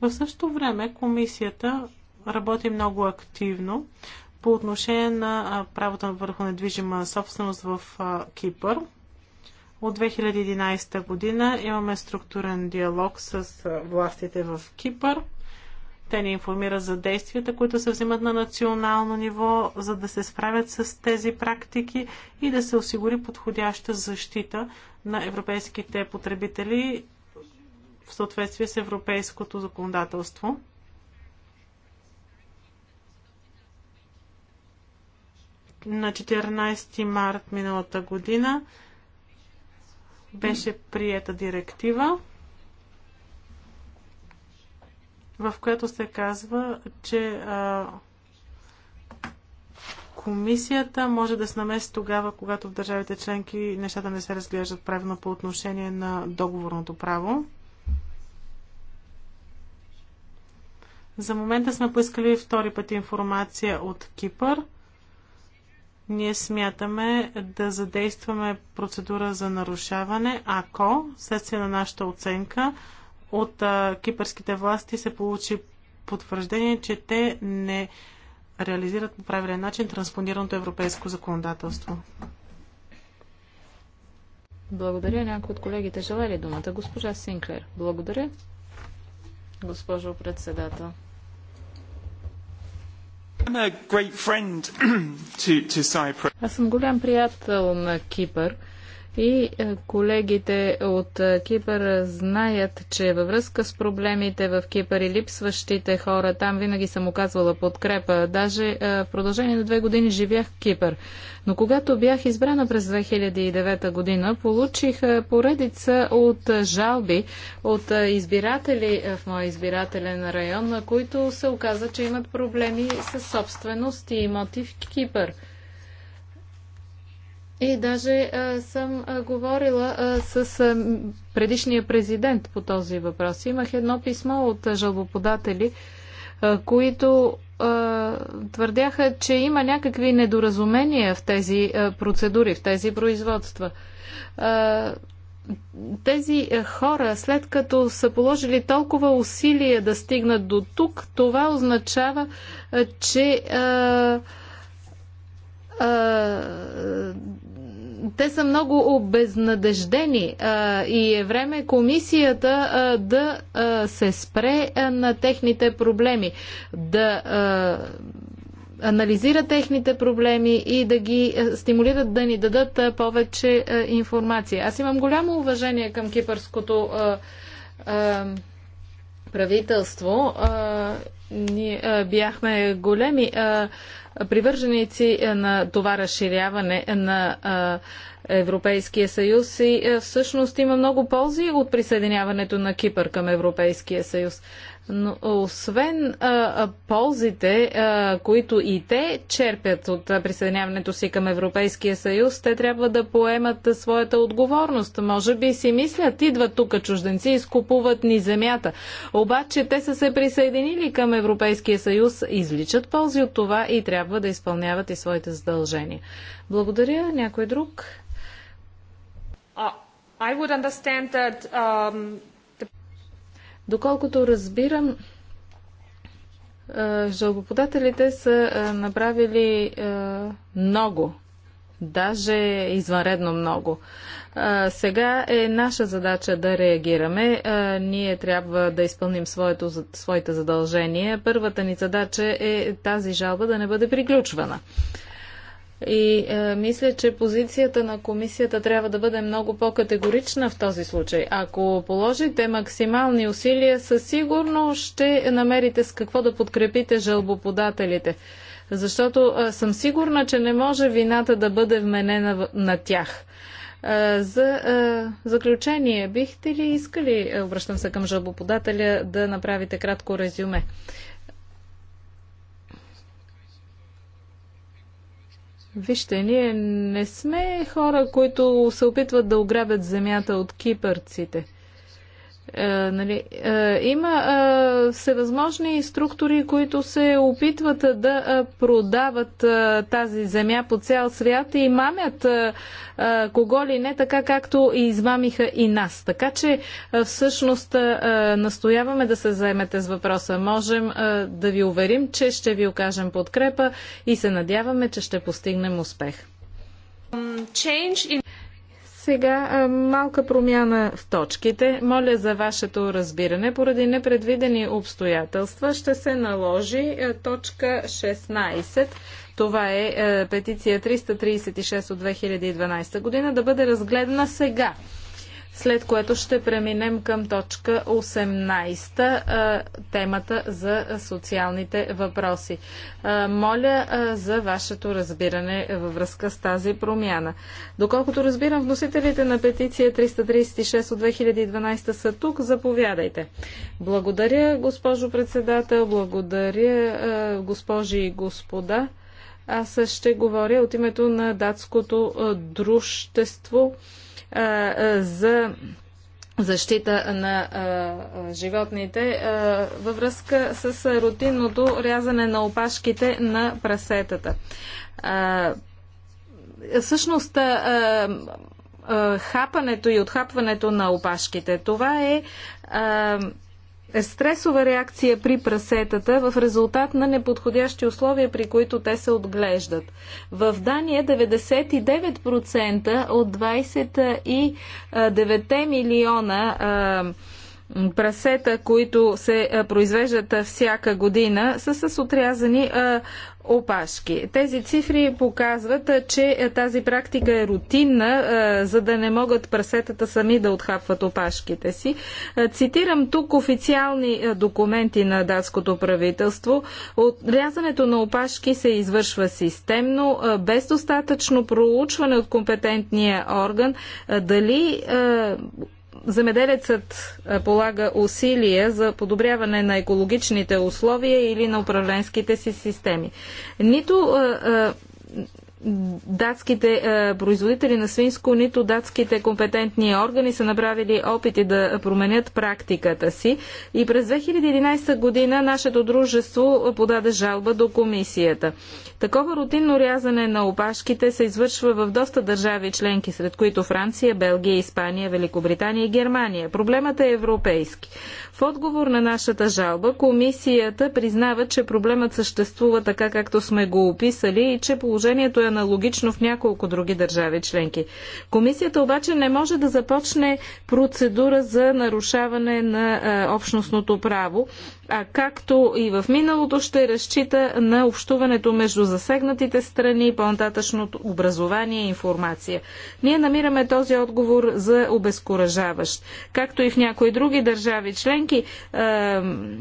В същото време комисията работи много активно по отношение на правото върху недвижима собственост в Кипър. От 2011 година имаме структурен диалог с властите в Кипър. Те ни информират за действията, които се взимат на национално ниво, за да се справят с тези практики и да се осигури подходяща защита на европейските потребители в съответствие с европейското законодателство. На 14 март миналата година беше приета директива, в която се казва, че а, комисията може да се намеси тогава, когато в държавите членки нещата не се разглеждат правилно по отношение на договорното право. За момента сме поискали втори път информация от Кипър – ние смятаме да задействаме процедура за нарушаване, ако, следствие на нашата оценка, от а, кипърските власти се получи потвърждение, че те не реализират по правилен начин транспонираното европейско законодателство. Благодаря. Някой от колегите желали думата? Госпожа Синклер. Благодаря. Госпожо председател. [CLEARS THROAT] Аз съм голям приятел на Кипър. И е, колегите от е, Кипър знаят, че във връзка с проблемите в Кипър и липсващите хора, там винаги съм оказвала подкрепа. Даже е, в продължение на две години живях в Кипър. Но когато бях избрана през 2009 година, получих поредица от жалби от избиратели в моя избирателен район, на които се оказа, че имат проблеми с собственост и имоти в Кипър. И даже а, съм а, говорила а, с а, предишния президент по този въпрос. Имах едно писмо от а, жалбоподатели, а, които а, твърдяха, че има някакви недоразумения в тези а, процедури, в тези производства. А, тези хора, след като са положили толкова усилия да стигнат до тук, това означава, че а, а, те са много обезнадеждени а, и е време комисията а, да а, се спре а, на техните проблеми, да а, анализира техните проблеми и да ги стимулират да ни дадат а, повече а, информация. Аз имам голямо уважение към кипърското а, а, правителство. А, ние а, бяхме големи. А, привърженици е, на това разширяване на Европейския съюз и е, всъщност има много ползи от присъединяването на Кипър към Европейския съюз. Но освен а, ползите, а, които и те черпят от присъединяването си към Европейския съюз, те трябва да поемат своята отговорност. Може би си мислят, идват тук чужденци и скупуват ни земята. Обаче те са се присъединили към Европейския съюз, изличат ползи от това и трябва да изпълняват и своите задължения. Благодаря. Някой друг? I would understand that um, Доколкото разбирам, жалбоподателите са направили много, даже извънредно много. Сега е наша задача да реагираме. Ние трябва да изпълним своето, своите задължения. Първата ни задача е тази жалба да не бъде приключвана. И е, мисля, че позицията на комисията трябва да бъде много по-категорична в този случай. Ако положите максимални усилия, със сигурно ще намерите с какво да подкрепите жалбоподателите. Защото е, съм сигурна, че не може вината да бъде вменена в, на тях. Е, за е, заключение, бихте ли искали, е, обръщам се към жалбоподателя, да направите кратко резюме? Вижте, ние не сме хора, които се опитват да ограбят земята от кипърците. Е, нали, е, има е, всевъзможни структури, които се опитват да продават тази земя по цял свят и мамят кого ли не, така както и измамиха и нас. Така че всъщност настояваме да се заемете с въпроса. Можем да ви уверим, че ще ви окажем подкрепа и се надяваме, че ще постигнем успех. Сега малка промяна в точките. Моля за вашето разбиране. Поради непредвидени обстоятелства ще се наложи точка 16. Това е петиция 336 от 2012 година да бъде разгледана сега след което ще преминем към точка 18, темата за социалните въпроси. Моля за вашето разбиране във връзка с тази промяна. Доколкото разбирам, вносителите на петиция 336 от 2012 са тук. Заповядайте. Благодаря, госпожо председател, благодаря, госпожи и господа. Аз ще говоря от името на датското дружество за защита на животните във връзка с рутинното рязане на опашките на прасетата. Всъщност, хапането и отхапването на опашките, това е е стресова реакция при прасетата в резултат на неподходящи условия, при които те се отглеждат. В Дания 99% от 29 милиона прасета, които се произвеждат всяка година, са с отрязани опашки. Тези цифри показват, че тази практика е рутинна, за да не могат прасетата сами да отхапват опашките си. Цитирам тук официални документи на датското правителство. Отрязането на опашки се извършва системно, без достатъчно проучване от компетентния орган дали Земеделецът полага усилия за подобряване на екологичните условия или на управленските си системи. Нито датските производители на свинско, нито датските компетентни органи са направили опити да променят практиката си. И през 2011 година нашето дружество подаде жалба до комисията. Такова рутинно рязане на опашките се извършва в доста държави членки, сред които Франция, Белгия, Испания, Великобритания и Германия. Проблемът е европейски. В отговор на нашата жалба, комисията признава, че проблемът съществува така, както сме го описали и че положението е аналогично в няколко други държави членки. Комисията обаче не може да започне процедура за нарушаване на а, е, общностното право, а както и в миналото ще разчита на общуването между засегнатите страни и по-нататъчното образование и информация. Ние намираме този отговор за обезкуражаващ. Както и в някои други държави членки,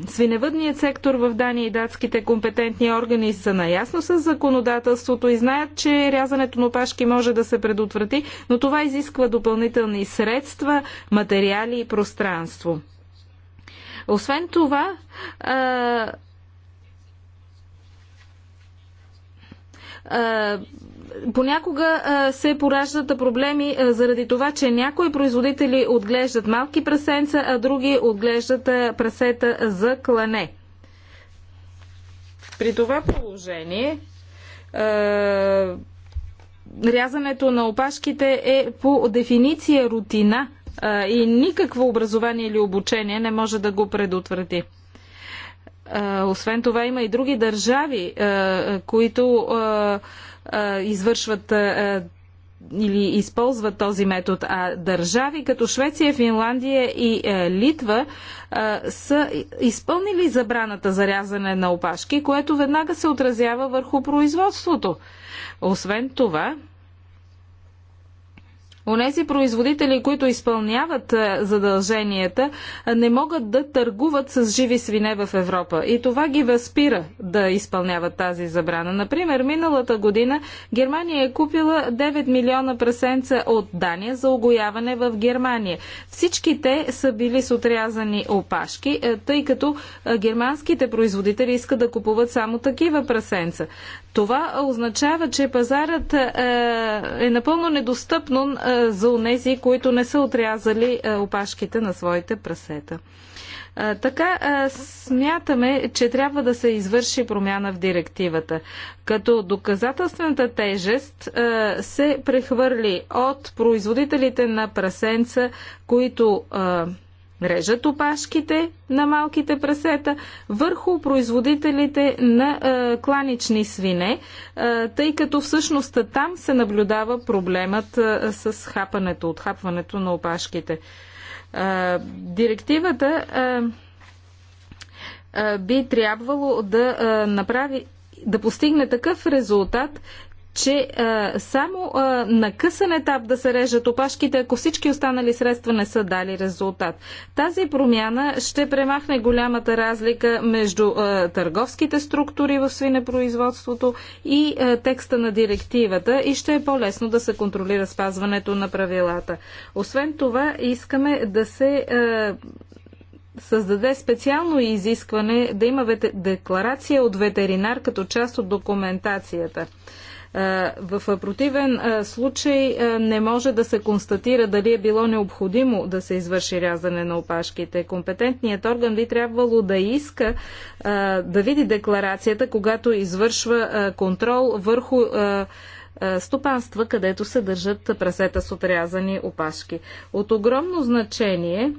свиневъдният сектор в Дания и датските компетентни органи са наясно с законодателството и знаят, че рязането на опашки може да се предотврати, но това изисква допълнителни средства, материали и пространство. Освен това, понякога се пораждат проблеми заради това, че някои производители отглеждат малки прасенца, а други отглеждат прасета за клане. При това положение рязането на опашките е по дефиниция рутина – и никакво образование или обучение не може да го предотврати. Освен това има и други държави, които извършват или използват този метод, а държави като Швеция, Финландия и Литва са изпълнили забраната за рязане на опашки, което веднага се отразява върху производството. Освен това, Онези производители, които изпълняват е, задълженията, е, не могат да търгуват с живи свине в Европа. И това ги възпира да изпълняват тази забрана. Например, миналата година Германия е купила 9 милиона прасенца от Дания за огояване в Германия. Всички те са били с отрязани опашки, е, тъй като германските производители искат да купуват само такива прасенца. Това означава, че пазарът е, е напълно недостъпно е, за унези, които не са отрязали е, опашките на своите прасета. Така смятаме, че трябва да се извърши промяна в директивата, като доказателствената тежест се прехвърли от производителите на прасенца, които режат опашките на малките прасета върху производителите на е, кланични свине, е, тъй като всъщност там се наблюдава проблемът е, с хапането, отхапването на опашките. Е, директивата е, е, би трябвало да е, направи да постигне такъв резултат, че а, само а, на късен етап да се режат опашките, ако всички останали средства не са дали резултат. Тази промяна ще премахне голямата разлика между а, търговските структури в свинепроизводството и а, текста на директивата и ще е по-лесно да се контролира спазването на правилата. Освен това, искаме да се. А, създаде специално изискване да има декларация от ветеринар като част от документацията. Е, в противен е, случай е, не може да се констатира дали е било необходимо да се извърши рязане на опашките. Компетентният орган би трябвало да иска да види декларацията, когато извършва контрол върху стопанства, където се държат прасета с отрязани опашки. От огромно значение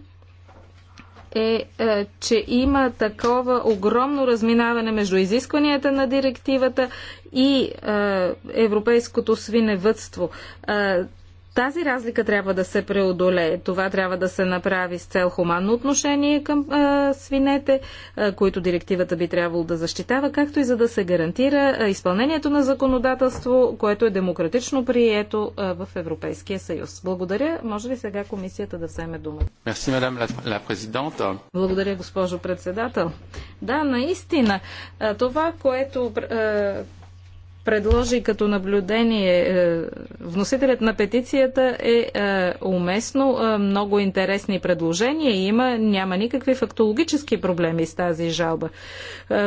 е, е, че има такова огромно разминаване между изискванията на директивата и е, европейското свиневътство. Е, тази разлика трябва да се преодолее. Това трябва да се направи с цел хуманно отношение към а, свинете, а, които директивата би трябвало да защитава, както и за да се гарантира а, изпълнението на законодателство, което е демократично прието в Европейския съюз. Благодаря. Може ли сега комисията да вземе дума? Благодаря, госпожо председател. Да, наистина. А, това, което. А, предложи като наблюдение е, вносителят на петицията е, е уместно. Е, много интересни предложения има. Няма никакви фактологически проблеми с тази жалба.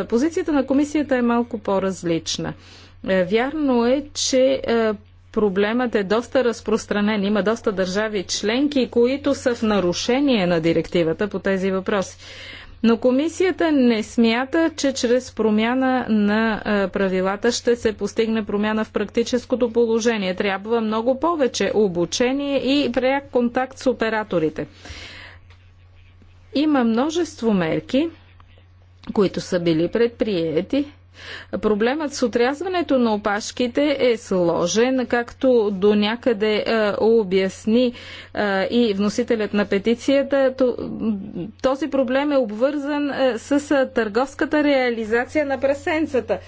Позицията на комисията е малко по-различна. Вярно е, че проблемът е доста разпространен. Има доста държави членки, които са в нарушение на директивата по тези въпроси. Но комисията не смята, че чрез промяна на правилата ще се постигне промяна в практическото положение. Трябва много повече обучение и пряк контакт с операторите. Има множество мерки, които са били предприети Проблемът с отрязването на опашките е сложен, както до някъде е, обясни е, и вносителят на петицията. този проблем е обвързан е, с търговската реализация на пресенцата.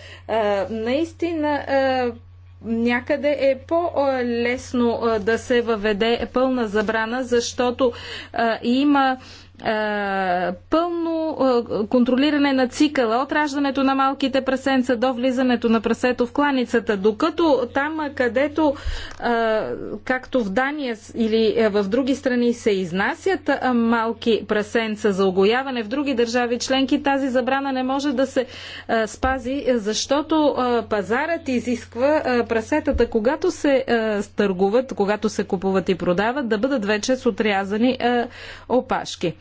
наистина. някъде е по-лесно да се въведе пълна забрана, защото има е, пълно е, контролиране на цикъла от раждането на малките прасенца до влизането на прасето в кланицата, докато там, където е, както в Дания или в други страни се изнасят малки прасенца за огояване в други държави членки, тази забрана не може да се спази, защото пазарът изисква прасетата, когато се търгуват, когато се купуват и продават, да бъдат вече с отрязани опашки.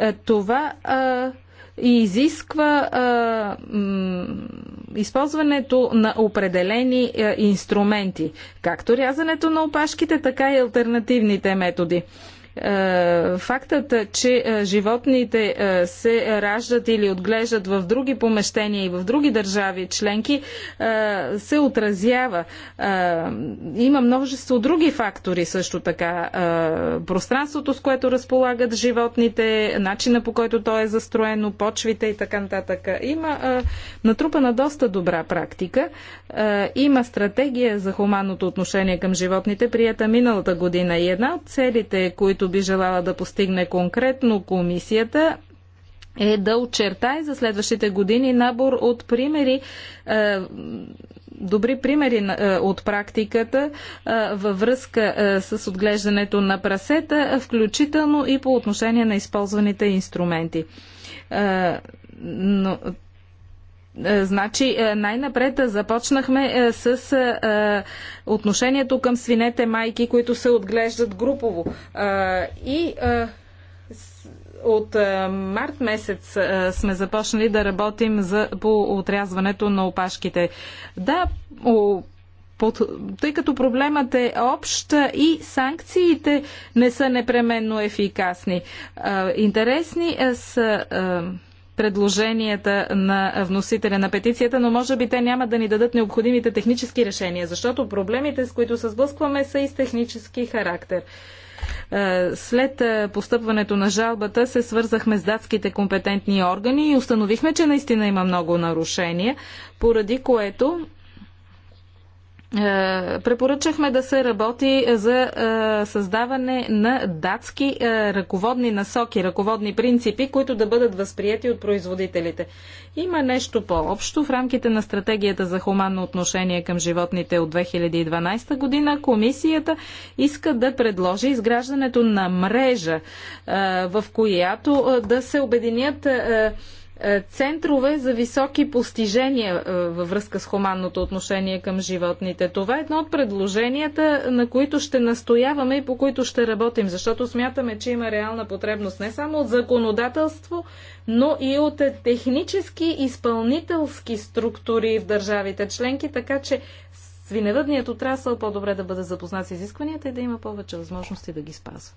Е, това и изисква а, м, използването на определени а, е, инструменти, както рязането на опашките, така и альтернативните методи. Е, фактът, че е, животните е, се раждат или отглеждат в други помещения и в други държави членки се отразява. Има множество други фактори също така. Пространството, с което разполагат животните, начина по който то е застроено, почвите и така нататък. Има натрупана доста добра практика. Има стратегия за хуманното отношение към животните, прията миналата година. И една от целите, които които би желала да постигне конкретно комисията, е да очертай за следващите години набор от примери, е, добри примери е, от практиката е, във връзка с отглеждането на прасета, включително и по отношение на използваните инструменти. Но е, значи е, най-напред започнахме е, с отношението към свинете майки, които се отглеждат групово. И от март месец сме започнали да работим за, по отрязването на опашките. Да, под, тъй като проблемът е общ и санкциите не са непременно ефикасни. Интересни са предложенията на вносителя на петицията, но може би те няма да ни дадат необходимите технически решения, защото проблемите, с които се сблъскваме, са и с технически характер. Е, след е, постъпването на жалбата се свързахме с датските компетентни органи и установихме, че наистина има много нарушения, поради което е, препоръчахме да се работи за е, създаване на датски е, ръководни насоки, ръководни принципи, които да бъдат възприяти от производителите. Има нещо по-общо в рамките на стратегията за хуманно отношение към животните от 2012 година. Комисията иска да предложи изграждането на мрежа, в която да се обединят е, центрове за високи постижения е, във връзка с хуманното отношение към животните. Това е едно от предложенията, на които ще настояваме и по които ще работим, защото смятаме, че има реална потребност не само от законодателство, но и от технически изпълнителски структури в държавите членки, така че свиневъдният отрасъл по-добре да бъде запознат с изискванията и да има повече възможности да ги спазва.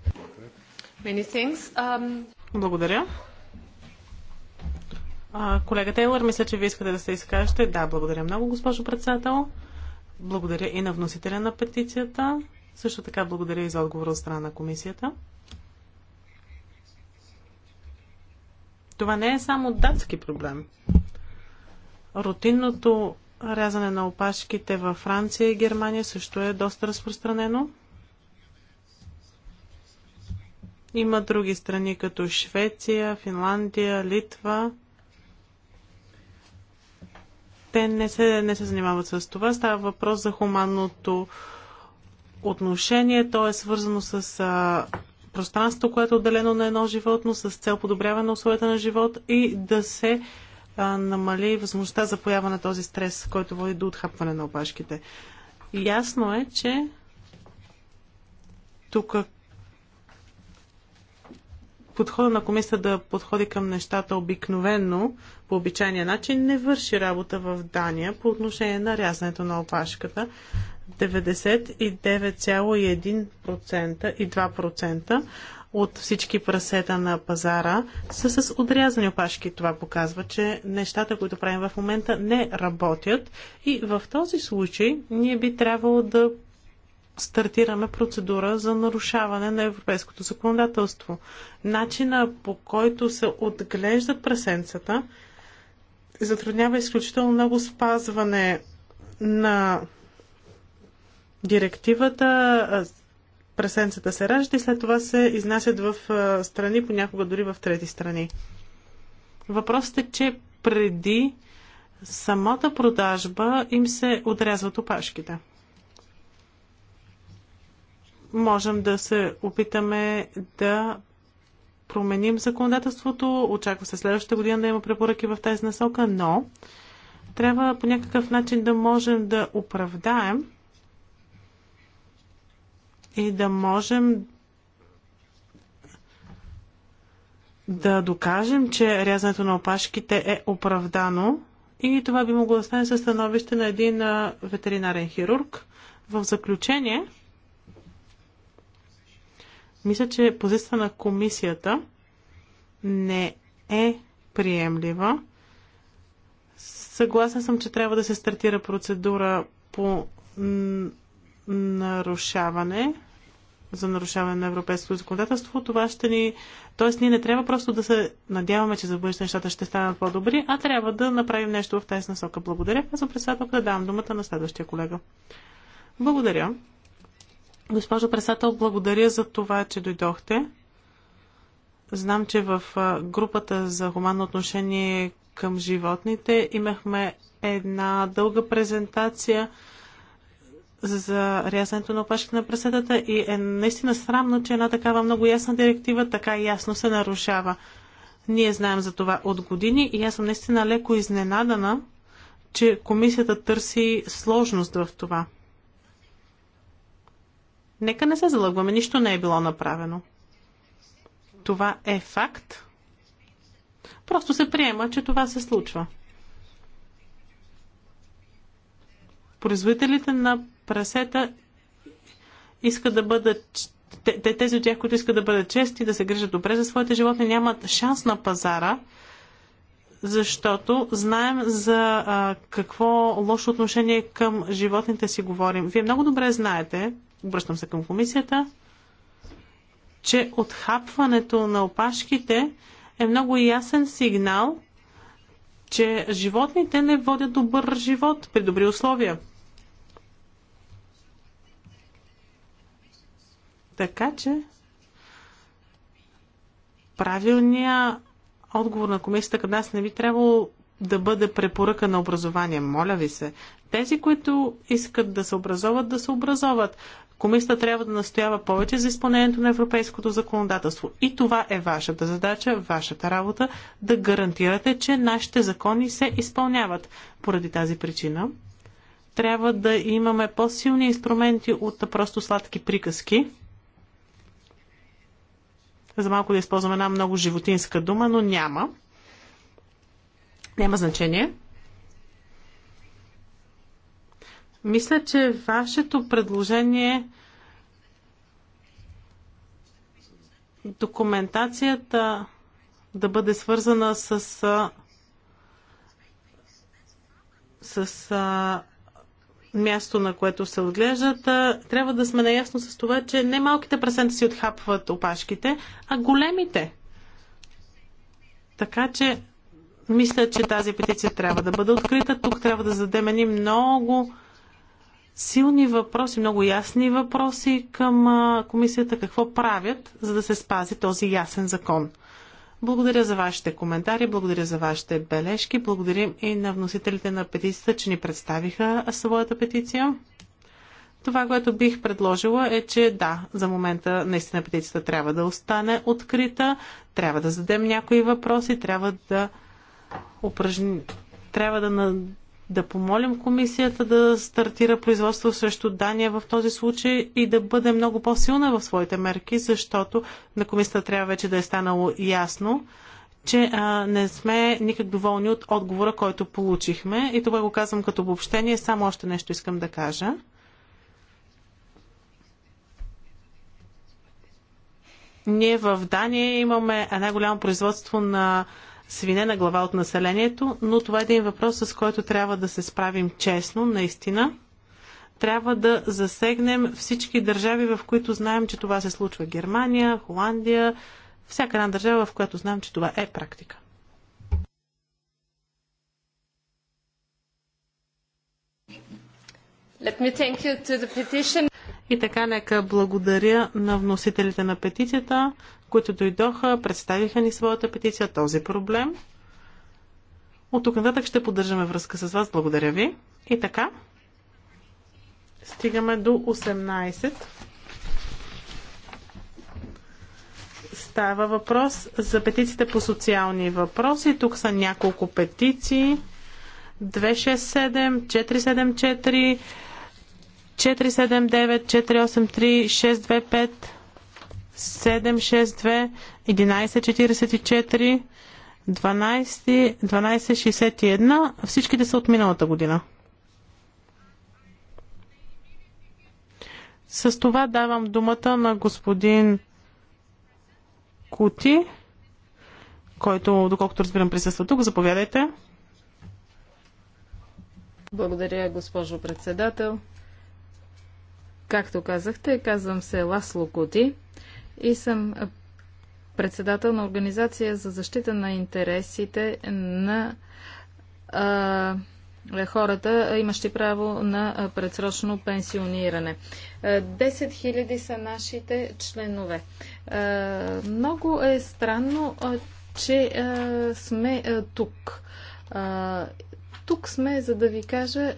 Um, Благодаря. А, колега Тейлър, мисля, че ви искате да се изкажете. Да, благодаря много, госпожо председател. Благодаря и на вносителя на петицията. Също така благодаря и за отговора от страна на комисията. Това не е само датски проблем. Рутинното рязане на опашките във Франция и Германия също е доста разпространено. Има други страни като Швеция, Финландия, Литва – те не се, не се занимават с това. Става въпрос за хуманното отношение. То е свързано с а, пространство, което е отделено на едно животно, с цел подобряване на условията на живот и да се а, намали възможността за поява на този стрес, който води до отхапване на опашките. Ясно е, че тук подхода на комисията да подходи към нещата обикновенно, по обичайния начин, не върши работа в Дания по отношение на рязането на опашката. 99,1% и 2% от всички прасета на пазара са с отрязани опашки. Това показва, че нещата, които правим в момента, не работят. И в този случай ние би трябвало да стартираме процедура за нарушаване на европейското законодателство. Начина по който се отглеждат пресенцата затруднява изключително много спазване на директивата. Пресенцата се ражда и след това се изнасят в страни, понякога дори в трети страни. Въпросът е, че преди самата продажба им се отрязват опашките можем да се опитаме да променим законодателството. Очаква се следващата година да има препоръки в тази насока, но трябва по някакъв начин да можем да оправдаем и да можем да докажем, че рязането на опашките е оправдано и това би могло да стане със становище на един ветеринарен хирург. В заключение, мисля, че позицията на комисията не е приемлива. Съгласен съм, че трябва да се стартира процедура по нарушаване за нарушаване на европейското законодателство, това ще ни... Тоест, ние не трябва просто да се надяваме, че за бъдеще нещата ще станат по-добри, а трябва да направим нещо в тази насока. Благодаря. Аз съм председател да давам думата на следващия колега. Благодаря. Госпожо Пресател, благодаря за това, че дойдохте. Знам, че в групата за хуманно отношение към животните имахме една дълга презентация за рязането на опашки на пресетата и е наистина срамно, че една такава много ясна директива така ясно се нарушава. Ние знаем за това от години и аз съм наистина леко изненадана, че комисията търси сложност в това. Нека не се залъгваме, нищо не е било направено. Това е факт. Просто се приема, че това се случва. Производителите на прасета искат да бъдат тези от тях, които искат да бъдат чести, да се грижат добре за своите животни, нямат шанс на пазара, защото знаем за а, какво лошо отношение към животните си говорим. Вие много добре знаете, обръщам се към комисията, че отхапването на опашките е много ясен сигнал, че животните не водят добър живот при добри условия. Така че правилният отговор на комисията към нас не би трябвало да бъде препоръка на образование. Моля ви се, тези, които искат да се образоват, да се образоват. Комисията трябва да настоява повече за изпълнението на европейското законодателство. И това е вашата задача, вашата работа да гарантирате, че нашите закони се изпълняват. Поради тази причина трябва да имаме по-силни инструменти от просто сладки приказки. За малко да използваме една много животинска дума, но няма. Няма значение. Мисля, че вашето предложение документацията да бъде свързана с, с а, място, на което се отглеждат, трябва да сме наясно с това, че не малките прасенца си отхапват опашките, а големите. Така че, мисля, че тази петиция трябва да бъде открита. Тук трябва да зададем ни много силни въпроси, много ясни въпроси към комисията какво правят, за да се спази този ясен закон. Благодаря за вашите коментари, благодаря за вашите бележки, благодарим и на вносителите на петицията, че ни представиха своята петиция. Това, което бих предложила е, че да, за момента наистина петицията трябва да остане открита, трябва да зададем някои въпроси, трябва да упражним, трябва да да помолим комисията да стартира производство срещу Дания в този случай и да бъде много по-силна в своите мерки, защото на комисията трябва вече да е станало ясно, че а, не сме никак доволни от отговора, който получихме. И това го казвам като обобщение. Само още нещо искам да кажа. Ние в Дания имаме една голямо производство на свинена глава от населението, но това е един въпрос, с който трябва да се справим честно, наистина. Трябва да засегнем всички държави, в които знаем, че това се случва. Германия, Холандия, всяка една държава, в която знаем, че това е практика. И така, нека благодаря на вносителите на петицията които дойдоха, представиха ни своята петиция, този проблем. От тук нататък ще поддържаме връзка с вас. Благодаря ви. И така, стигаме до 18. Става въпрос за петициите по социални въпроси. Тук са няколко петиции. 267, 474, 479, 483, 625, 1261, всичките са от миналата година. С това давам думата на господин Кути, който, доколкото разбирам, присъства тук. Заповядайте. Благодаря, госпожо председател. Както казахте, казвам се Ласло Кути и съм председател на Организация за защита на интересите на а, хората, имащи право на предсрочно пенсиониране. 10 000 са нашите членове. Много е странно, че сме тук. Тук сме, за да ви кажа,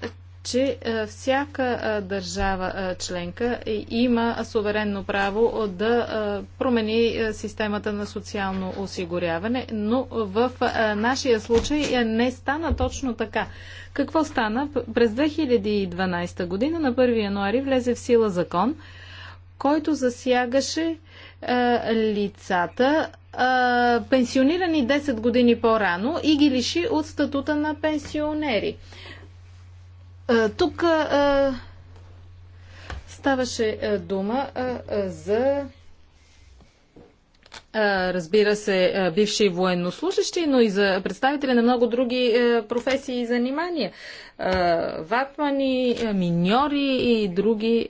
че е, всяка е, държава е, членка има суверенно право да промени системата на социално осигуряване, но в нашия случай не стана точно така. Какво стана? През 2012 година на 1 януари влезе в сила закон, който засягаше лицата, пенсионирани 10 години по-рано и ги лиши от статута на пенсионери. Тук ставаше дума за разбира се, бивши военнослужащи, но и за представители на много други професии и занимания. Ватмани, миньори и други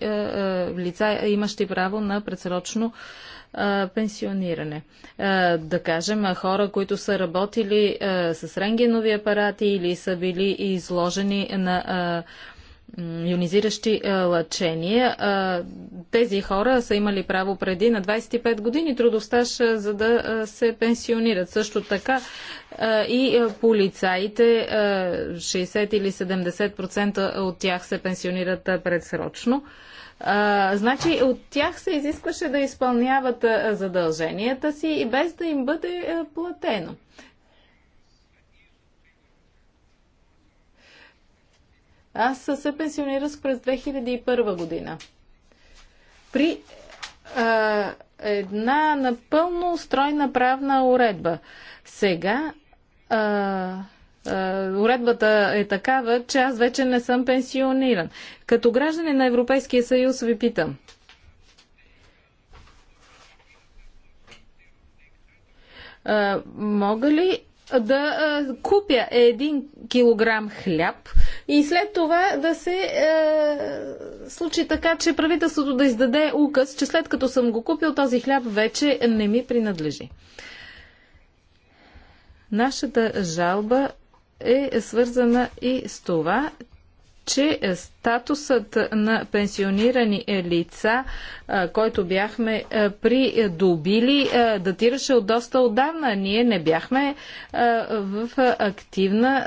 лица, имащи право на предсрочно а, пенсиониране. А, да кажем, хора, които са работили а, с рентгенови апарати или са били изложени на а, ионизиращи лъчения. Тези хора са имали право преди на 25 години трудов стаж, за да се пенсионират. Също така и полицаите, 60 или 70% от тях се пенсионират предсрочно. А, значи от тях се изискваше да изпълняват задълженията си и без да им бъде платено. Аз се пенсионирах през 2001 година. При а, една напълно устройна правна уредба. Сега а, уредбата е такава, че аз вече не съм пенсиониран. Като граждане на Европейския съюз ви питам. Мога ли да купя един килограм хляб и след това да се е, случи така, че правителството да издаде указ, че след като съм го купил, този хляб вече не ми принадлежи. Нашата жалба е свързана и с това, че статусът на пенсионирани лица, който бяхме придобили, датираше от доста отдавна. Ние не бяхме в активна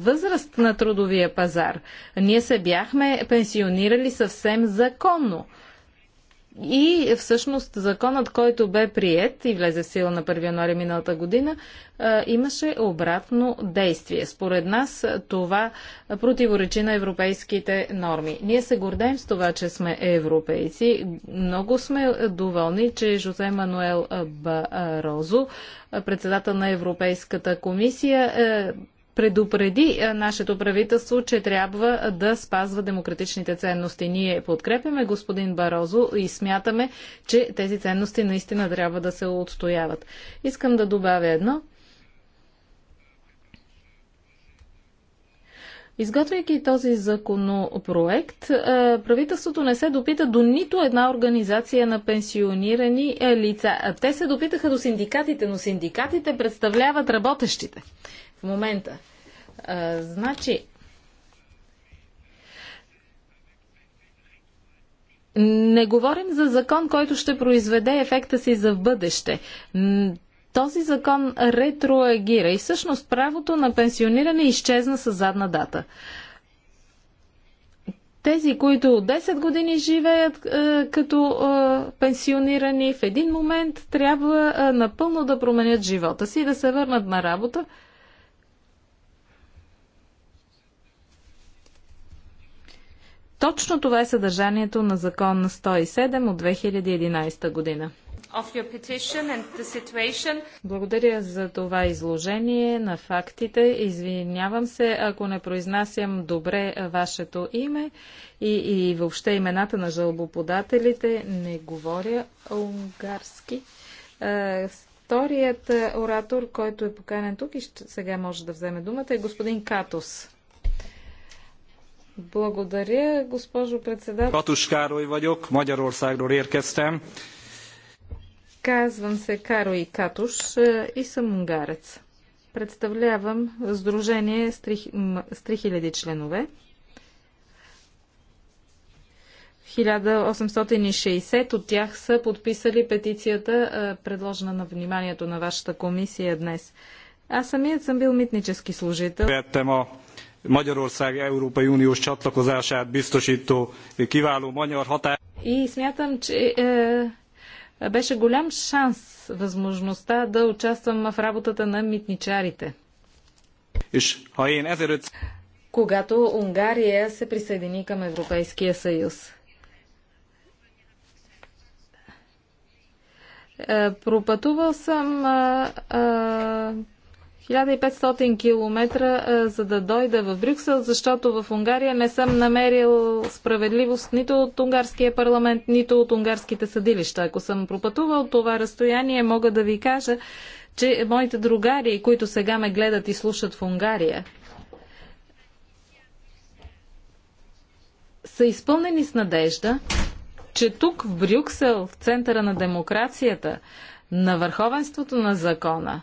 възраст на трудовия пазар. Ние се бяхме пенсионирали съвсем законно. И всъщност законът, който бе прият и влезе в сила на 1 януаря миналата година, имаше обратно действие. Според нас това противоречи на европейските норми. Ние се гордеем с това, че сме европейци. Много сме доволни, че Жозе Мануел Барозо, председател на Европейската комисия, предупреди е, нашето правителство, че трябва е, да спазва демократичните ценности. Ние подкрепяме господин Барозо и смятаме, че тези ценности наистина трябва да се отстояват. Искам да добавя едно. Изготвяйки този законопроект, е, правителството не се допита до нито една организация на пенсионирани лица. Те се допитаха до синдикатите, но синдикатите представляват работещите в момента. А, значи, не говорим за закон, който ще произведе ефекта си за бъдеще. Този закон ретроагира и всъщност правото на пенсиониране изчезна с задна дата. Тези, които 10 години живеят е, като е, пенсионирани, в един момент трябва е, напълно да променят живота си и да се върнат на работа, Точно това е съдържанието на закон на 107 от 2011 година. Благодаря за това изложение на фактите. Извинявам се, ако не произнасям добре вашето име и, и въобще имената на жалбоподателите. Не говоря унгарски. Е, вторият е, оратор, който е поканен тук и сега може да вземе думата, е господин Катос. Благодаря, госпожо председател. Катуш Карлой vagyok, Magyarországról érkeztem. Казвам се Каро и Катуш е, и съм унгарец. Представлявам сдружение с 3000 членове. 1860 от тях са подписали петицията, е, предложена на вниманието на вашата комисия днес. Аз самият съм бил митнически служител. Приятемо Magyarország Európai Uniós csatlakozását biztosító kiváló magyar határ. И смятам, че е, беше голям шанс възможността да участвам в работата на митничарите. Когато Унгария се присъедини към Европейския съюз. Е, пропътувал съм а, е, а, е, 1500 км, за да дойда в Брюксел, защото в Унгария не съм намерил справедливост нито от унгарския парламент, нито от унгарските съдилища. Ако съм пропътувал това разстояние, мога да ви кажа, че моите другари, които сега ме гледат и слушат в Унгария, са изпълнени с надежда, че тук в Брюксел, в центъра на демокрацията, на върховенството на закона,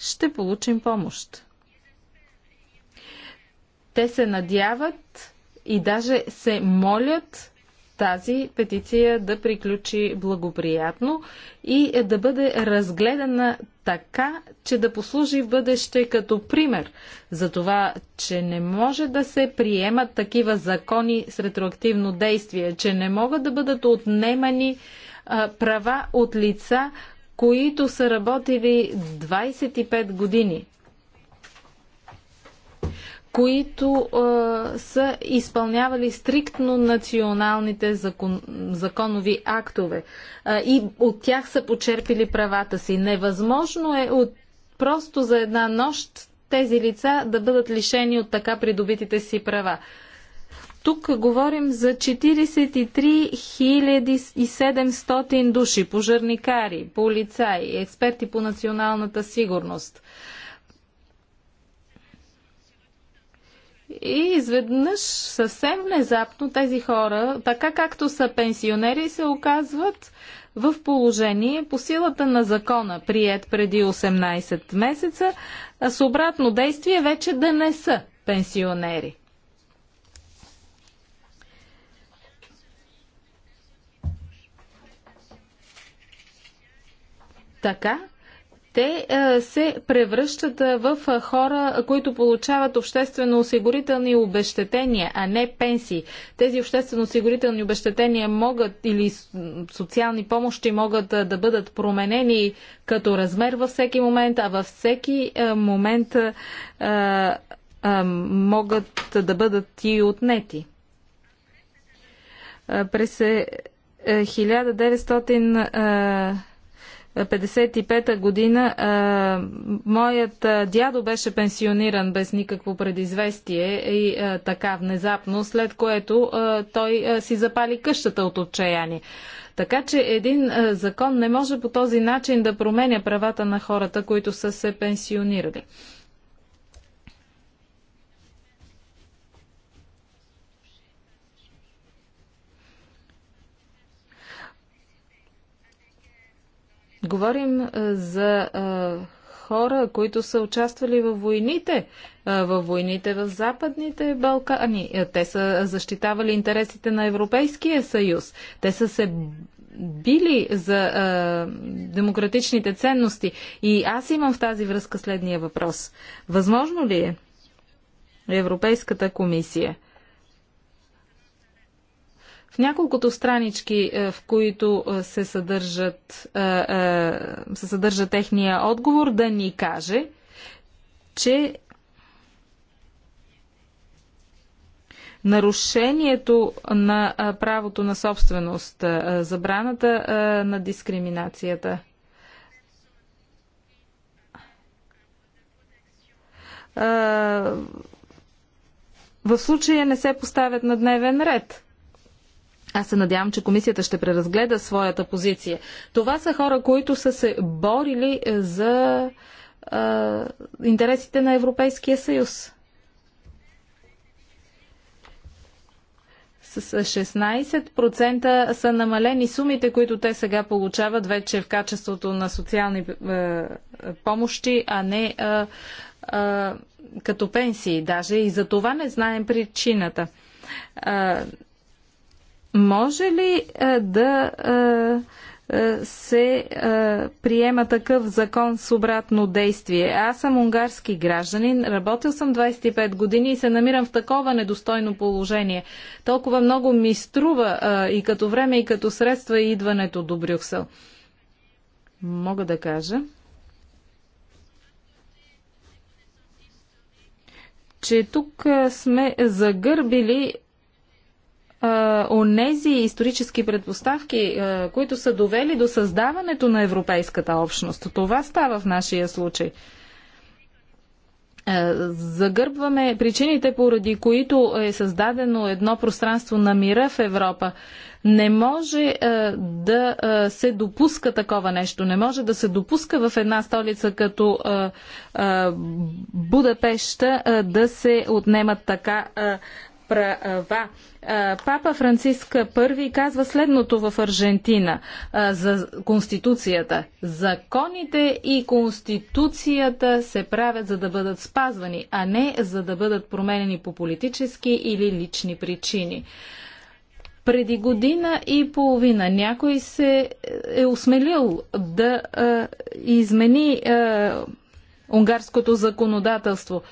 ще получим помощ. Те се надяват и даже се молят тази петиция да приключи благоприятно и да бъде разгледана така, че да послужи в бъдеще като пример за това, че не може да се приемат такива закони с ретроактивно действие, че не могат да бъдат отнемани а, права от лица, които са работили 25 години, които е, са изпълнявали стриктно националните закон, законови актове е, и от тях са почерпили правата си. Невъзможно е от, просто за една нощ тези лица да бъдат лишени от така придобитите си права. Тук говорим за 43 700 души, пожарникари, полицаи, експерти по националната сигурност. И изведнъж, съвсем внезапно, тези хора, така както са пенсионери, се оказват в положение по силата на закона, прият преди 18 месеца, а с обратно действие вече да не са пенсионери. така те е, се превръщат е, в е, хора, които получават обществено-осигурителни обещетения, а не пенсии. Тези обществено-осигурителни обещетения могат или социални помощи могат да бъдат променени като размер във всеки момент, а във всеки момент а, а, могат да бъдат и отнети. През 1900 55-та година моят дядо беше пенсиониран без никакво предизвестие и така внезапно, след което той си запали къщата от отчаяние. Така че един закон не може по този начин да променя правата на хората, които са се пенсионирали. Говорим за хора, които са участвали във войните, във войните в Западните Балкани. Те са защитавали интересите на Европейския съюз. Те са се били за а, демократичните ценности. И аз имам в тази връзка следния въпрос. Възможно ли е Европейската комисия в няколкото странички, е, в които е, се, съдържат, е, се съдържа техния отговор, да ни каже, че нарушението на правото на собственост, забраната на дискриминацията. В случая не се поставят на дневен ред. Аз се надявам, че комисията ще преразгледа своята позиция. Това са хора, които са се борили е, за а, интересите на Европейския съюз. С 16% са намалени сумите, които те сега получават вече в качеството на социални е, помощи, а не е, е, като пенсии даже. И за това не знаем причината. Е, може ли а, е, да а, е, е, се а, приема такъв закон с обратно действие? Аз съм унгарски гражданин, работил съм 25 години и се намирам в такова недостойно положение. Толкова много ми струва а, и като време, и като средства и идването до Брюксел. Мога да кажа. че тук сме загърбили онези исторически предпоставки, които са довели до създаването на Европейската общност. Това става в нашия случай. загърбваме причините, поради които е създадено едно пространство на мира в Европа. Не може да се допуска такова нещо. Не може да се допуска в една столица като Будапешта да се отнемат така права. Папа Франциск I казва следното в Аржентина за Конституцията. Законите и Конституцията се правят за да бъдат спазвани, а не за да бъдат променени по политически или лични причини. Преди година и половина някой се е осмелил да измени унгарското законодателство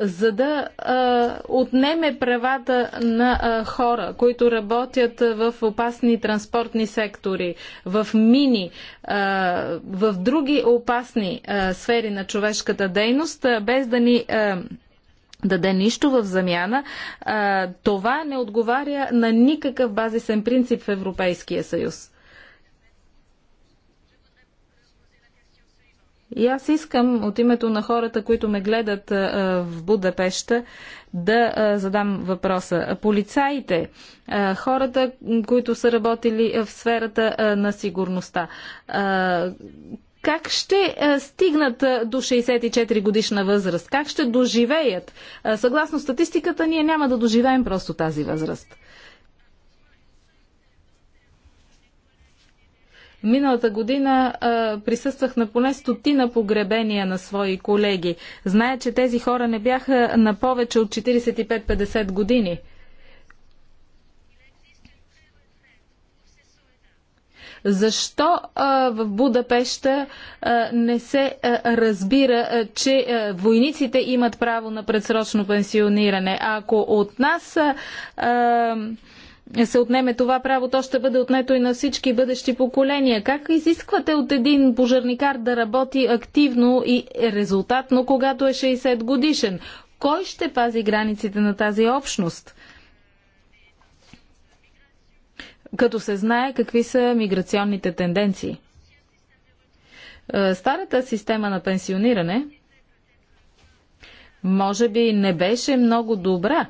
за да а, отнеме правата на а, хора, които работят в опасни транспортни сектори, в мини, а, в други опасни а, сфери на човешката дейност, а, без да ни. А, даде нищо в замяна, това не отговаря на никакъв базисен принцип в Европейския съюз. И аз искам от името на хората, които ме гледат в Будапешта, да задам въпроса. Полицаите, хората, които са работили в сферата на сигурността, как ще стигнат до 64 годишна възраст? Как ще доживеят? Съгласно статистиката, ние няма да доживеем просто тази възраст. Миналата година а, присъствах на поне стотина погребения на свои колеги. Зная, че тези хора не бяха на повече от 45-50 години. Защо а, в Будапеща а, не се а, разбира, че войниците имат право на предсрочно пенсиониране? Ако от нас се отнеме това право, то ще бъде отнето и на всички бъдещи поколения. Как изисквате от един пожарникар да работи активно и резултатно, когато е 60 годишен? Кой ще пази границите на тази общност? Като се знае какви са миграционните тенденции. Е, старата система на пенсиониране може би не беше много добра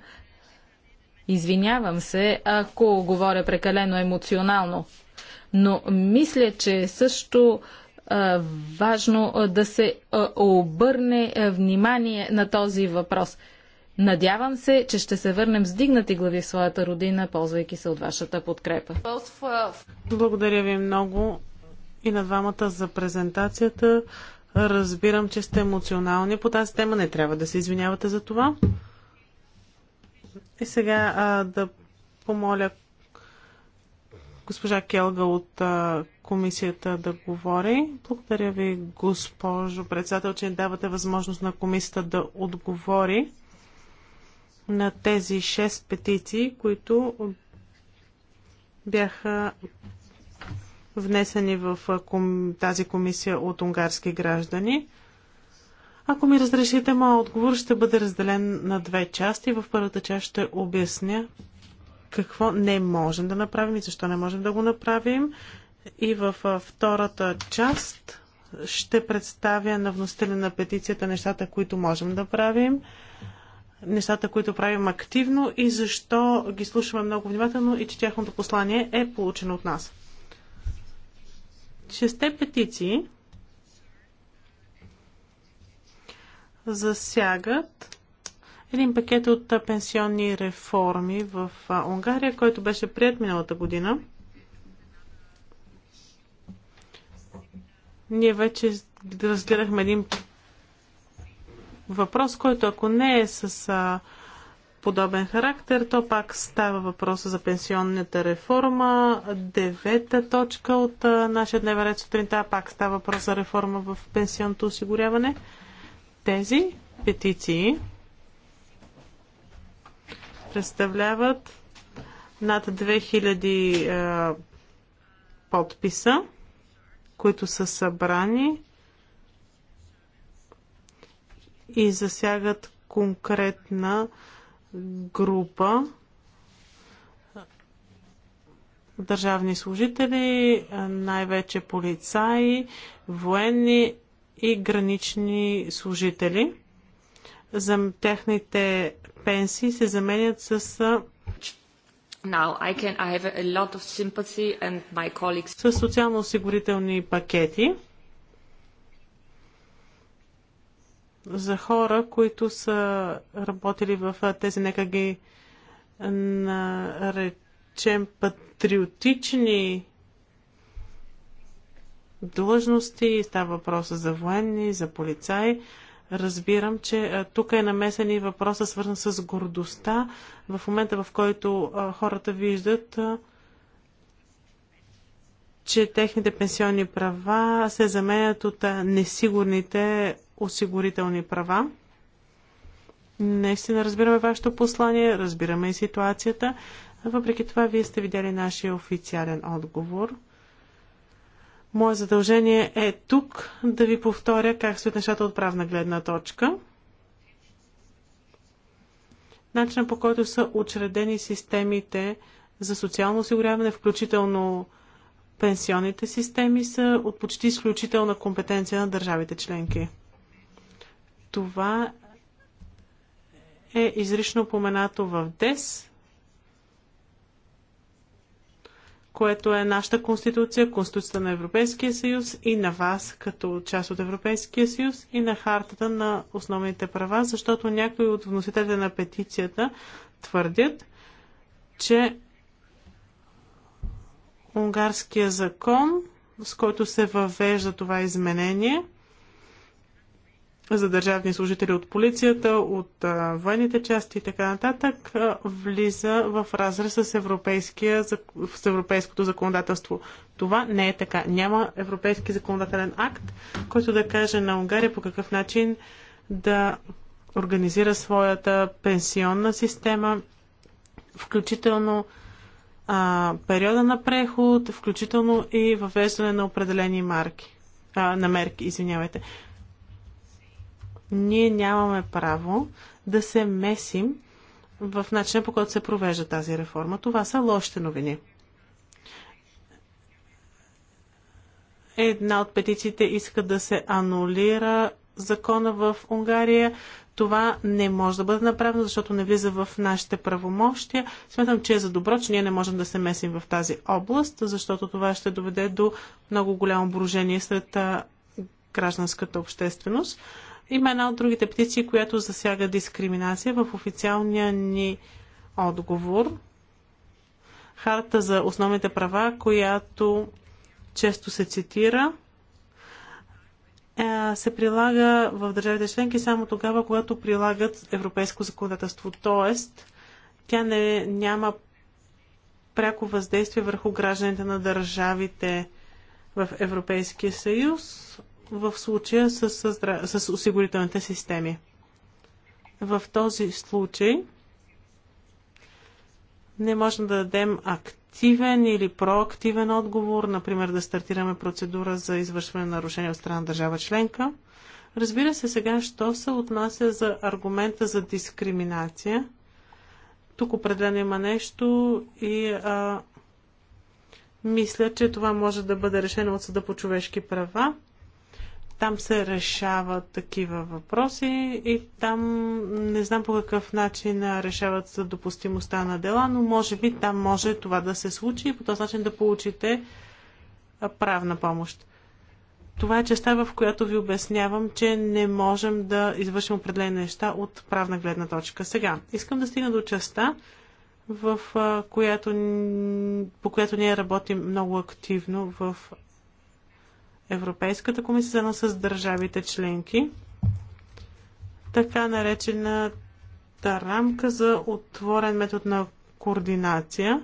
Извинявам се, ако говоря прекалено емоционално, но мисля, че е също а, важно а, да се а, обърне внимание на този въпрос. Надявам се, че ще се върнем с дигнати глави в своята родина, ползвайки се от вашата подкрепа. Благодаря ви много и на двамата за презентацията. Разбирам, че сте емоционални по тази тема. Не трябва да се извинявате за това. И сега а, да помоля госпожа Келга от а, комисията да говори. Благодаря ви, госпожо председател, че давате възможност на комисията да отговори на тези 6 петиции, които бяха внесени в тази комисия от унгарски граждани. Ако ми разрешите, моят отговор ще бъде разделен на две части. В първата част ще обясня какво не можем да направим и защо не можем да го направим. И във втората част ще представя на вносителя на петицията нещата, които можем да правим, нещата, които правим активно и защо ги слушаме много внимателно и че тяхното послание е получено от нас. Шесте петиции засягат един пакет от пенсионни реформи в Унгария, който беше прият миналата година. Ние вече разгледахме един въпрос, който ако не е с а, подобен характер, то пак става въпроса за пенсионната реформа. Девета точка от а, нашия дневен ред сутринта пак става въпрос за реформа в пенсионното осигуряване. Тези петиции представляват над 2000 е, подписа, които са събрани и засягат конкретна група държавни служители, най-вече полицаи, военни и гранични служители. За техните пенсии се заменят с Now, I can, I have a lot of sympathy and my colleagues... с социално-осигурителни пакети за хора, които са работили в тези, нека ги наречем патриотични длъжности, става въпроса за военни, за полицаи. Разбирам, че тук е намесен и въпроса свързан с гордостта в момента, в който хората виждат, че техните пенсионни права се заменят от несигурните осигурителни права. Наистина разбираме вашето послание, разбираме и ситуацията. Въпреки това, вие сте видяли нашия официален отговор – Мое задължение е тук да ви повторя как стоят нещата от правна гледна точка. Начина по който са учредени системите за социално осигуряване, включително пенсионните системи, са от почти изключителна компетенция на държавите членки. Това е изрично поменато в ДЕС което е нашата конституция, конституцията на Европейския съюз и на вас като част от Европейския съюз и на хартата на основните права, защото някои от вносителите на петицията твърдят, че унгарския закон, с който се въвежда това изменение – за държавни служители от полицията, от а, военните части и така нататък, а, влиза в разрез с, европейския, с европейското законодателство. Това не е така. Няма европейски законодателен акт, който да каже на Унгария по какъв начин да организира своята пенсионна система, включително а, периода на преход, включително и въвеждане на определени марки а, на мерки, извинявайте. Ние нямаме право да се месим в начина по който се провежда тази реформа. Това са лошите новини. Една от петициите иска да се анулира закона в Унгария. Това не може да бъде направено, защото не влиза в нашите правомощия. Смятам, че е за добро, че ние не можем да се месим в тази област, защото това ще доведе до много голямо брожение сред гражданската общественост. Има една от другите петиции, която засяга дискриминация в официалния ни отговор. Харта за основните права, която често се цитира, е, се прилага в държавите членки само тогава, когато прилагат европейско законодателство. Тоест, тя не, няма пряко въздействие върху гражданите на държавите в Европейския съюз в случая с, с, с осигурителните системи. В този случай не можем да дадем активен или проактивен отговор, например да стартираме процедура за извършване на нарушение от страна на държава членка. Разбира се сега, що се отнася за аргумента за дискриминация. Тук определено има нещо и а, мисля, че това може да бъде решено от Съда по човешки права. Там се решават такива въпроси и там не знам по какъв начин решават за допустимостта на дела, но може би там може това да се случи и по този начин да получите правна помощ. Това е частта, в която ви обяснявам, че не можем да извършим определени неща от правна гледна точка. Сега, искам да стигна до частта, в която, по която ние работим много активно в Европейската комисия заедно с държавите членки, така наречената рамка за отворен метод на координация.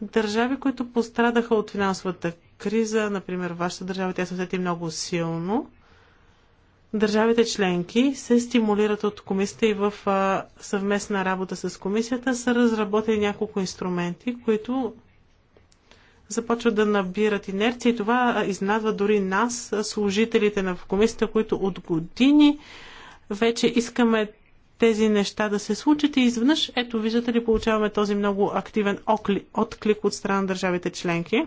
Държави, които пострадаха от финансовата криза, например вашата държава, тя се усети много силно. Държавите членки се стимулират от комисията и в съвместна работа с комисията са разработени няколко инструменти, които започват да набират инерция и това изнадва дори нас, служителите на комисията, които от години вече искаме тези неща да се случат и изведнъж, ето виждате ли, получаваме този много активен отклик от страна на държавите членки.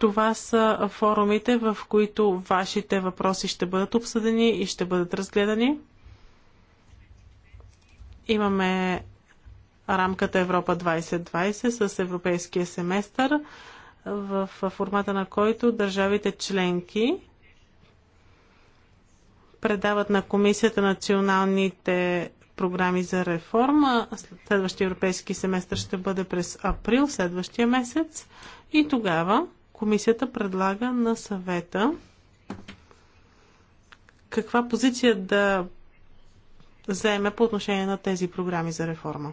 Това са форумите, в които вашите въпроси ще бъдат обсъдени и ще бъдат разгледани. Имаме рамката Европа 2020 с европейския семестър, в формата на който държавите членки предават на комисията националните програми за реформа. Следващия европейски семестър ще бъде през април, следващия месец. И тогава комисията предлага на съвета каква позиция да заеме по отношение на тези програми за реформа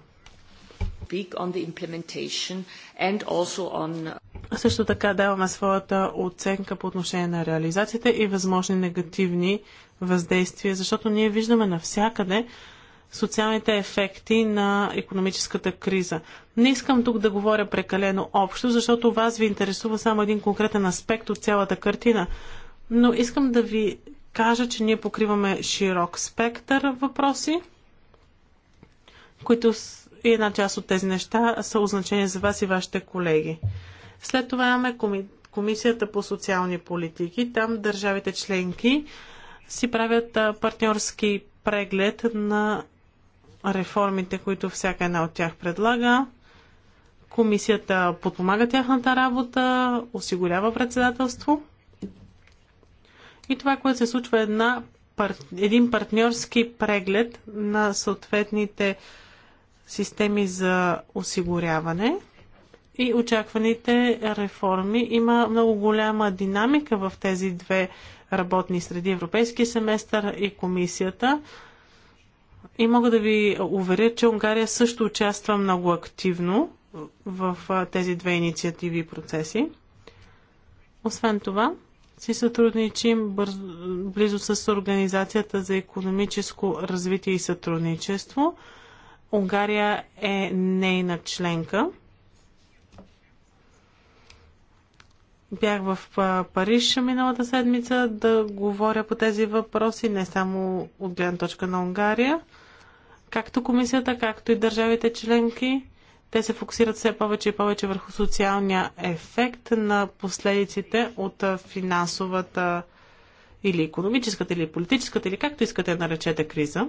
on the implementation and also on също така даваме своята оценка по отношение на реализацията и възможни негативни въздействия, защото ние виждаме навсякъде социалните ефекти на економическата криза. Не искам тук да говоря прекалено общо, защото вас ви интересува само един конкретен аспект от цялата картина, но искам да ви кажа, че ние покриваме широк спектър въпроси, които и една част от тези неща са означени за вас и вашите колеги. След това имаме Комисията по социални политики. Там държавите членки си правят партньорски преглед на реформите, които всяка една от тях предлага. Комисията подпомага тяхната работа, осигурява председателство. И това, което се случва, е една, един партньорски преглед на съответните системи за осигуряване и очакваните реформи. Има много голяма динамика в тези две работни среди Европейския семестър и комисията. И мога да ви уверя, че Унгария също участва много активно в тези две инициативи и процеси. Освен това, си сътрудничим близо с Организацията за економическо развитие и сътрудничество – Унгария е нейна членка. Бях в Париж миналата седмица да говоря по тези въпроси, не само от гледна точка на Унгария. Както комисията, както и държавите членки, те се фокусират все повече и повече върху социалния ефект на последиците от финансовата или економическата, или политическата, или както искате наречете криза.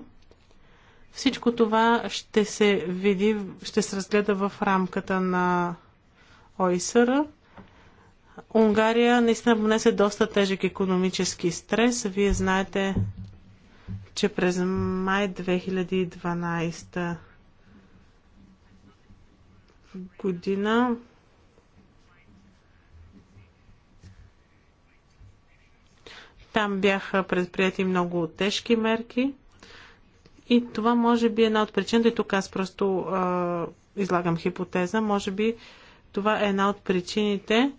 Всичко това ще се види, ще се разгледа в рамката на ОИСР. Унгария наистина понесе доста тежък економически стрес. Вие знаете, че през май 2012 година там бяха предприяти много тежки мерки. И това може би е една от причините, тук аз просто а, излагам хипотеза, може би това е една от причините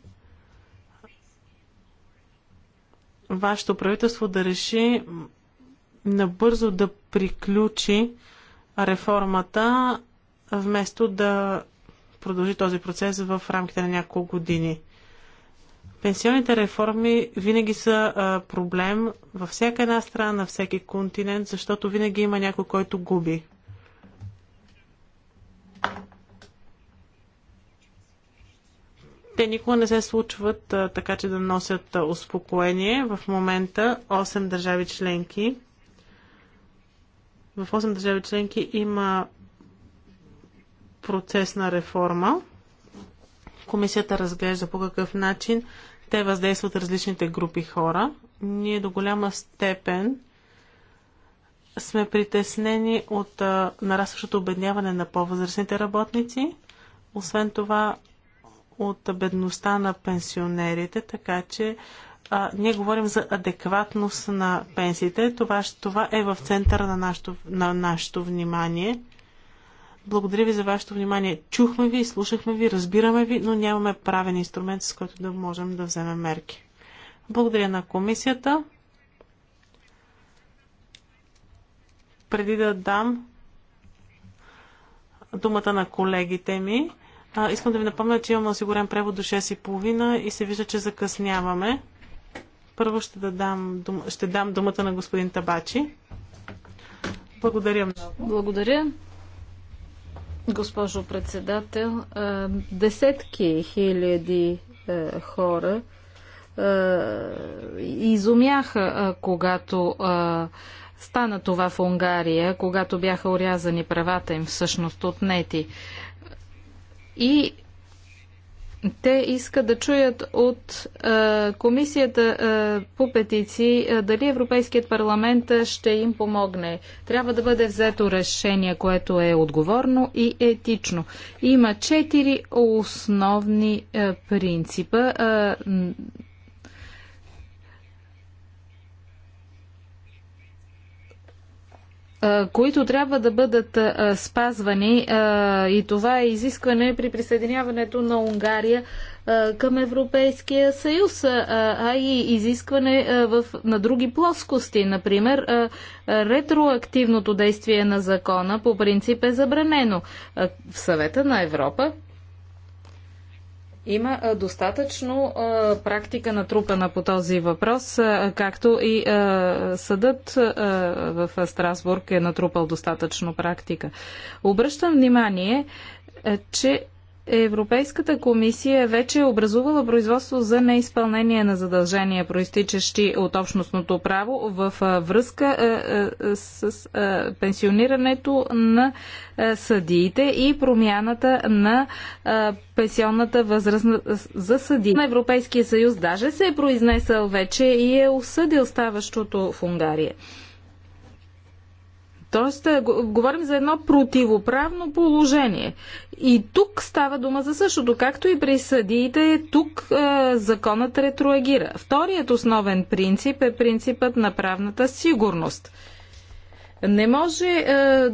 вашето правителство да реши набързо да приключи реформата, вместо да продължи този процес в рамките на няколко години. Пенсионните реформи винаги са а, проблем във всяка една страна, на всеки континент, защото винаги има някой, който губи. Те никога не се случват а, така, че да носят а, успокоение. В момента 8 държави членки. В 8 държави членки има процес на реформа. Комисията разглежда по какъв начин те въздействат различните групи хора. Ние до голяма степен сме притеснени от нарастващото обедняване на по-възрастните работници, освен това от бедността на пенсионерите, така че а, ние говорим за адекватност на пенсиите. Това, това е в центъра на нашето, на нашето внимание. Благодаря ви за вашето внимание. Чухме ви, слушахме ви, разбираме ви, но нямаме правен инструмент, с който да можем да вземем мерки. Благодаря на комисията. Преди да дам думата на колегите ми, искам да ви напомня, че имаме осигурен превод до 6.30 и се вижда, че закъсняваме. Първо ще, да дам, ще дам думата на господин Табачи. Благодаря много. Благодаря. Госпожо председател, десетки хиляди хора изумяха, когато стана това в Унгария, когато бяха урязани правата им, всъщност отнети. И те искат да чуят от е, комисията е, по петиции е, дали Европейският парламент е, ще им помогне. Трябва да бъде взето решение, което е отговорно и етично. Има четири основни е, принципа. Е, които трябва да бъдат спазвани и това е изискване при присъединяването на Унгария към Европейския съюз, а и изискване в, на други плоскости. Например, ретроактивното действие на закона по принцип е забранено. В съвета на Европа има достатъчно практика натрупана по този въпрос, както и съдът в Страсбург е натрупал достатъчно практика. Обръщам внимание, че Европейската комисия вече е образувала производство за неизпълнение на задължения, проистичащи от общностното право в връзка с пенсионирането на съдиите и промяната на пенсионната възраст за съди. На Европейския съюз даже се е произнесъл вече и е осъдил ставащото в Унгария. Тоест, е, говорим за едно противоправно положение. И тук става дума за същото. Както и при съдиите, тук е, законът ретроагира. Вторият основен принцип е принципът на правната сигурност – не може е,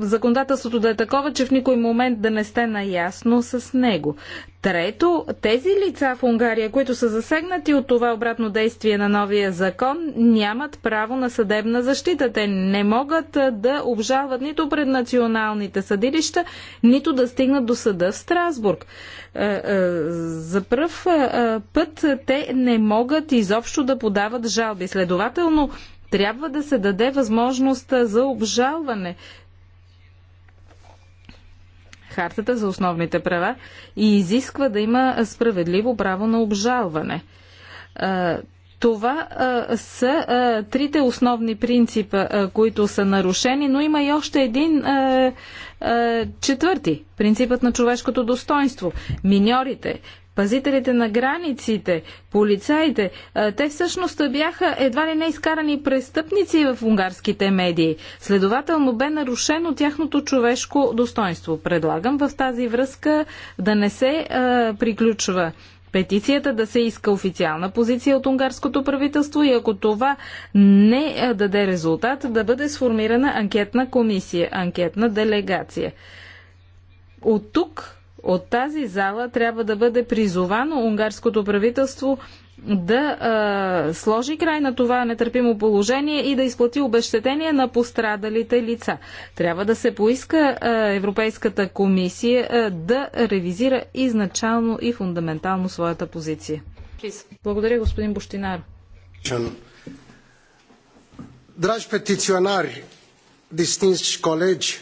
законодателството да е такова, че в никой момент да не сте наясно с него. Трето, тези лица в Унгария, които са засегнати от това обратно действие на новия закон, нямат право на съдебна защита. Те не могат е, да обжалват нито пред националните съдилища, нито да стигнат до съда в Страсбург. Е, е, за пръв път те не могат изобщо да подават жалби. Следователно, трябва да се даде възможност за обжалване. Хартата за основните права и изисква да има справедливо право на обжалване. Това а, са а, трите основни принципа, а, които са нарушени, но има и още един а, а, четвърти принципът на човешкото достоинство. Миньорите, пазителите на границите, полицаите, те всъщност бяха едва ли не изкарани престъпници в унгарските медии. Следователно бе нарушено тяхното човешко достоинство. Предлагам в тази връзка да не се а, приключва петицията да се иска официална позиция от унгарското правителство и ако това не даде резултат, да бъде сформирана анкетна комисия, анкетна делегация. От тук от тази зала трябва да бъде призовано унгарското правителство да а, сложи край на това нетърпимо положение и да изплати обещетение на пострадалите лица. Трябва да се поиска а, Европейската комисия а, да ревизира изначално и фундаментално своята позиция. Благодаря, господин Бощинар. Драж петиционари, distinși колеги.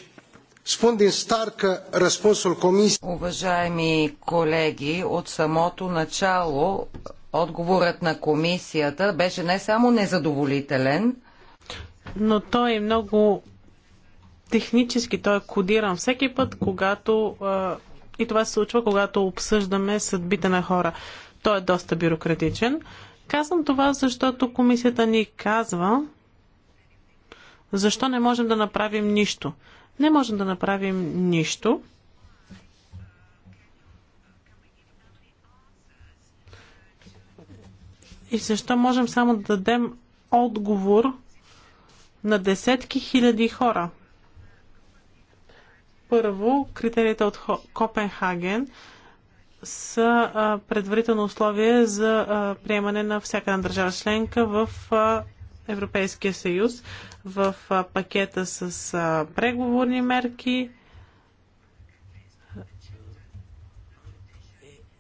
Spun din start că răspunsul comisiei... Уважаеми колеги, от самото начало отговорът на комисията беше не само незадоволителен, но той е много технически, той е кодиран всеки път, когато и това се случва, когато обсъждаме съдбите на хора. Той е доста бюрократичен. Казвам това, защото комисията ни казва, защо не можем да направим нищо. Не можем да направим нищо. И защо можем само да дадем отговор на десетки хиляди хора? Първо, критериите от Копенхаген са а, предварително условие за а, приемане на всяка една държава членка в а, Европейския съюз в пакета с преговорни мерки.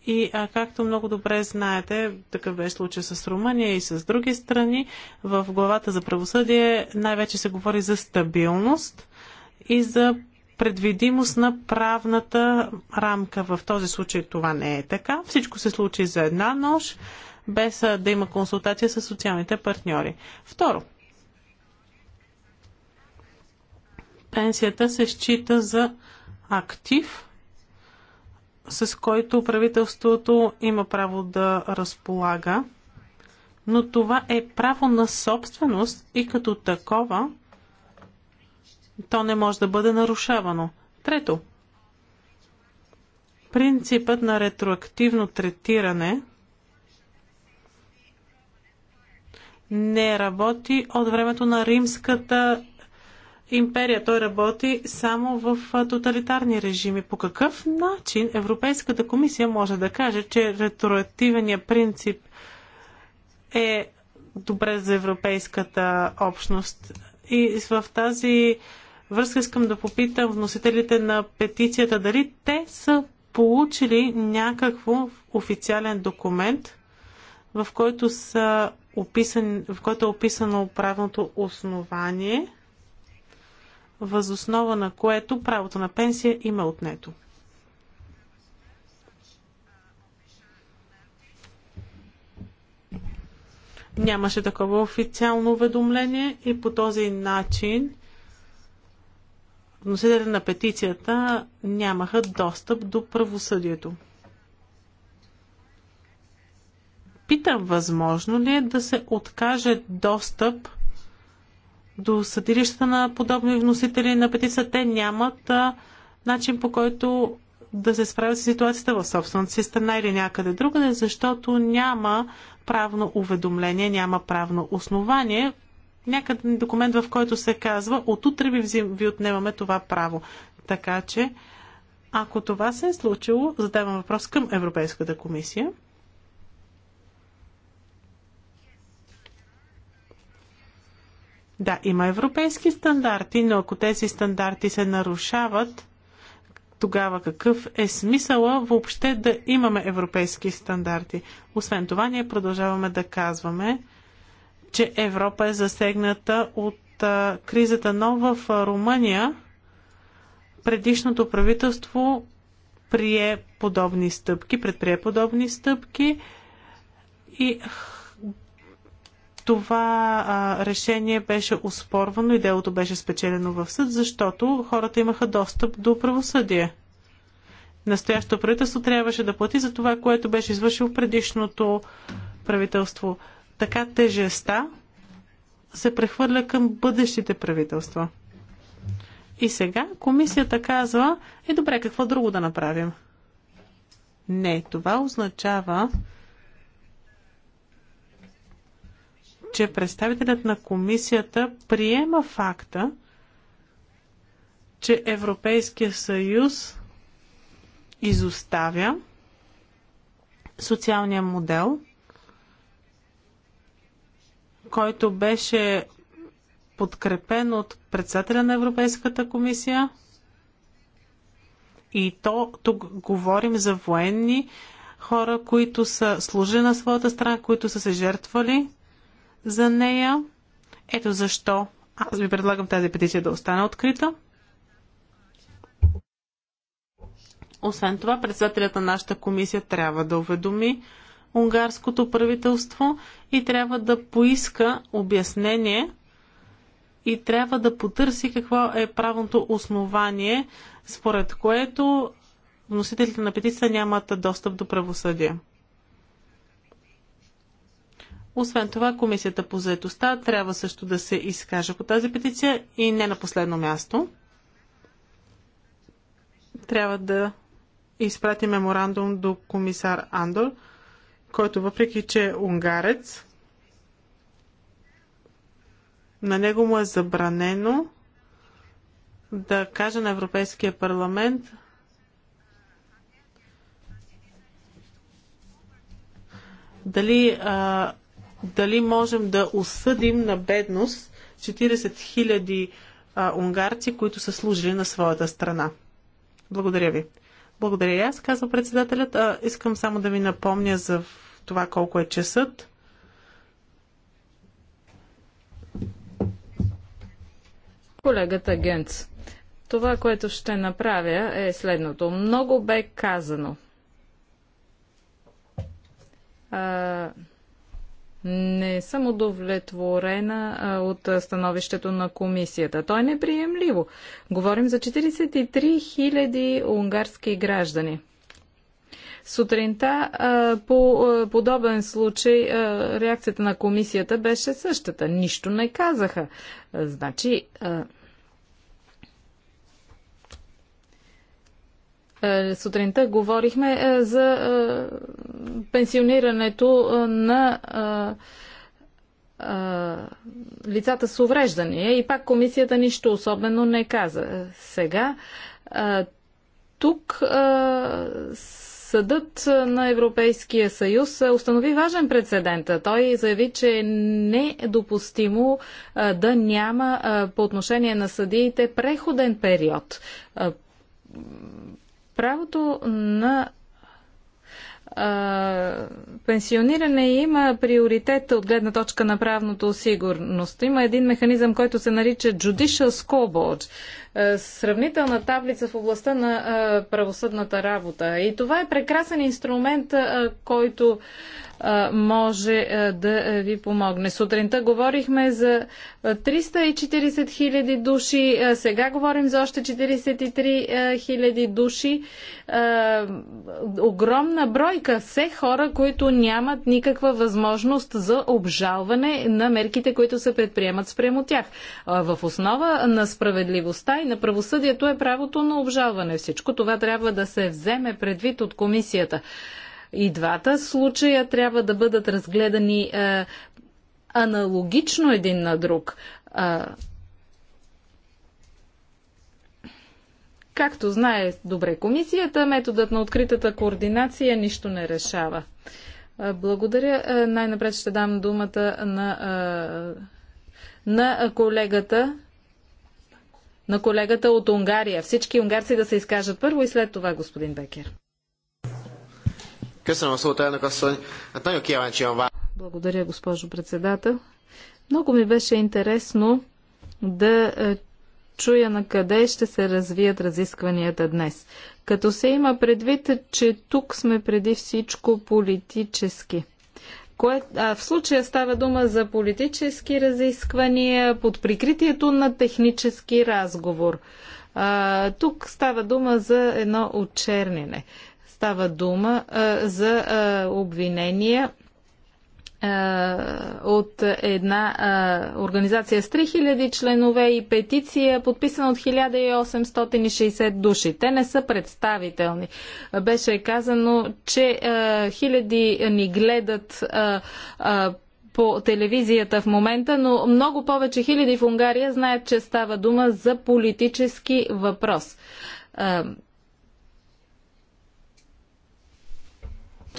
И а както много добре знаете, такъв беше случай с Румъния и с други страни, в главата за правосъдие най-вече се говори за стабилност и за предвидимост на правната рамка. В този случай това не е така. Всичко се случи за една нощ, без да има консултация с социалните партньори. Второ, пенсията се счита за актив, с който правителството има право да разполага, но това е право на собственост и като такова то не може да бъде нарушавано. Трето, принципът на ретроактивно третиране не работи от времето на римската империя. Той работи само в тоталитарни режими. По какъв начин Европейската комисия може да каже, че ретроактивният принцип е добре за Европейската общност? И в тази връзка искам да попитам вносителите на петицията дали те са получили някакво официален документ, в който, са описан, в който е описано правното основание възоснова на което правото на пенсия им е отнето. Нямаше такова официално уведомление и по този начин вносителите на петицията нямаха достъп до правосъдието. Питам, възможно ли е да се откаже достъп до съдилищата на подобни вносители на петиция, те нямат а, начин по който да се справят с ситуацията в собствената си страна или някъде другаде, защото няма правно уведомление, няма правно основание, някъде документ, в който се казва от утре ви, взим, ви отнемаме това право. Така че, ако това се е случило, задавам въпрос към Европейската комисия. Да, има европейски стандарти, но ако тези стандарти се нарушават, тогава какъв е смисъла въобще да имаме европейски стандарти? Освен това, ние продължаваме да казваме, че Европа е засегната от а, кризата, но в Румъния предишното правителство прие подобни стъпки, предприе подобни стъпки и това а, решение беше оспорвано и делото беше спечелено в съд, защото хората имаха достъп до правосъдие. Настоящото правителство трябваше да плати за това, което беше извършило предишното правителство. Така тежеста се прехвърля към бъдещите правителства. И сега комисията казва, е добре, какво друго да направим? Не, това означава, че представителят на комисията приема факта, че Европейския съюз изоставя социалния модел, който беше подкрепен от председателя на Европейската комисия. И то тук говорим за военни хора, които са служили на своята страна, които са се жертвали за нея. Ето защо аз ви предлагам тази петиция да остане открита. Освен това, председателят на нашата комисия трябва да уведоми унгарското правителство и трябва да поиска обяснение и трябва да потърси какво е правното основание, според което вносителите на петицията нямат достъп до правосъдие. Освен това, Комисията по заедостта трябва също да се изкаже по тази петиция и не на последно място. Трябва да изпрати меморандум до комисар Андор, който въпреки, че е унгарец, на него му е забранено да каже на Европейския парламент дали а, дали можем да осъдим на бедност 40 хиляди унгарци, които са служили на своята страна. Благодаря ви. Благодаря и аз, казва председателят. А, искам само да ви напомня за това колко е часът. Колегата Генц, това, което ще направя е следното. Много бе казано. А не съм удовлетворена от становището на комисията. То е неприемливо. Говорим за 43 000 унгарски граждани. Сутринта по подобен случай реакцията на комисията беше същата. Нищо не казаха. Значи Е, сутринта говорихме е, за е, пенсионирането на лицата с увреждания и пак комисията нищо особено не каза. Сега тук Съдът на Европейския съюз установи важен прецедент. Той заяви, че е недопустимо да няма по отношение на съдиите преходен период Правото на пенсиониране има приоритет от гледна точка на правното сигурност. Има един механизъм, който се нарича Judicial Scoreboard, сравнителна таблица в областта на правосъдната работа. И това е прекрасен инструмент, който може да ви помогне. Сутринта говорихме за 340 хиляди души, сега говорим за още 43 хиляди души. Огромна бройка все хора, които нямат никаква възможност за обжалване на мерките, които се предприемат спрямо тях. В основа на справедливостта и на правосъдието е правото на обжалване. Всичко това трябва да се вземе предвид от комисията. И двата случая трябва да бъдат разгледани е, аналогично един на друг. Е, както знае добре комисията, методът на откритата координация нищо не решава. Е, благодаря. Е, най-напред ще дам думата на, е, на колегата на колегата от Унгария. Всички унгарци да се изкажат първо и след това господин Бекер. Благодаря, госпожо председател. Много ми беше интересно да е, чуя на къде ще се развият разискванията днес. Като се има предвид, че тук сме преди всичко политически. Кое, а, в случая става дума за политически разисквания под прикритието на технически разговор. А, тук става дума за едно очернене. Става дума за обвинения от една а, организация с 3000 членове и петиция, подписана от 1860 души. Те не са представителни. Беше казано, че а, хиляди ни гледат а, по телевизията в момента, но много повече хиляди в Унгария знаят, че става дума за политически въпрос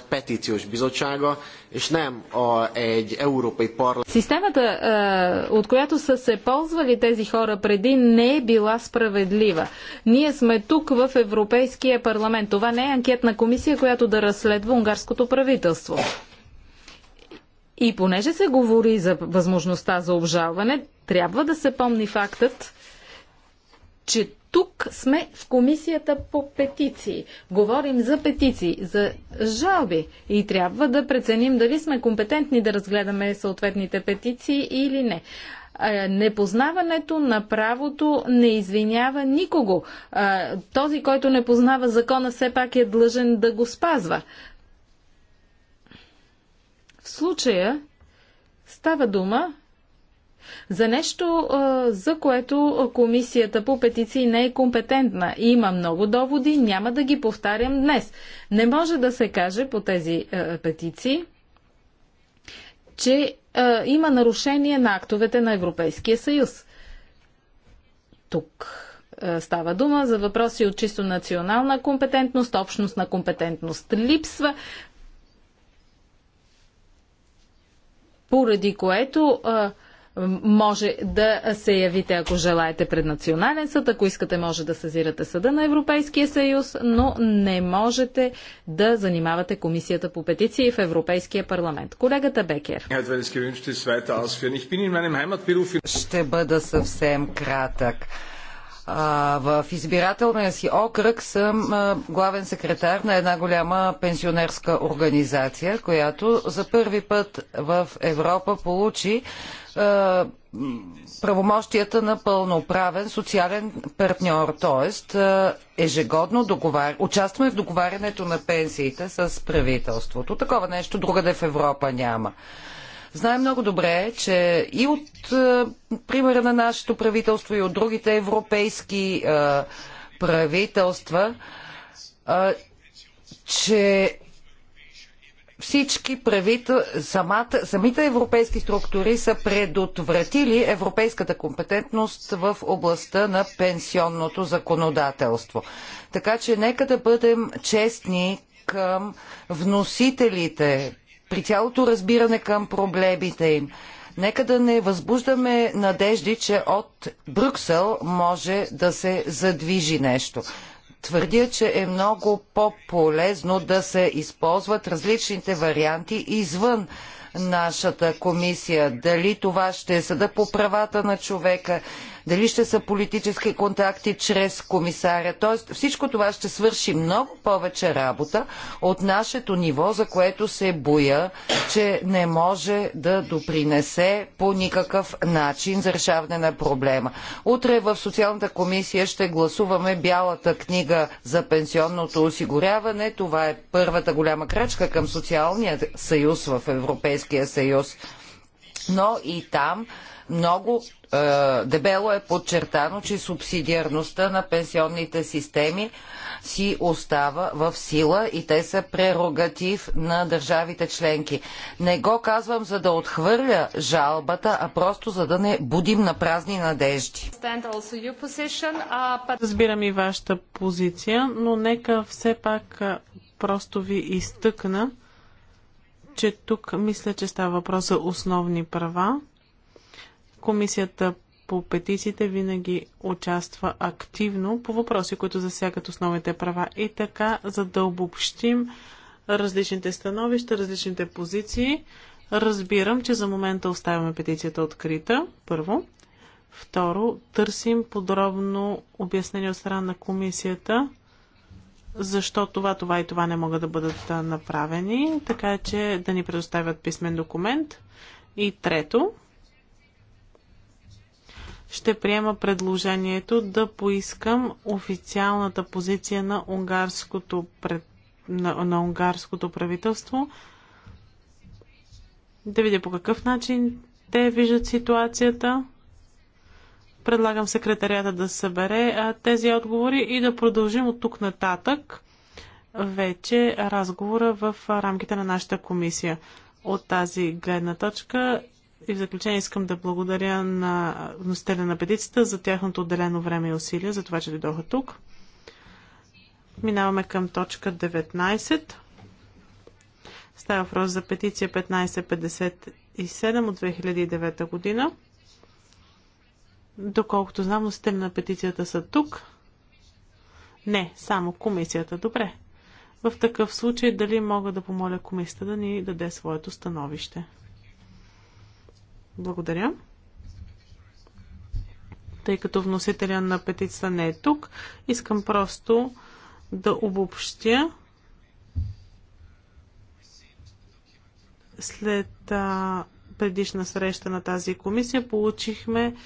Petíciós Bizottsága, és nem a, egy Európai Системата, е, от която са се ползвали тези хора преди, не е била справедлива. Ние сме тук в Европейския парламент. Това не е анкетна комисия, която да разследва унгарското правителство. И понеже се говори за възможността за обжалване, трябва да се помни фактът, че тук сме в комисията по петиции. Говорим за петиции, за жалби и трябва да преценим дали сме компетентни да разгледаме съответните петиции или не. Непознаването на правото не извинява никого. Този, който не познава закона, все пак е длъжен да го спазва. В случая става дума за нещо, за което комисията по петиции не е компетентна. И има много доводи, няма да ги повтарям днес. Не може да се каже по тези петиции, че има нарушение на актовете на Европейския съюз. Тук става дума за въпроси от чисто национална компетентност, общност на компетентност липсва, поради което а, може да се явите, ако желаете, пред Национален съд. Ако искате, може да съзирате съда на Европейския съюз, но не можете да занимавате Комисията по петиции в Европейския парламент. Колегата Бекер. Ще бъда съвсем кратък. А, в избирателния си окръг съм а, главен секретар на една голяма пенсионерска организация, която за първи път в Европа получи а, правомощията на пълноправен социален партньор, т.е. ежегодно договар... участваме в договарянето на пенсиите с правителството. Такова нещо другаде в Европа няма. Знаем много добре, че и от е, примера на нашето правителство и от другите европейски е, правителства, е, че всички правител... самите европейски структури са предотвратили европейската компетентност в областта на пенсионното законодателство. Така че нека да бъдем честни към вносителите при цялото разбиране към проблемите им. Нека да не възбуждаме надежди, че от Брюксел може да се задвижи нещо. Твърдя, че е много по-полезно да се използват различните варианти извън нашата комисия. Дали това ще е съда по правата на човека, дали ще са политически контакти чрез комисаря. Тоест всичко това ще свърши много повече работа от нашето ниво, за което се боя, че не може да допринесе по никакъв начин за решаване на проблема. Утре в социалната комисия ще гласуваме бялата книга за пенсионното осигуряване. Това е първата голяма крачка към социалния съюз в Европейския съюз. Но и там много е, дебело е подчертано, че субсидиарността на пенсионните системи си остава в сила и те са прерогатив на държавите членки. Не го казвам за да отхвърля жалбата, а просто за да не будим на празни надежди. Uh, Разбирам и вашата позиция, но нека все пак просто ви изтъкна, че тук мисля, че става въпрос за основни права Комисията по петициите винаги участва активно по въпроси, които засягат основните права. И така, за да обобщим различните становища, различните позиции, разбирам, че за момента оставяме петицията открита, първо. Второ, търсим подробно обяснение от страна на комисията, защо това, това и това не могат да бъдат направени, така че да ни предоставят писмен документ. И трето, ще приема предложението да поискам официалната позиция на унгарското, пред... на, на унгарското правителство, да видя по какъв начин те виждат ситуацията. Предлагам секретарията да събере а, тези отговори и да продължим от тук нататък вече разговора в рамките на нашата комисия. От тази гледна точка и в заключение искам да благодаря на вносителя на петицията за тяхното отделено време и усилия, за това, че дойдоха тук. Минаваме към точка 19. Става въпрос за петиция 1557 от 2009 година. Доколкото знам, носители на петицията са тук. Не, само комисията. Добре. В такъв случай дали мога да помоля комисията да ни даде своето становище? Благодаря. Тъй като вносителя на петицията не е тук, искам просто да обобщя след а, предишна среща на тази комисия получихме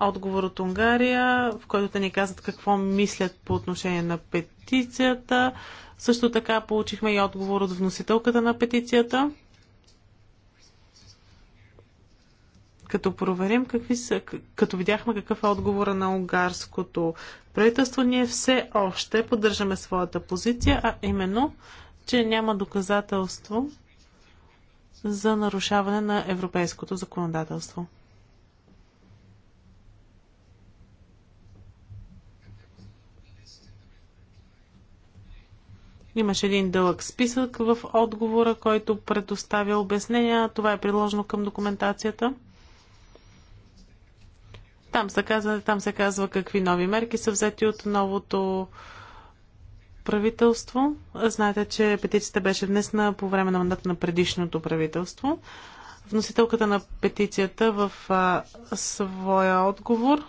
отговор от Унгария, в който те ни казват какво мислят по отношение на петицията. Също така получихме и отговор от вносителката на петицията. Като проверим какви са, като видяхме какъв е отговора на унгарското правителство, ние все още поддържаме своята позиция, а именно, че няма доказателство за нарушаване на европейското законодателство. Имаше един дълъг списък в отговора, който предоставя обяснения. Това е приложено към документацията. Там се, казва, там се казва какви нови мерки са взети от новото правителство. Знаете, че петицията беше внесена по време на мандата на предишното правителство. Вносителката на петицията в а, своя отговор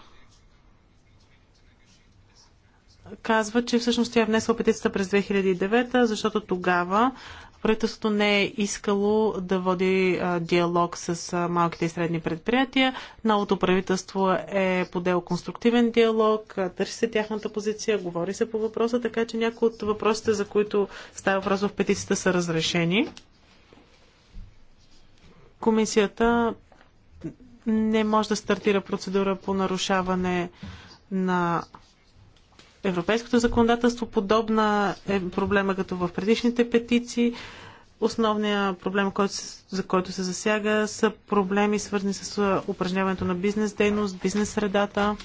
казва, че всъщност тя е внесла петицията през 2009, защото тогава правителството не е искало да води диалог с малките и средни предприятия. Новото правителство е подел конструктивен диалог, търси се тяхната позиция, говори се по въпроса, така че някои от въпросите, за които става въпрос в петицията, са разрешени. Комисията не може да стартира процедура по нарушаване на европейското законодателство подобна е проблема като в предишните петиции. Основният проблем, който, за който се засяга, са проблеми свързани с упражняването на бизнес дейност, бизнес средата.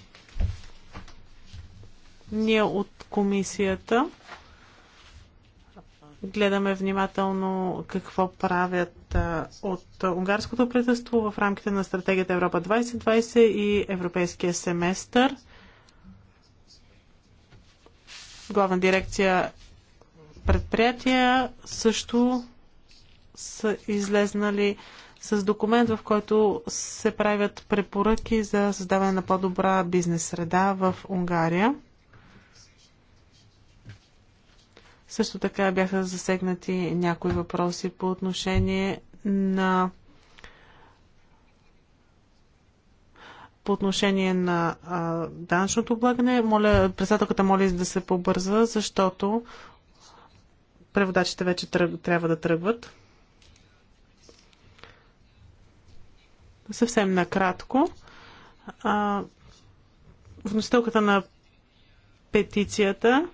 Ние от комисията гледаме внимателно какво правят от унгарското правителство в рамките на стратегията Европа 2020 и европейския семестър – главна дирекция предприятия също са излезнали с документ, в който се правят препоръки за създаване на по-добра бизнес среда в Унгария. Също така бяха засегнати някои въпроси по отношение на по отношение на а, данъчното облагане. Моля, председателката моли да се побърза, защото преводачите вече тръг, трябва да тръгват. Съвсем накратко. А, вносителката на петицията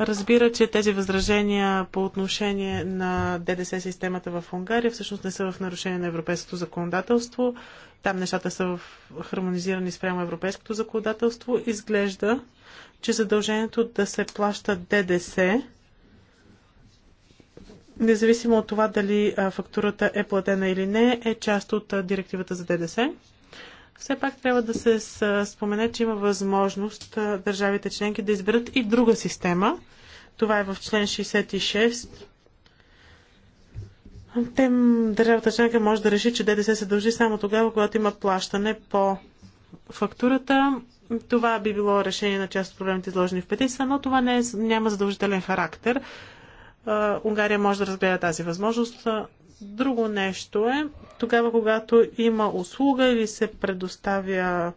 разбира, че тези възражения по отношение на ДДС системата в Унгария всъщност не са в нарушение на европейското законодателство. Там нещата са в хармонизирани спрямо европейското законодателство. Изглежда, че задължението да се плаща ДДС независимо от това дали фактурата е платена или не, е част от директивата за ДДС. Все пак трябва да се спомене, че има възможност държавите членки да изберат и друга система. Това е в член 66. Те, държавата членка може да реши, че ДДС се дължи само тогава, когато има плащане по фактурата. Това би било решение на част от проблемите изложени в петиса, но това не е, няма задължителен характер. Унгария може да разгледа тази възможност. Друго нещо е, тогава когато има услуга или се предоставя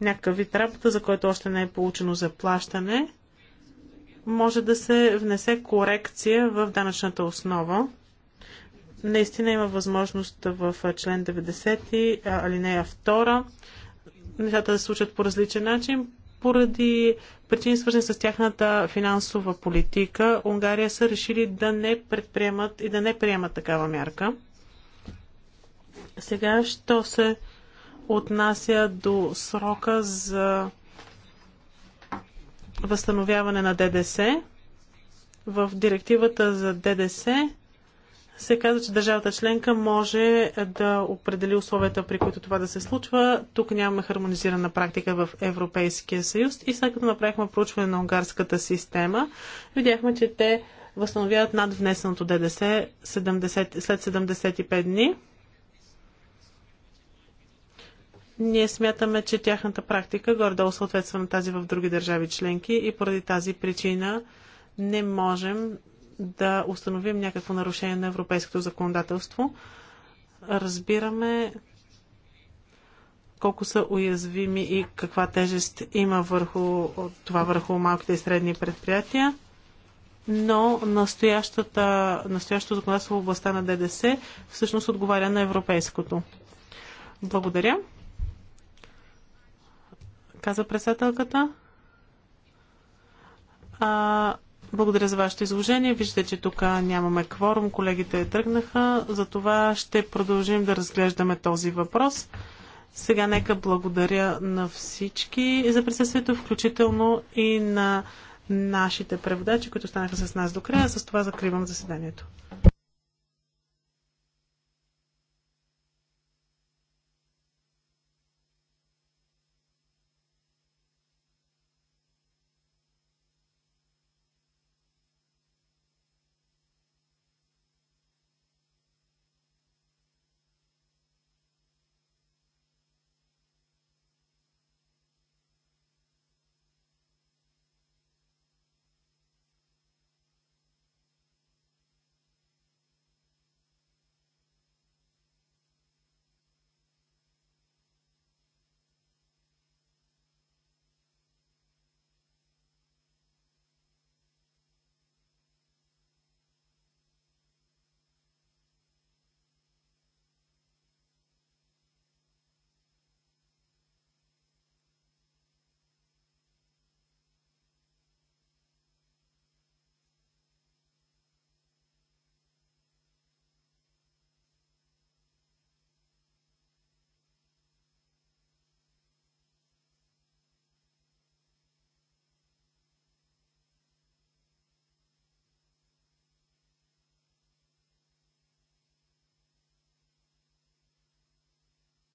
някакъв вид работа, за който още не е получено заплащане, може да се внесе корекция в данъчната основа. Наистина има възможност в член 90, алинея 2, нещата да се случат по различен начин поради причини свързани с тяхната финансова политика, Унгария са решили да не предприемат и да не приемат такава мярка. Сега, що се отнася до срока за възстановяване на ДДС, в директивата за ДДС се казва, че държавата членка може да определи условията, при които това да се случва. Тук нямаме хармонизирана практика в Европейския съюз и след като направихме проучване на унгарската система, видяхме, че те възстановяват над внесеното ДДС 70, след 75 дни. Ние смятаме, че тяхната практика горе-долу съответства на тази в други държави членки и поради тази причина не можем да установим някакво нарушение на европейското законодателство. Разбираме колко са уязвими и каква тежест има върху това върху малките и средни предприятия. Но настоящата, настоящото законодателство в областта на ДДС всъщност отговаря на европейското. Благодаря. Каза председателката. А, благодаря за вашето изложение. Виждате, че тук нямаме кворум. Колегите тръгнаха. За това ще продължим да разглеждаме този въпрос. Сега нека благодаря на всички за присъствието, включително и на нашите преводачи, които станаха с нас до края. С това закривам заседанието.